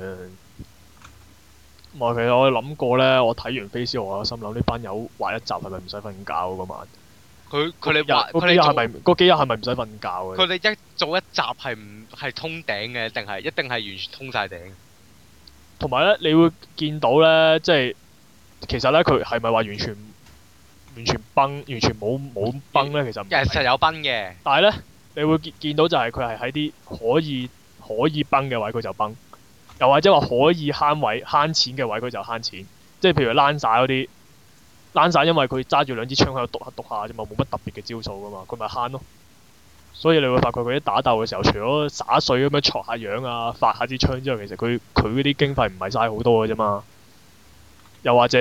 唔係、嗯，其實我諗過咧，我睇完《飛車》我心諗，呢班友畫一集係咪唔使瞓覺嗰、啊那個、晚？佢佢哋玩，嗰幾日係咪嗰幾日係咪唔使瞓覺嘅？佢哋一做一集係唔係通頂嘅，定係一定係完全通晒頂？同埋咧，你會見到咧，即係其實咧，佢係咪話完全完全崩，完全冇冇崩咧？其實其實有崩嘅，但係咧，你會見見到就係佢係喺啲可以可以崩嘅位，佢就崩；又或者話可以慳位慳錢嘅位，佢就慳錢。即係譬如 run 晒嗰啲。攬晒，因為佢揸住兩支槍喺度篤下篤下啫嘛，冇乜特別嘅招數噶嘛，佢咪慳咯。所以你會發覺佢啲打鬥嘅時候，除咗灑水咁樣戳下樣啊，發下支槍之外，其實佢佢嗰啲經費唔係曬好多嘅啫嘛。又或者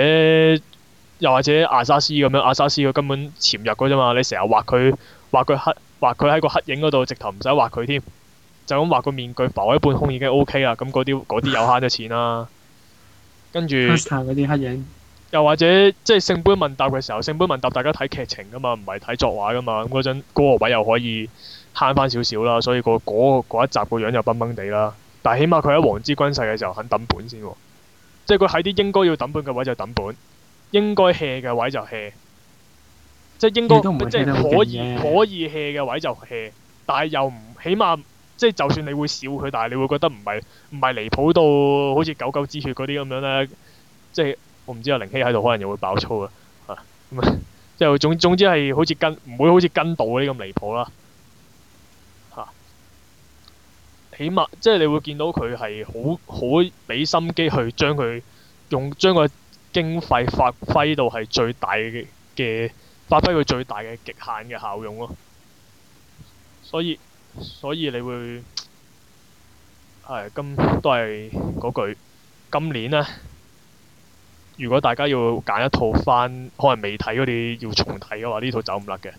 又或者阿沙斯咁樣，阿沙斯佢根本潛入嗰啫嘛，你成日畫佢畫佢黑畫佢喺個黑影嗰度，直頭唔使畫佢添，就咁畫個面具浮一半空已經 O K 啦。咁嗰啲啲又慳咗錢啦、啊。跟住啲黑影。又或者即係聖杯問答嘅時候，聖杯問答大家睇劇情噶嘛，唔係睇作畫噶嘛。咁嗰陣嗰個位又可以慳翻少少啦，所以嗰嗰嗰一集個樣又崩崩地啦。但係起碼佢喺王之軍勢嘅時候肯抌本先喎、哦，即係佢喺啲應該要抌本嘅位就抌本，應該 hea 嘅位就 hea 即係應該即係可以可以 hea 嘅位就 hea 但係又唔起碼即係就算你會笑佢，但係你會覺得唔係唔係離譜到好似九九之血嗰啲咁樣咧，即係。我唔知阿凌希喺度，可能又會爆粗啦，吓。咁啊，即係總總之係好似跟，唔會好似跟到呢咁離譜啦，吓。起碼即係你會見到佢，係好好俾心機去將佢用，將個經費發揮到係最大嘅，嘅發揮佢最大嘅極限嘅效用咯。所以所以你會係今都係嗰句，今年呢。如果大家要揀一套翻，可能未睇嗰啲要重睇嘅話，呢套走唔甩嘅，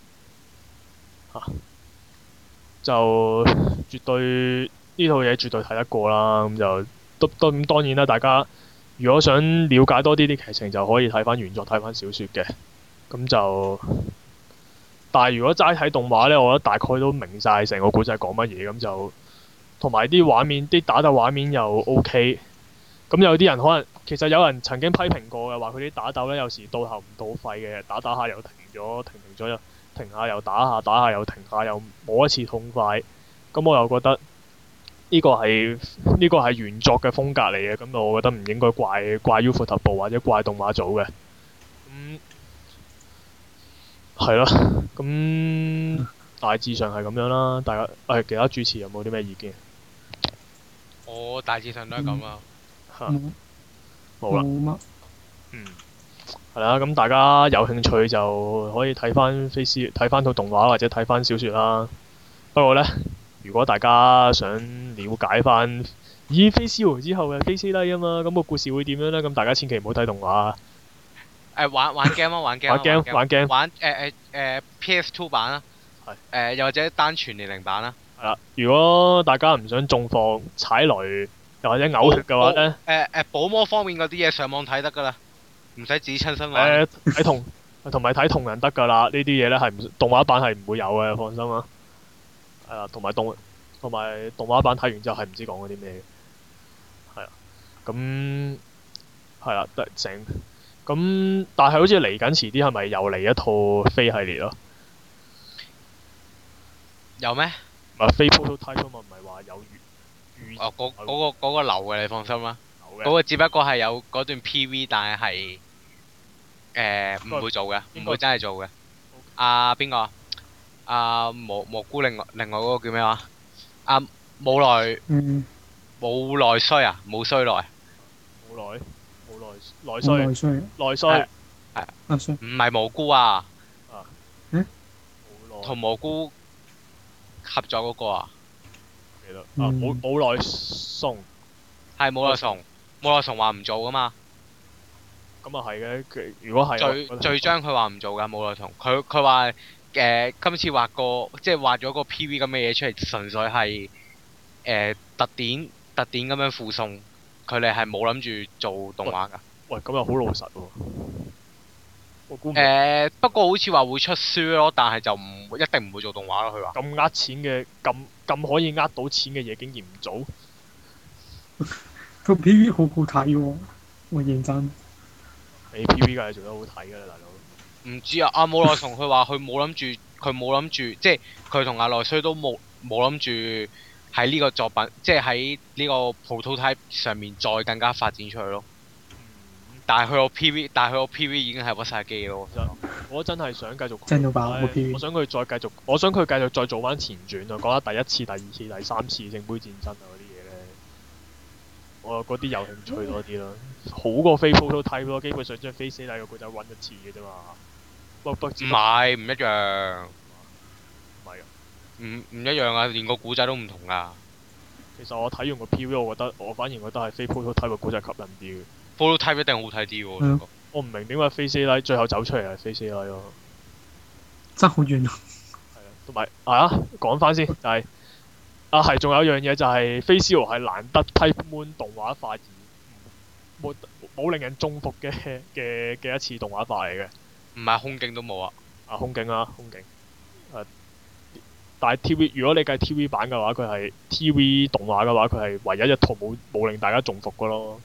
就絕對，呢套嘢絕對睇得過啦。咁就都都咁當然啦。大家如果想了解多啲啲劇情，就可以睇翻原作，睇翻小說嘅。咁就，但係如果齋睇動畫呢，我覺得大概都明晒成個古仔講乜嘢。咁就同埋啲畫面，啲打鬥畫面又 OK。咁有啲人可能，其實有人曾經批評過嘅，話佢啲打鬥呢，有時到頭唔到肺嘅，打打下又停咗，停停咗又停下又打下，打下又停下又冇一次痛快。咁、嗯、我又覺得呢個係呢個係原作嘅風格嚟嘅，咁我覺得唔應該怪怪 UFO 頭部或者怪動畫組嘅。咁係咯，咁大致上係咁樣啦。大家誒，其他主持有冇啲咩意見？我大致上都係咁啊。冇嗯，係啦，咁大家有興趣就可以睇翻《飛絲》，睇翻套動畫或者睇翻小説啦。不過呢，如果大家想了解翻《以飛絲為之後嘅 Face 飛絲帝》啊嘛，咁、個故事會點樣呢？咁大家千祈唔好睇動畫。玩玩 game 咯，玩 game，玩 game，、啊、玩誒誒誒 PS2 版啦、啊，又的、呃、或者單全年齡版啦、啊。係啦，如果大家唔想中伏，踩雷。或者扭曲嘅話咧，誒誒，保魔、呃、方面嗰啲嘢上網睇得噶啦，唔使自己親身去。睇、啊、同同埋睇同人得噶啦，呢啲嘢咧係唔動畫版係唔會有嘅，放心啊。係啦，同埋動同埋動畫版睇完之後係唔知講嗰啲咩嘅，係、啊、啦，咁係啦，得整。咁、啊、但係好似嚟緊，遲啲係咪又嚟一套飛系列咯、啊？有咩嗎？唔係飛 Prototype 嘛？唔係話有。哦，嗰嗰個嗰個流嘅，你放心啦。嗰個只不過係有嗰段 P.V.，但係誒唔會做嘅，唔會真係做嘅。阿邊個啊？阿蘑蘑菇，另外另外嗰個叫咩話？阿冇來，嗯，冇來衰啊，冇衰來。冇來，冇來，來衰，來衰，係，係，唔係蘑菇啊？嗯，同蘑菇合咗嗰個啊？Mm hmm. 啊，冇冇內松，係冇耐送，冇耐松話唔做噶嘛。咁啊係嘅，如果係最、那個、最將佢話唔做噶冇耐松，佢佢話誒今次畫過即係畫咗個 PV 咁嘅嘢出嚟，純粹係誒、呃、特典特典咁樣附送，佢哋係冇諗住做動畫噶。喂，咁又好老實喎，啊。誒，uh, 不過好似話會出書咯，但係就唔一定唔會做動畫咯。佢話咁呃錢嘅咁咁可以呃到錢嘅嘢，竟然唔做？個 PV 好好睇喎、哦，我認真。P 你 PV 佢係做得好睇噶啦，大佬。唔知啊，阿武奈同佢話，佢冇諗住，佢冇諗住，即係佢同阿奈須都冇冇諗住喺呢個作品，即係喺呢個葡萄體上面再更加發展出去咯。但係佢個 P.V. 但係佢個 P.V. 已經係屈晒機咯。我真係想繼續。鄭我，我想佢再繼續，我想佢繼續再做翻前傳就覺得第一次、第二次、第三次聖盃戰爭啊嗰啲嘢咧，我嗰啲有興趣多啲咯。好過《Fate Prototype》咯，基本上將《Fate》個古仔搵一次嘅啫嘛。不過不，唔係唔一樣，唔唔、啊、一樣啊！連個古仔都唔同啊！其實我睇完個 P.V.，我覺得我反而覺得係《Fate Prototype》嘅古仔吸引啲。Follow Type 一定好睇啲喎，嗯、我唔明點解非 C 拉最後走出嚟係非 C 拉咯，真好遠啊！係、就是、啊，同埋啊，講翻先，係啊，係仲有一樣嘢就係非 C 羅係難得 Type Moon 動畫化而冇冇令人中伏嘅嘅嘅一次動畫化嚟嘅，唔係空鏡都冇啊！啊空鏡啊空鏡、啊，但係 T V 如果你計 T V 版嘅話，佢係 T V 動畫嘅話，佢係唯一一套冇冇令大家中伏嘅咯。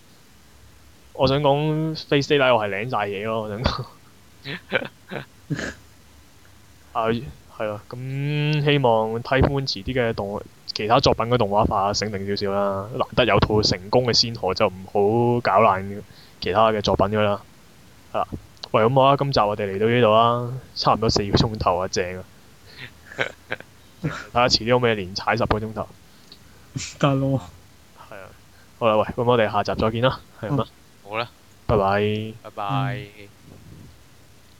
我想講《Face Day》我係領晒嘢咯，我想講。 啊，係、嗯、啦、咁、嗯、希望睇番遲啲嘅動其他作品嘅動畫化醒定少少啦。難得有套成功嘅先河，就唔好搞爛其他嘅作品噶啦。係、嗯、啦、嗯，喂，咁好啦，今集我哋嚟到呢度啦，差唔多四個鐘頭啊，正啊。睇下遲啲可唔可以連踩十個鐘頭？得咯嘲，係啊，好啦，喂，咁我哋下集再見啦，係嘛、嗯。好啦，拜拜，拜拜。